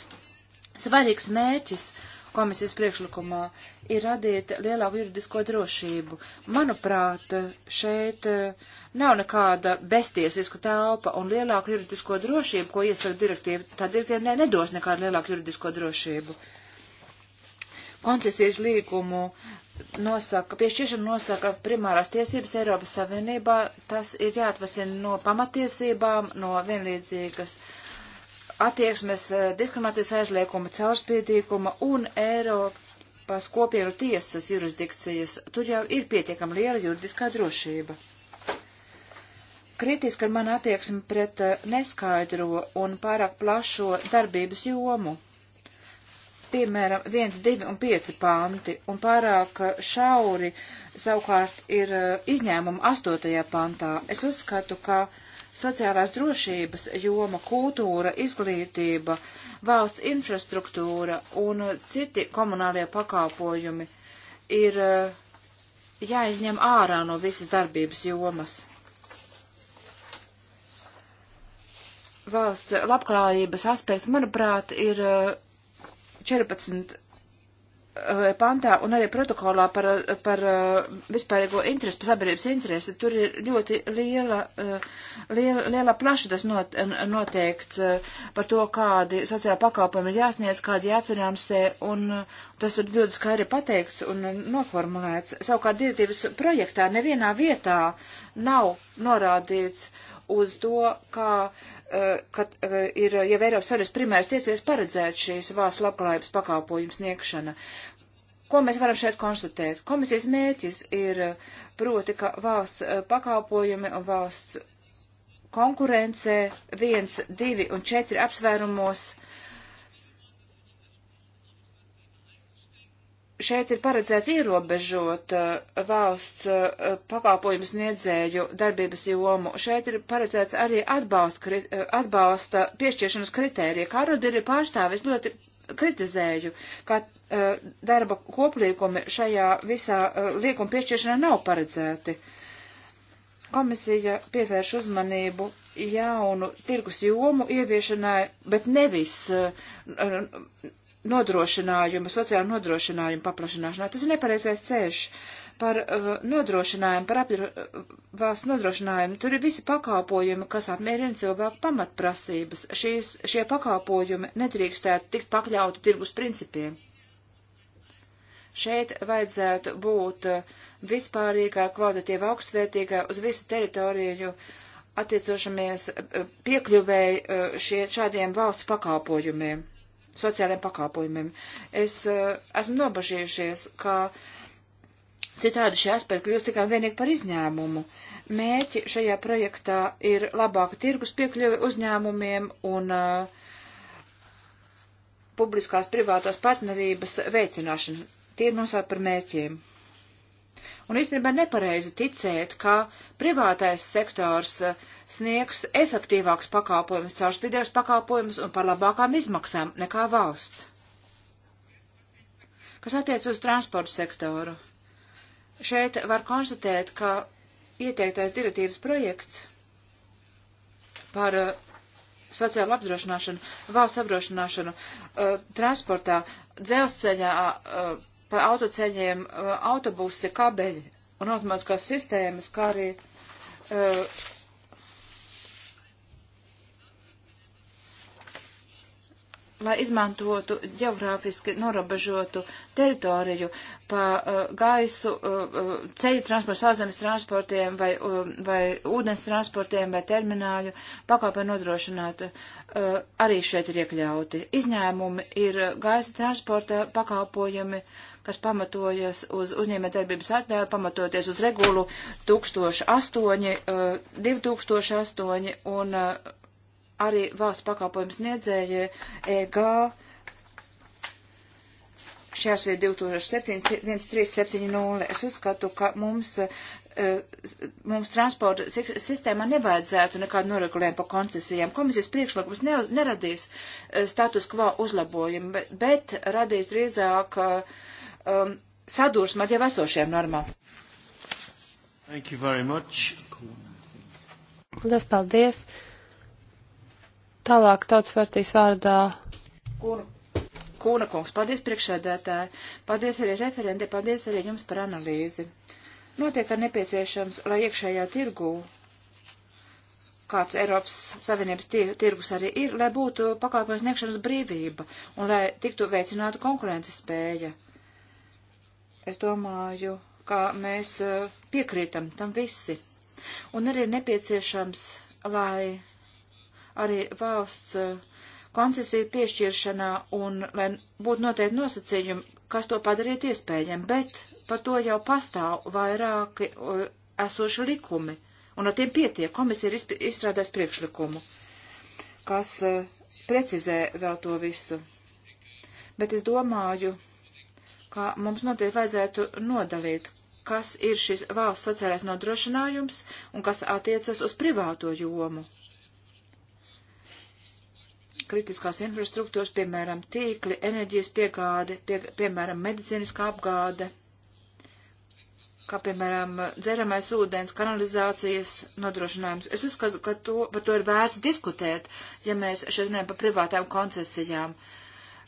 Svarīgs mērķis uh, komisijas priekšlikumā, ir radīt lielāku juridisko drošību. Manuprāt, šeit eh, nav nekāda beztiesiska telpa un lielāku juridisko drošību, ko iesaka direktīva. Tā direktīva ne, nedos nekādu lielāku juridisko drošību. Koncesijas līgumu nosaka, piešķiršana nosaka primārās tiesības Eiropas Savienībā. Tas ir jāatvasina no pamatiesībām, no vienlīdzīgas. Uh, attieksmes eh, diskriminācijas aizlieguma caurspiedīguma un Eiropas kopienu tiesas jurisdikcijas. Tur jau ir pietiekami liela juridiskā drošība. Kritiski ar mani attieksmi pret eh, neskaidro un pārāk plašo darbības jomu. Piemēram, 1, 2 un 5 panti un pārāk eh, šauri savukārt ir izņēmuma 8. pantā. Es uzskatu, ka sociālās drošības joma, kultūra, izglītība, valsts infrastruktūra un citi komunālie pakāpojumi ir eh, jāizņem ārā no visas darbības jomas. Valsts labklājības aspekts, manuprāt, ir 14 eh, Eh, pantā un arī protokolā par, eh, par eh, vispārīgo interesi, par sabiedrības interesi, tur ir ļoti liela, liela, liela plaša tas not, noteikts par to, kādi sociāla pakalpojumi ir jāsniedz, kādi jāfinansē, un tas tur ļoti skaidri pateikts un noformulēts. Savukārt direktīvas projektā nevienā vietā nav norādīts, uh, uz to, kā eh, kad, eh, ir jau Eiropas Savienības primērs tiesies paredzēt šīs valsts labklājības pakāpojumu sniegšana. Ko mēs varam šeit konstatēt? Komisijas mērķis ir eh, proti, ka valsts pakāpojumi un valsts konkurence viens, divi un četri apsvērumos uh, šeit ir paredzēts ierobežot eh, valsts eh, pakalpojumu sniedzēju darbības jomu. Šeit ir paredzēts arī eh, atbalsta, atbalsta piešķiešanas kritērija. Kā Rudiri pārstāvis ļoti kritizēju, ka darba koplīkumi šajā visā liekuma piešķiešanā nav paredzēti. Komisija pievērš uzmanību jaunu tirgus jomu ieviešanai, bet nevis nodrošinājumu, sociālu nodrošinājumu paplašināšanā. Tas ir nepareizais ceļš par uh, nodrošinājumu, par apdrošinājumu, nodrošinājumu. Tur ir visi pakalpojumi, kas apmierina cilvēku pamatprasības. Šīs, šie pakalpojumi nedrīkstētu tikt pakļauti tirgus principiem. Šeit vajadzētu būt uh, vispārīgā, kvalitatīva, augstsvērtīgā uz visu teritoriju attiecošamies uh, piekļuvēji uh, šie, šādiem valsts pakalpojumiem sociālajiem pakalpojumiem. Es eh, esmu nobažījušies, ka citādi šie aspekti kļūst tikai un vienīgi par izņēmumu. Mēķi šajā projektā ir labāka tirgus piekļuve uzņēmumiem un uh, publiskās privātās partnerības veicināšana. Tie ir nosaukt par mērķiem. Un īstenībā nepareizi ticēt, ka privātais sektors eh, sniegs efektīvāks pakalpojums, caurspīdīgs pakalpojums un par labākām izmaksām nekā valsts. Kas attiec uz transportu sektoru? Šeit var konstatēt, ka ieteiktais direktīvas projekts par eh, sociālo apdrošināšanu, valsts apdrošināšanu uh, transportā, dzelzceļā, uh, pa autoceļiem uh, autobusi, kabeļi un automātiskās sistēmas, kā arī uh, lai izmantotu geogrāfiski norobežotu teritoriju pa uh, gaisu, uh, uh ceļu transportu, sauszemes transportiem vai, uh, vai ūdens transportiem vai termināļu pakāpē nodrošināt. Uh, arī šeit ir iekļauti. Izņēmumi ir uh, gaisa transporta pakāpojumi, uh, kas pamatojas uz uzņēmētarbības atdēlu, pamatoties uz regulu 1008, 2008 eh, un eh, arī valsts pakalpojums sniedzēja EG šajās viet 2007.1370. Es uzskatu, ka mums, eh, mums transporta sistēmā nevajadzētu nekādu noregulējumu par koncesijām. Komisijas priekšlikums neradīs status quo uzlabojumu, bet, bet radīs drīzāk uh, um, sadursmu ar jau esošajām normām. Thank you very much. Lielas paldies. Tālāk tautas partijas vārdā. Kūna, Kūna kungs, paldies priekšsēdētāji, paldies arī referente, paldies arī jums par analīzi. Notiek ar nepieciešams, lai iekšējā tirgū kāds Eiropas Savienības tirgus arī ir, lai būtu pakalpojums sniegšanas brīvība un lai tiktu veicināta konkurences spēja. Es domāju, ka mēs eh, piekrītam tam visi. Un arī ir nepieciešams, lai arī valsts eh, koncesiju piešķiršanā un lai būtu noteikti nosacījumi, kas to padarītu iespējami, bet par to jau pastāv vairāki eh, esoši likumi, un ar tiem pietiek. Komisija ir izstrādājusi priekšlikumu, kas precizē vēl to visu. Bet es domāju, ka mums noteikti vajadzētu nodalīt, kas ir šis valsts sociālais nodrošinājums un kas attiecas uz privāto jomu. Kritiskās infrastruktūras, piemēram, tīkli, enerģijas piegāde, pie, piemēram, medicīniskā apgāde, kā, piemēram, dzeramais ūdens, kanalizācijas nodrošinājums. Es uzskatu, ka to, par to ir vērts diskutēt, ja mēs šeit runājam par privātām koncesijām. Uh,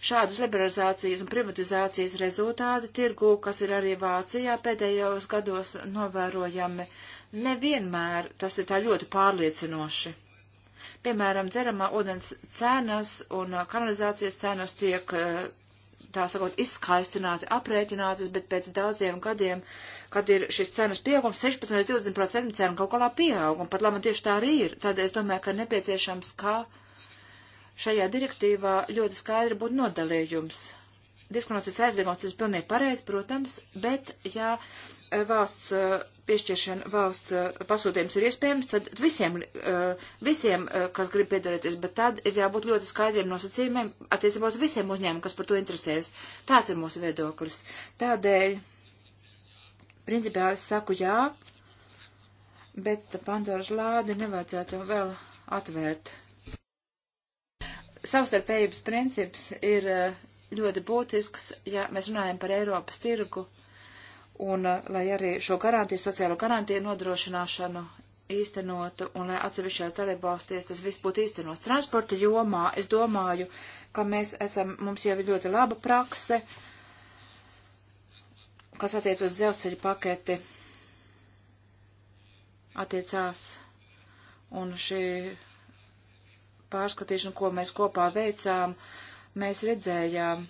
Šādas liberalizācijas un privatizācijas rezultāti tirgu, kas ir arī Vācijā pēdējos gados novērojami, nevienmēr tas ir tā ļoti pārliecinoši. Piemēram, dzeramā ūdens cenas un kanalizācijas cenas tiek, eh, tā sakot, izskaistināti, aprēķinātas, bet pēc daudziem gadiem, kad ir šis cenas pieaugums, 16-20% cena kaut kādā pieaug, un pat labi tieši tā arī ir. Tādēļ es domāju, ka nepieciešams, ka. Kā šajā direktīvā ļoti skaidri būtu nodalījums. Diskriminācijas aizliegums tas pilnīgi pareizi, protams, bet ja eh, valsts eh, piešķiršana valsts eh, pasūtījums ir iespējams, tad visiem, visiem kas grib piedalīties, bet tad ir jābūt ļoti skaidriem nosacījumiem attiecībā uz visiem uzņēmumiem, kas par to interesēs. Tāds ir mūsu viedoklis. Tādēļ, principā, es saku jā, bet Pandoras lādi nevajadzētu vēl atvērt savstarpējības princips ir eh, ļoti būtisks, ja mēs runājam par Eiropas tirgu, un eh, lai arī šo garantiju, sociālo garantiju nodrošināšanu īstenotu, un lai atsevišķās dalībvalstīs tas viss būtu īstenots. Transporta jomā es domāju, ka mēs esam, mums jau ir ļoti laba prakse, kas attiec uz dzelzceļa paketi, attiecās, un šī pārskatīšanu, ko mēs kopā veicām, mēs redzējām,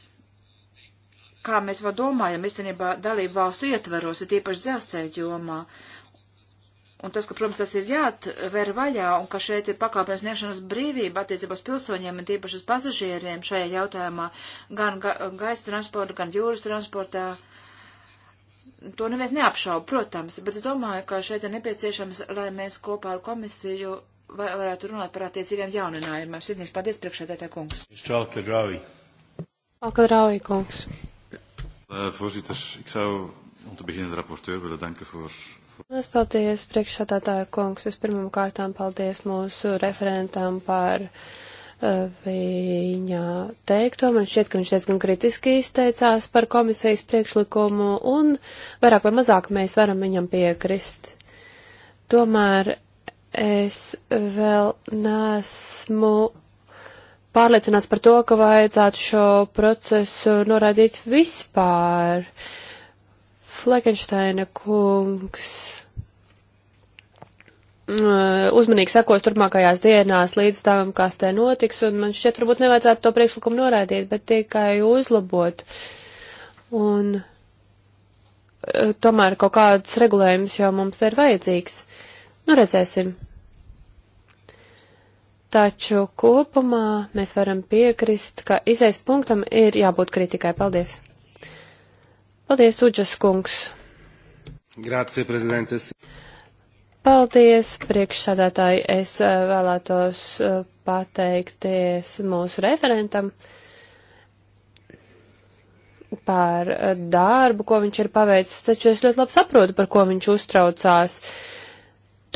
kā mēs vēl domājam, īstenībā dalību valstu ietveros, ir tīpaši dzelzceļa jomā. Un tas, ka, protams, tas ir jāatver vaļā un ka šeit ir pakāpienas sniegšanas brīvība attiecībās pilsoņiem un tīpaši uz pasažieriem šajā jautājumā, gan ga gaisa transporta, gan jūras transportā. To neviens neapšauba, protams, bet es domāju, ka šeit ir nepieciešams, lai mēs kopā ar komisiju vai varētu runāt par attiecīgiem jauninājumiem. Sirdnieks, paldies priekšēdētā kungs. Čalka Drāvī. Čalka Drāvī kungs. Eh, voorzitter, ik zou om te beginnen de rapporteur willen danken voor. Mēs paldies priekšsādātāju kungs. Vispirmām kārtām paldies mūsu referentam par uh, viņa teikto. Man šķiet, ka viņš diezgan kritiski izteicās par komisijas priekšlikumu un vairāk vai mazāk mēs varam viņam piekrist. Tomēr es vēl nesmu pārliecināts par to, ka vajadzētu šo procesu noraidīt vispār. Flekenšteina kungs mm, uzmanīgi sekos turpmākajās dienās līdz tam, kas te notiks, un man šķiet, varbūt nevajadzētu to priekšlikumu noraidīt, bet tikai uzlabot. Un eh, tomēr kaut kāds regulējums jau mums ir vajadzīgs. Uh, Nu, redzēsim. Taču kopumā mēs varam piekrist, ka izējas punktam ir jābūt kritikai. Paldies! Paldies, Uģas kungs! Grācie, prezidentes! Paldies, priekšsādātāji! Es eh, vēlētos eh, pateikties mūsu referentam par eh, darbu, ko viņš ir paveicis, taču es ļoti labi saprotu, par ko viņš uztraucās. Uh,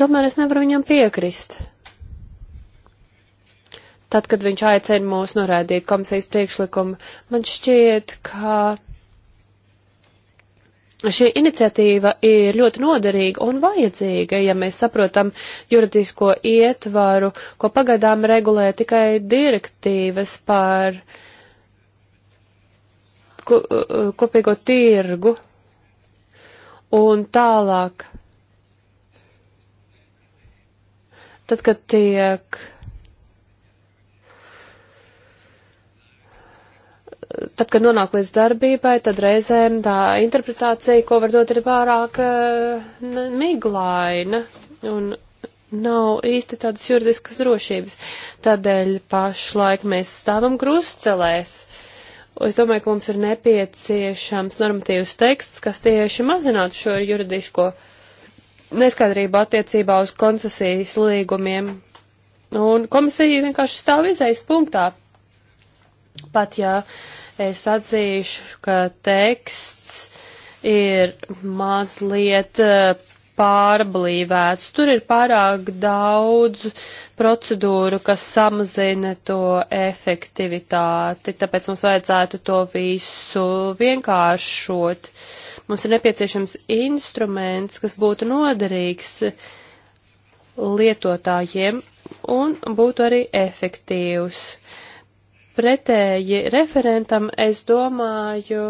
Tomēr es nevaru viņam piekrist. Tad, kad viņš aicina mūs norādīt komisijas priekšlikumu, man šķiet, ka šī iniciatīva ir ļoti noderīga un vajadzīga, ja mēs saprotam juridisko ietvaru, ko pagaidām regulē tikai direktīvas par ko, uh, kopīgo tirgu un tālāk Tad, kad tiek tad, kad nonāk līdz darbībai, tad reizēm tā interpretācija, ko var dot, ir pārāk eh, miglaina un nav īsti tādas juridiskas drošības. Tādēļ pašlaik mēs stāvam krustcelēs. Es domāju, ka mums ir nepieciešams normatīvs teksts, kas tieši mazinātu šo juridisko drošību neskaidrība attiecībā uz koncesijas līgumiem. Un komisija vienkārši stāv izējas punktā. Pat ja es atzīšu, ka teksts ir mazliet eh, pārblīvēts. Tur ir pārāk daudz procedūru, kas samazina to efektivitāti, tāpēc mums vajadzētu to visu vienkāršot. Uh, Mums ir nepieciešams instruments, kas būtu noderīgs lietotājiem un būtu arī efektīvs. Pretēji referentam es domāju,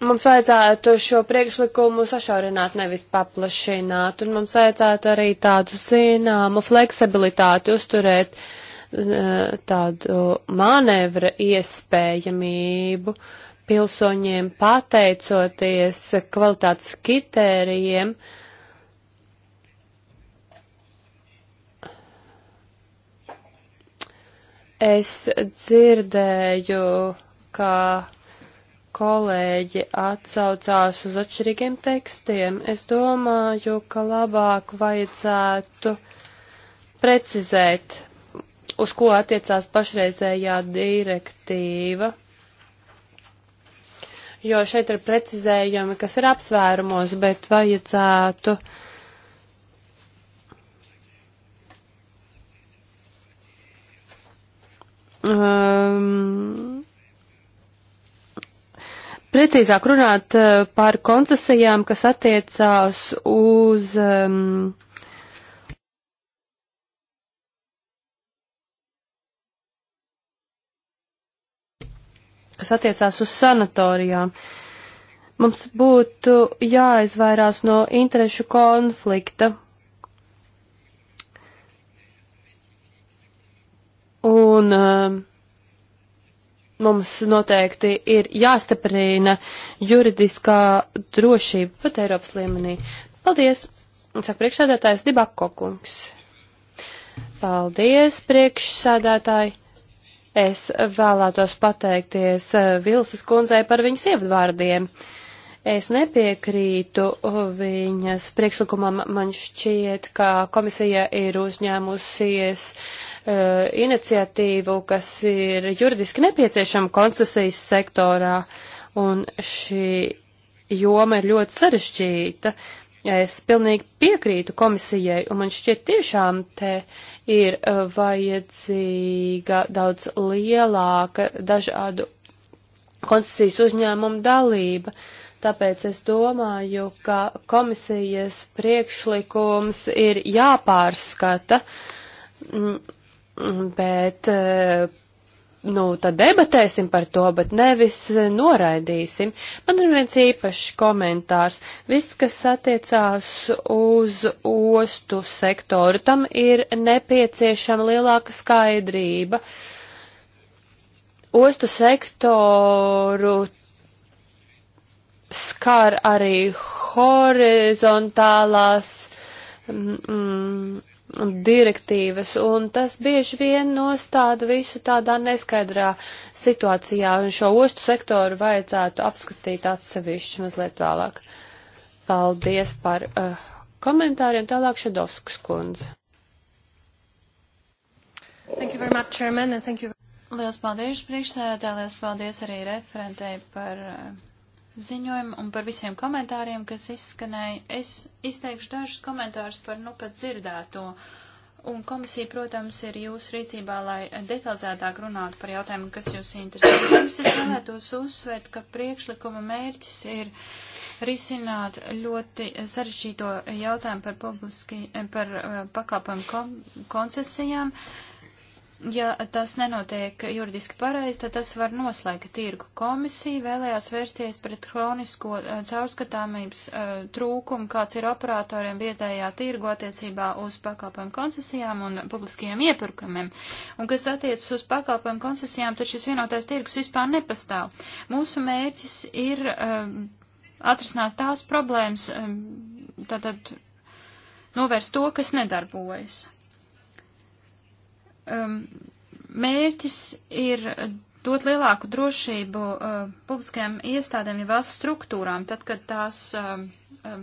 mums vajadzētu šo priekšlikumu sašaurināt, nevis paplašināt, un mums vajadzētu arī tādu zināmu fleksibilitāti uzturēt uh, tādu manevra iespējamību pilsoņiem pateicoties kvalitātes kritērijiem. Es dzirdēju, ka kolēģi atsaucās uz atšķirīgiem tekstiem. Es domāju, ka labāk vajadzētu precizēt uz ko attiecās pašreizējā direktīva. Jo šeit ir precizējumi, kas ir apsvērumos, bet vajadzētu. Um, precīzāk runāt uh, par koncesijām, kas attiecās uz um, kas attiecās uz sanatorijām. Mums būtu jāizvairās no interešu konflikta. Un uh, mums noteikti ir jāstiprina juridiskā drošība pat Eiropas līmenī. Paldies! Saka priekšsēdētājs Dibakko kungs. Paldies, priekšsēdētāji! Es vēlētos pateikties eh, Vilsas kundzei par viņas ievadvārdiem. Es nepiekrītu viņas priekšlikumam. Man šķiet, ka komisija ir uzņēmusies uh, iniciatīvu, kas ir juridiski nepieciešama koncesijas sektorā, un šī joma ir ļoti sarežģīta. Es pilnīgi piekrītu komisijai, un man šķiet tiešām te ir e, vajadzīga daudz lielāka dažādu koncesijas uzņēmumu dalība. Tāpēc es domāju, ka komisijas priekšlikums ir jāpārskata, bet e, nu, tad debatēsim par to, bet nevis e, noraidīsim. Man ir viens īpašs komentārs. Viss, kas attiecās uz ostu sektoru, tam ir nepieciešama lielāka skaidrība. Ostu sektoru skar arī horizontālās. Mm, mm, direktīvas, un tas bieži vien nostāda visu tādā neskaidrā situācijā, un šo ostu sektoru vajadzētu apskatīt atsevišķi mazliet tālāk. Paldies par uh, komentāriem, tālāk Šadovskas kundze. Thank you very much, Chairman, and thank you. Liels paldies priekšsēdētāji, liels paldies arī referentei par uh, ziņojumu un par visiem komentāriem, kas izskanēja. Es izteikšu dažus komentārus par nu pat dzirdēto. Un komisija, protams, ir jūsu rīcībā, lai detalizētāk runātu par jautājumu, kas jūs interesē. Pirms es vēlētos uzsvērt, ka priekšlikuma mērķis ir risināt ļoti sarežģīto jautājumu par, publiski, par eh, pakalpojumu koncesijām. Uh, ja tas nenotiek juridiski pareizi, tad tas var noslēgt tirgu. Komisija vēlējās vērsties pret kronisko uh, eh, caurskatāmības uh, trūkumu, kāds ir operatoriem vietējā tirgu attiecībā uz pakalpojumu koncesijām un publiskajiem iepirkumiem. Un kas attiecas uz pakalpojumu koncesijām, tad šis vienotais tirgus vispār nepastāv. Mūsu mērķis ir uh, atrisināt tās problēmas, tātad novērst to, kas nedarbojas um, mērķis ir dot lielāku drošību uh, publiskajām iestādēm, ja valsts struktūrām, tad, kad tās uh, uh,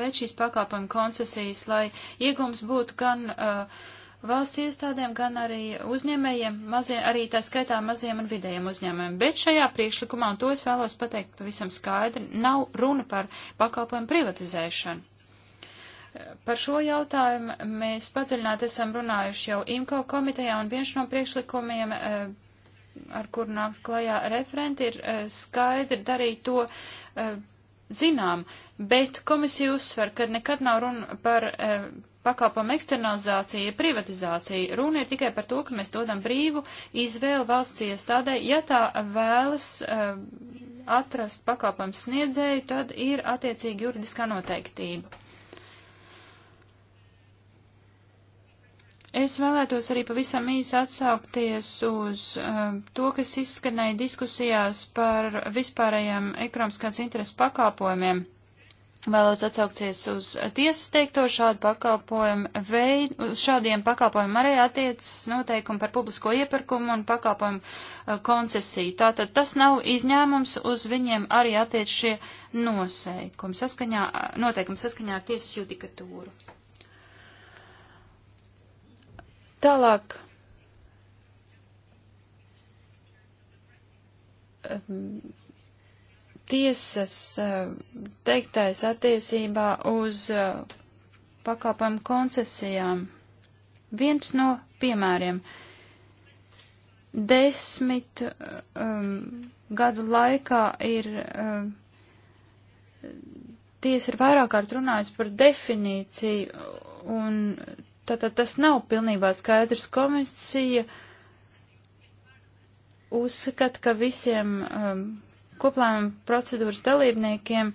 veic šīs pakalpojumu koncesijas, lai iegums būtu gan uh, valsts iestādēm, gan arī uzņēmējiem, mazie, arī tā skaitā maziem un vidējiem uzņēmējiem. Bet šajā priekšlikumā, un to es vēlos pateikt pavisam skaidri, nav runa par pakalpojumu privatizēšanu. Par šo jautājumu mēs padziļināti esam runājuši jau IMCO komitejā, un viens no priekšlikumiem, eh, ar kur nāk klajā referenti, ir eh, skaidri darīt to eh, zinām, bet komisija uzsver, ka nekad nav runa par pakalpojumu eksternalizācija, privatizācija. Runa ir tikai par to, ka mēs dodam brīvu izvēlu valsts iestādē. Ja tā vēlas uh, atrast pakalpojumu sniedzēju, tad ir attiecīgi juridiskā noteiktība. Es vēlētos arī pavisam īsi atsaukties uz uh, to, kas izskanēja diskusijās par vispārējiem ekonomiskās interesu pakalpojumiem. Vēlos atsaukties uz tiesas teikto šādu pakalpojumu veidu, uz šādiem pakalpojumiem arī attiecas noteikumi par publisko iepirkumu un pakalpojumu uh, koncesiju. Tātad tas nav izņēmums, uz viņiem arī attiec šie noteikumi saskaņā, noteikumi saskaņā ar tiesas judikatūru. Tālāk. Tiesas eh, teiktais attiecībā uz eh, pakalpojumu koncesijām. Viens no piemēriem. Desmit eh, um, gadu laikā ir um, tiesa ir vairāk kārt runājusi par definīciju un Tātad tas nav pilnībā skaidrs. Komisija uzskata, ka visiem um, koplēmuma procedūras dalībniekiem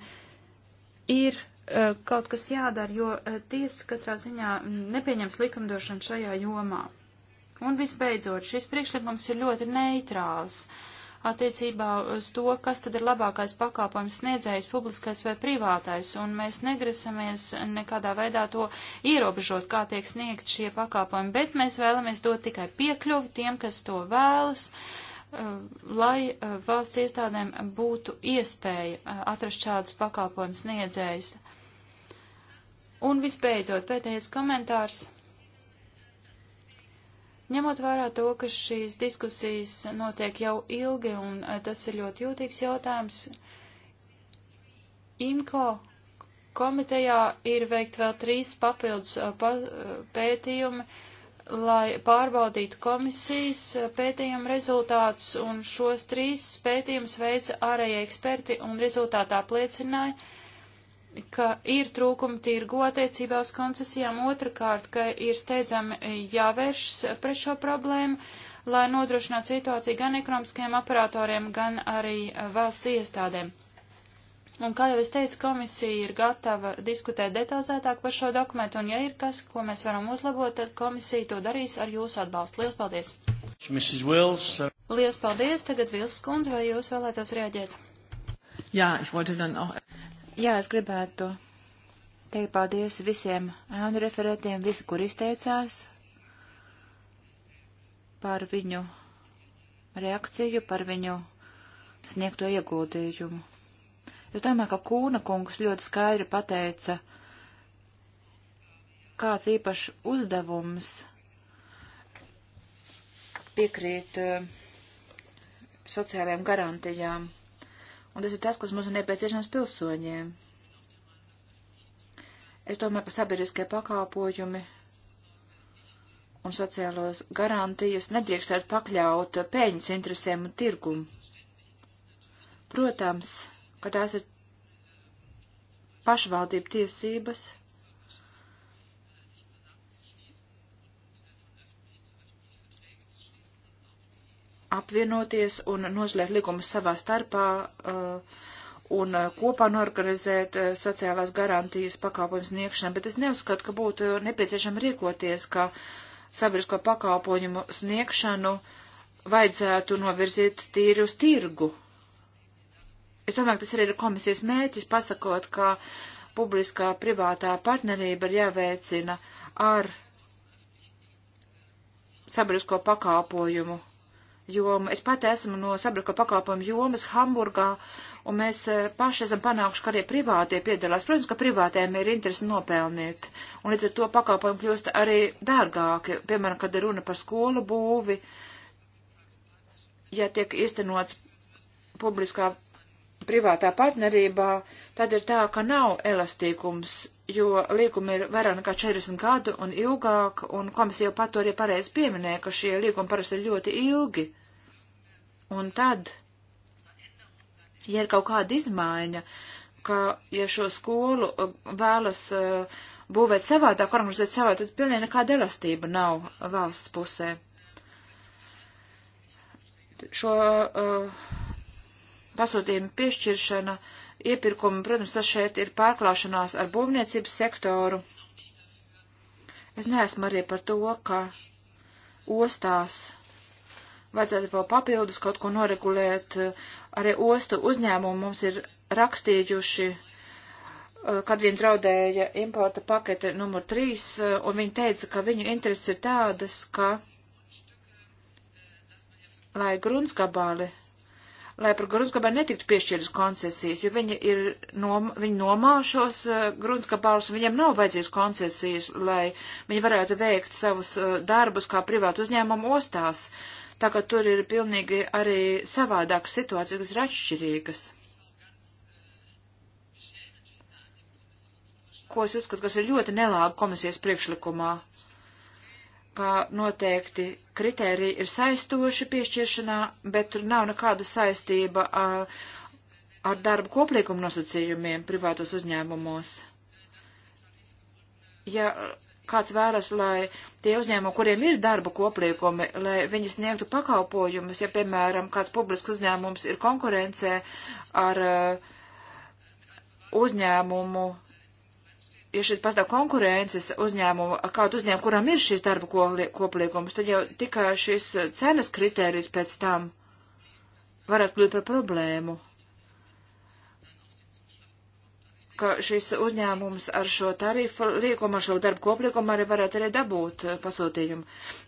ir uh, kaut kas jādara, jo uh, tiesa katrā ziņā mm, nepieņems likumdošanu šajā jomā. Un visbeidzot, šis priekšlikums ir ļoti neitrāls. Uh, attiecībā uz to, kas tad ir labākais pakāpojums sniedzējs, publiskais vai privātais, un mēs negrasamies nekādā veidā to ierobežot, kā tiek sniegt šie pakāpojumi, bet mēs vēlamies dot tikai piekļuvi tiem, kas to vēlas, uh, lai uh, valsts iestādēm būtu iespēja uh, atrast šādus pakāpojumus sniedzējus. Un visbeidzot, pēdējais komentārs Ņemot vērā to, ka šīs diskusijas notiek jau ilgi un e, tas ir ļoti jūtīgs jautājums, IMCO komitejā ir veikt vēl trīs papildus e, pa, e, pētījumi, lai pārbaudītu komisijas pētījumu rezultātus, un šos trīs pētījumus veica ārējie eksperti, un rezultātā apliecināja, ka ir trūkumi tirgu attiecībā uz koncesijām, otrkārt, ka ir steidzami jāvēršas pret šo problēmu, lai nodrošinātu situāciju gan ekonomiskajiem operatoriem, gan arī valsts iestādēm. Un, kā jau es teicu, komisija ir gatava diskutēt detalizētāk par šo dokumentu, un ja ir kas, ko mēs varam uzlabot, tad komisija to darīs ar jūsu atbalstu. Lielas paldies! Uh, Lielas paldies! Tagad Vils Skundze, vai jūs vēlētos rēģēt? Jā, es wollte dann auch Jā, es gribētu teikt paldies visiem ēnu referētiem, visi, kur izteicās par viņu reakciju, par viņu sniegto ieguldījumu. Es domāju, ka Kūna kungs ļoti skaidri pateica, kāds īpašs uzdevums piekrīt uh, sociālajām garantijām un tas ir tas, kas mums ir nepieciešams pilsoņiem. Es domāju, ka sabiedriskie pakāpojumi un sociālos garantijas nedrīkstētu pakļaut peļņas interesēm un tirgumu. Protams, ka tās ir pašvaldību tiesības apvienoties un noslēgt likumus savā starpā uh, un uh, kopā norganizēt uh, sociālās garantijas pakāpojumu sniegšanu, bet es neuzskatu, ka būtu nepieciešama rīkoties, ka sabiedrisko pakāpojumu sniegšanu vajadzētu novirzīt tīri uz tirgu. Es domāju, ka tas arī ir komisijas mēķis, pasakot, ka publiskā privātā partnerība ir jāveicina ar sabiedrisko pakāpojumu jomu. Es pati esmu no sabraka pakalpojumu jomas Hamburgā, un mēs e, paši esam panākuši, ka arī privātie piedalās. Protams, ka privātiem ir interesi nopelnīt, un līdz ar to pakalpojumi kļūst arī dārgāki, piemēram, kad ir runa par skolu būvi, ja tiek iztenots publiskā privātā partnerībā, tad ir tā, ka nav elastīkums jo līgumi ir vairāk nekā 40 gadu un ilgāk, un komisija jau pat to arī pareizi pieminēja, ka šie līgumi parasti ir ļoti ilgi. Un tad, ja ir kaut kāda izmaiņa, ka, ja šo skolu uh, vēlas uh, būvēt savādāk, organizēt savādāk, tad pilnīgi nekāda elastība nav valsts pusē. Šo uh, pasūtījumu piešķiršana, iepirkumi, protams, tas šeit ir pārklāšanās ar būvniecības sektoru. Es neesmu arī par to, ka ostās vajadzētu vēl papildus kaut ko noregulēt. Eh, arī ostu uzņēmumi mums ir rakstījuši, eh, kad vien draudēja importa pakete numur 3, eh, un viņi teica, ka viņu intereses ir tādas, ka, lai grunskabāli, lai par grunskabāli netiktu piešķiras koncesijas, jo viņi ir, nom, viņi nomāšos grunskabālus, viņiem nav vajadzīgas koncesijas, lai viņi varētu veikt savus darbus kā privātu uzņēmumu ostās. Uh, Tagad tur ir pilnīgi arī savādākas situācijas, kas ir atšķirīgas. Ko es uzskatu, kas ir ļoti nelāga komisijas priekšlikumā, ka noteikti kriteriji ir saistoši piešķiršanā, bet tur nav nekāda saistība ar, ar darba koplīguma nosacījumiem privātos uzņēmumos. Ja kāds vēlas, lai tie uzņēmumi, kuriem ir darba koplīkumi, lai viņi sniegtu pakalpojumus, ja, piemēram, kāds publisks uzņēmums ir konkurencē ar uh, uzņēmumu, ja šeit pastāv konkurences uzņēmumu, kādu uzņēmumu, kuram ir šis darba koplīkums, tad jau tikai šis cenas kritērijs pēc tam varētu kļūt par problēmu. ka šis uzņēmums ar šo tarifu līgumu, ar šo darbu koplīgumu arī varētu arī dabūt eh, pasūtījumu.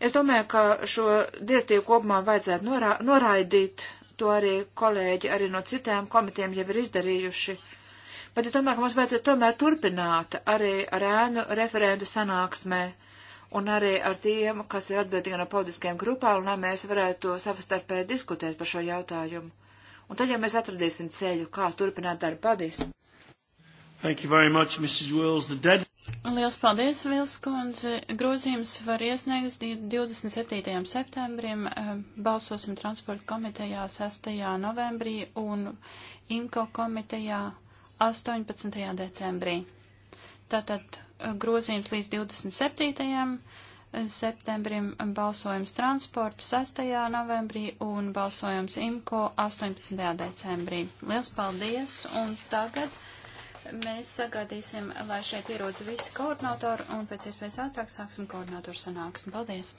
Es domāju, ka šo direktīvu kopumā vajadzētu norā, noraidīt, to arī kolēģi arī no citām komitiem jau ir izdarījuši. Bet es domāju, ka mums vajadzētu tomēr turpināt arī ar ēnu referendu sanāksmē un arī ar tiem, kas ir atbildīgi no politiskajām grupām, lai mēs varētu savstarpēji diskutēt par šo jautājumu. Un tad, ja mēs atradīsim ceļu, kā turpināt darbu, paldies! Thank you very much, Mrs. Wills. The dead... Liels paldies, Vils kundze. Grozījums var iesniegt 27. septembrim. Eh, balsosim transporta komitejā 6. novembrī un IMCO komitejā 18. decembrī. Tātad eh, grozījums līdz 27. septembrim, balsojums transporta 6. novembrī un balsojums IMCO 18. decembrī. Liels paldies! Un tagad. Mēs sagādīsim, lai šeit ierodas visi koordinatori un pēc iespējas ātrāk sāksim koordinatoru sanāksmi. Paldies!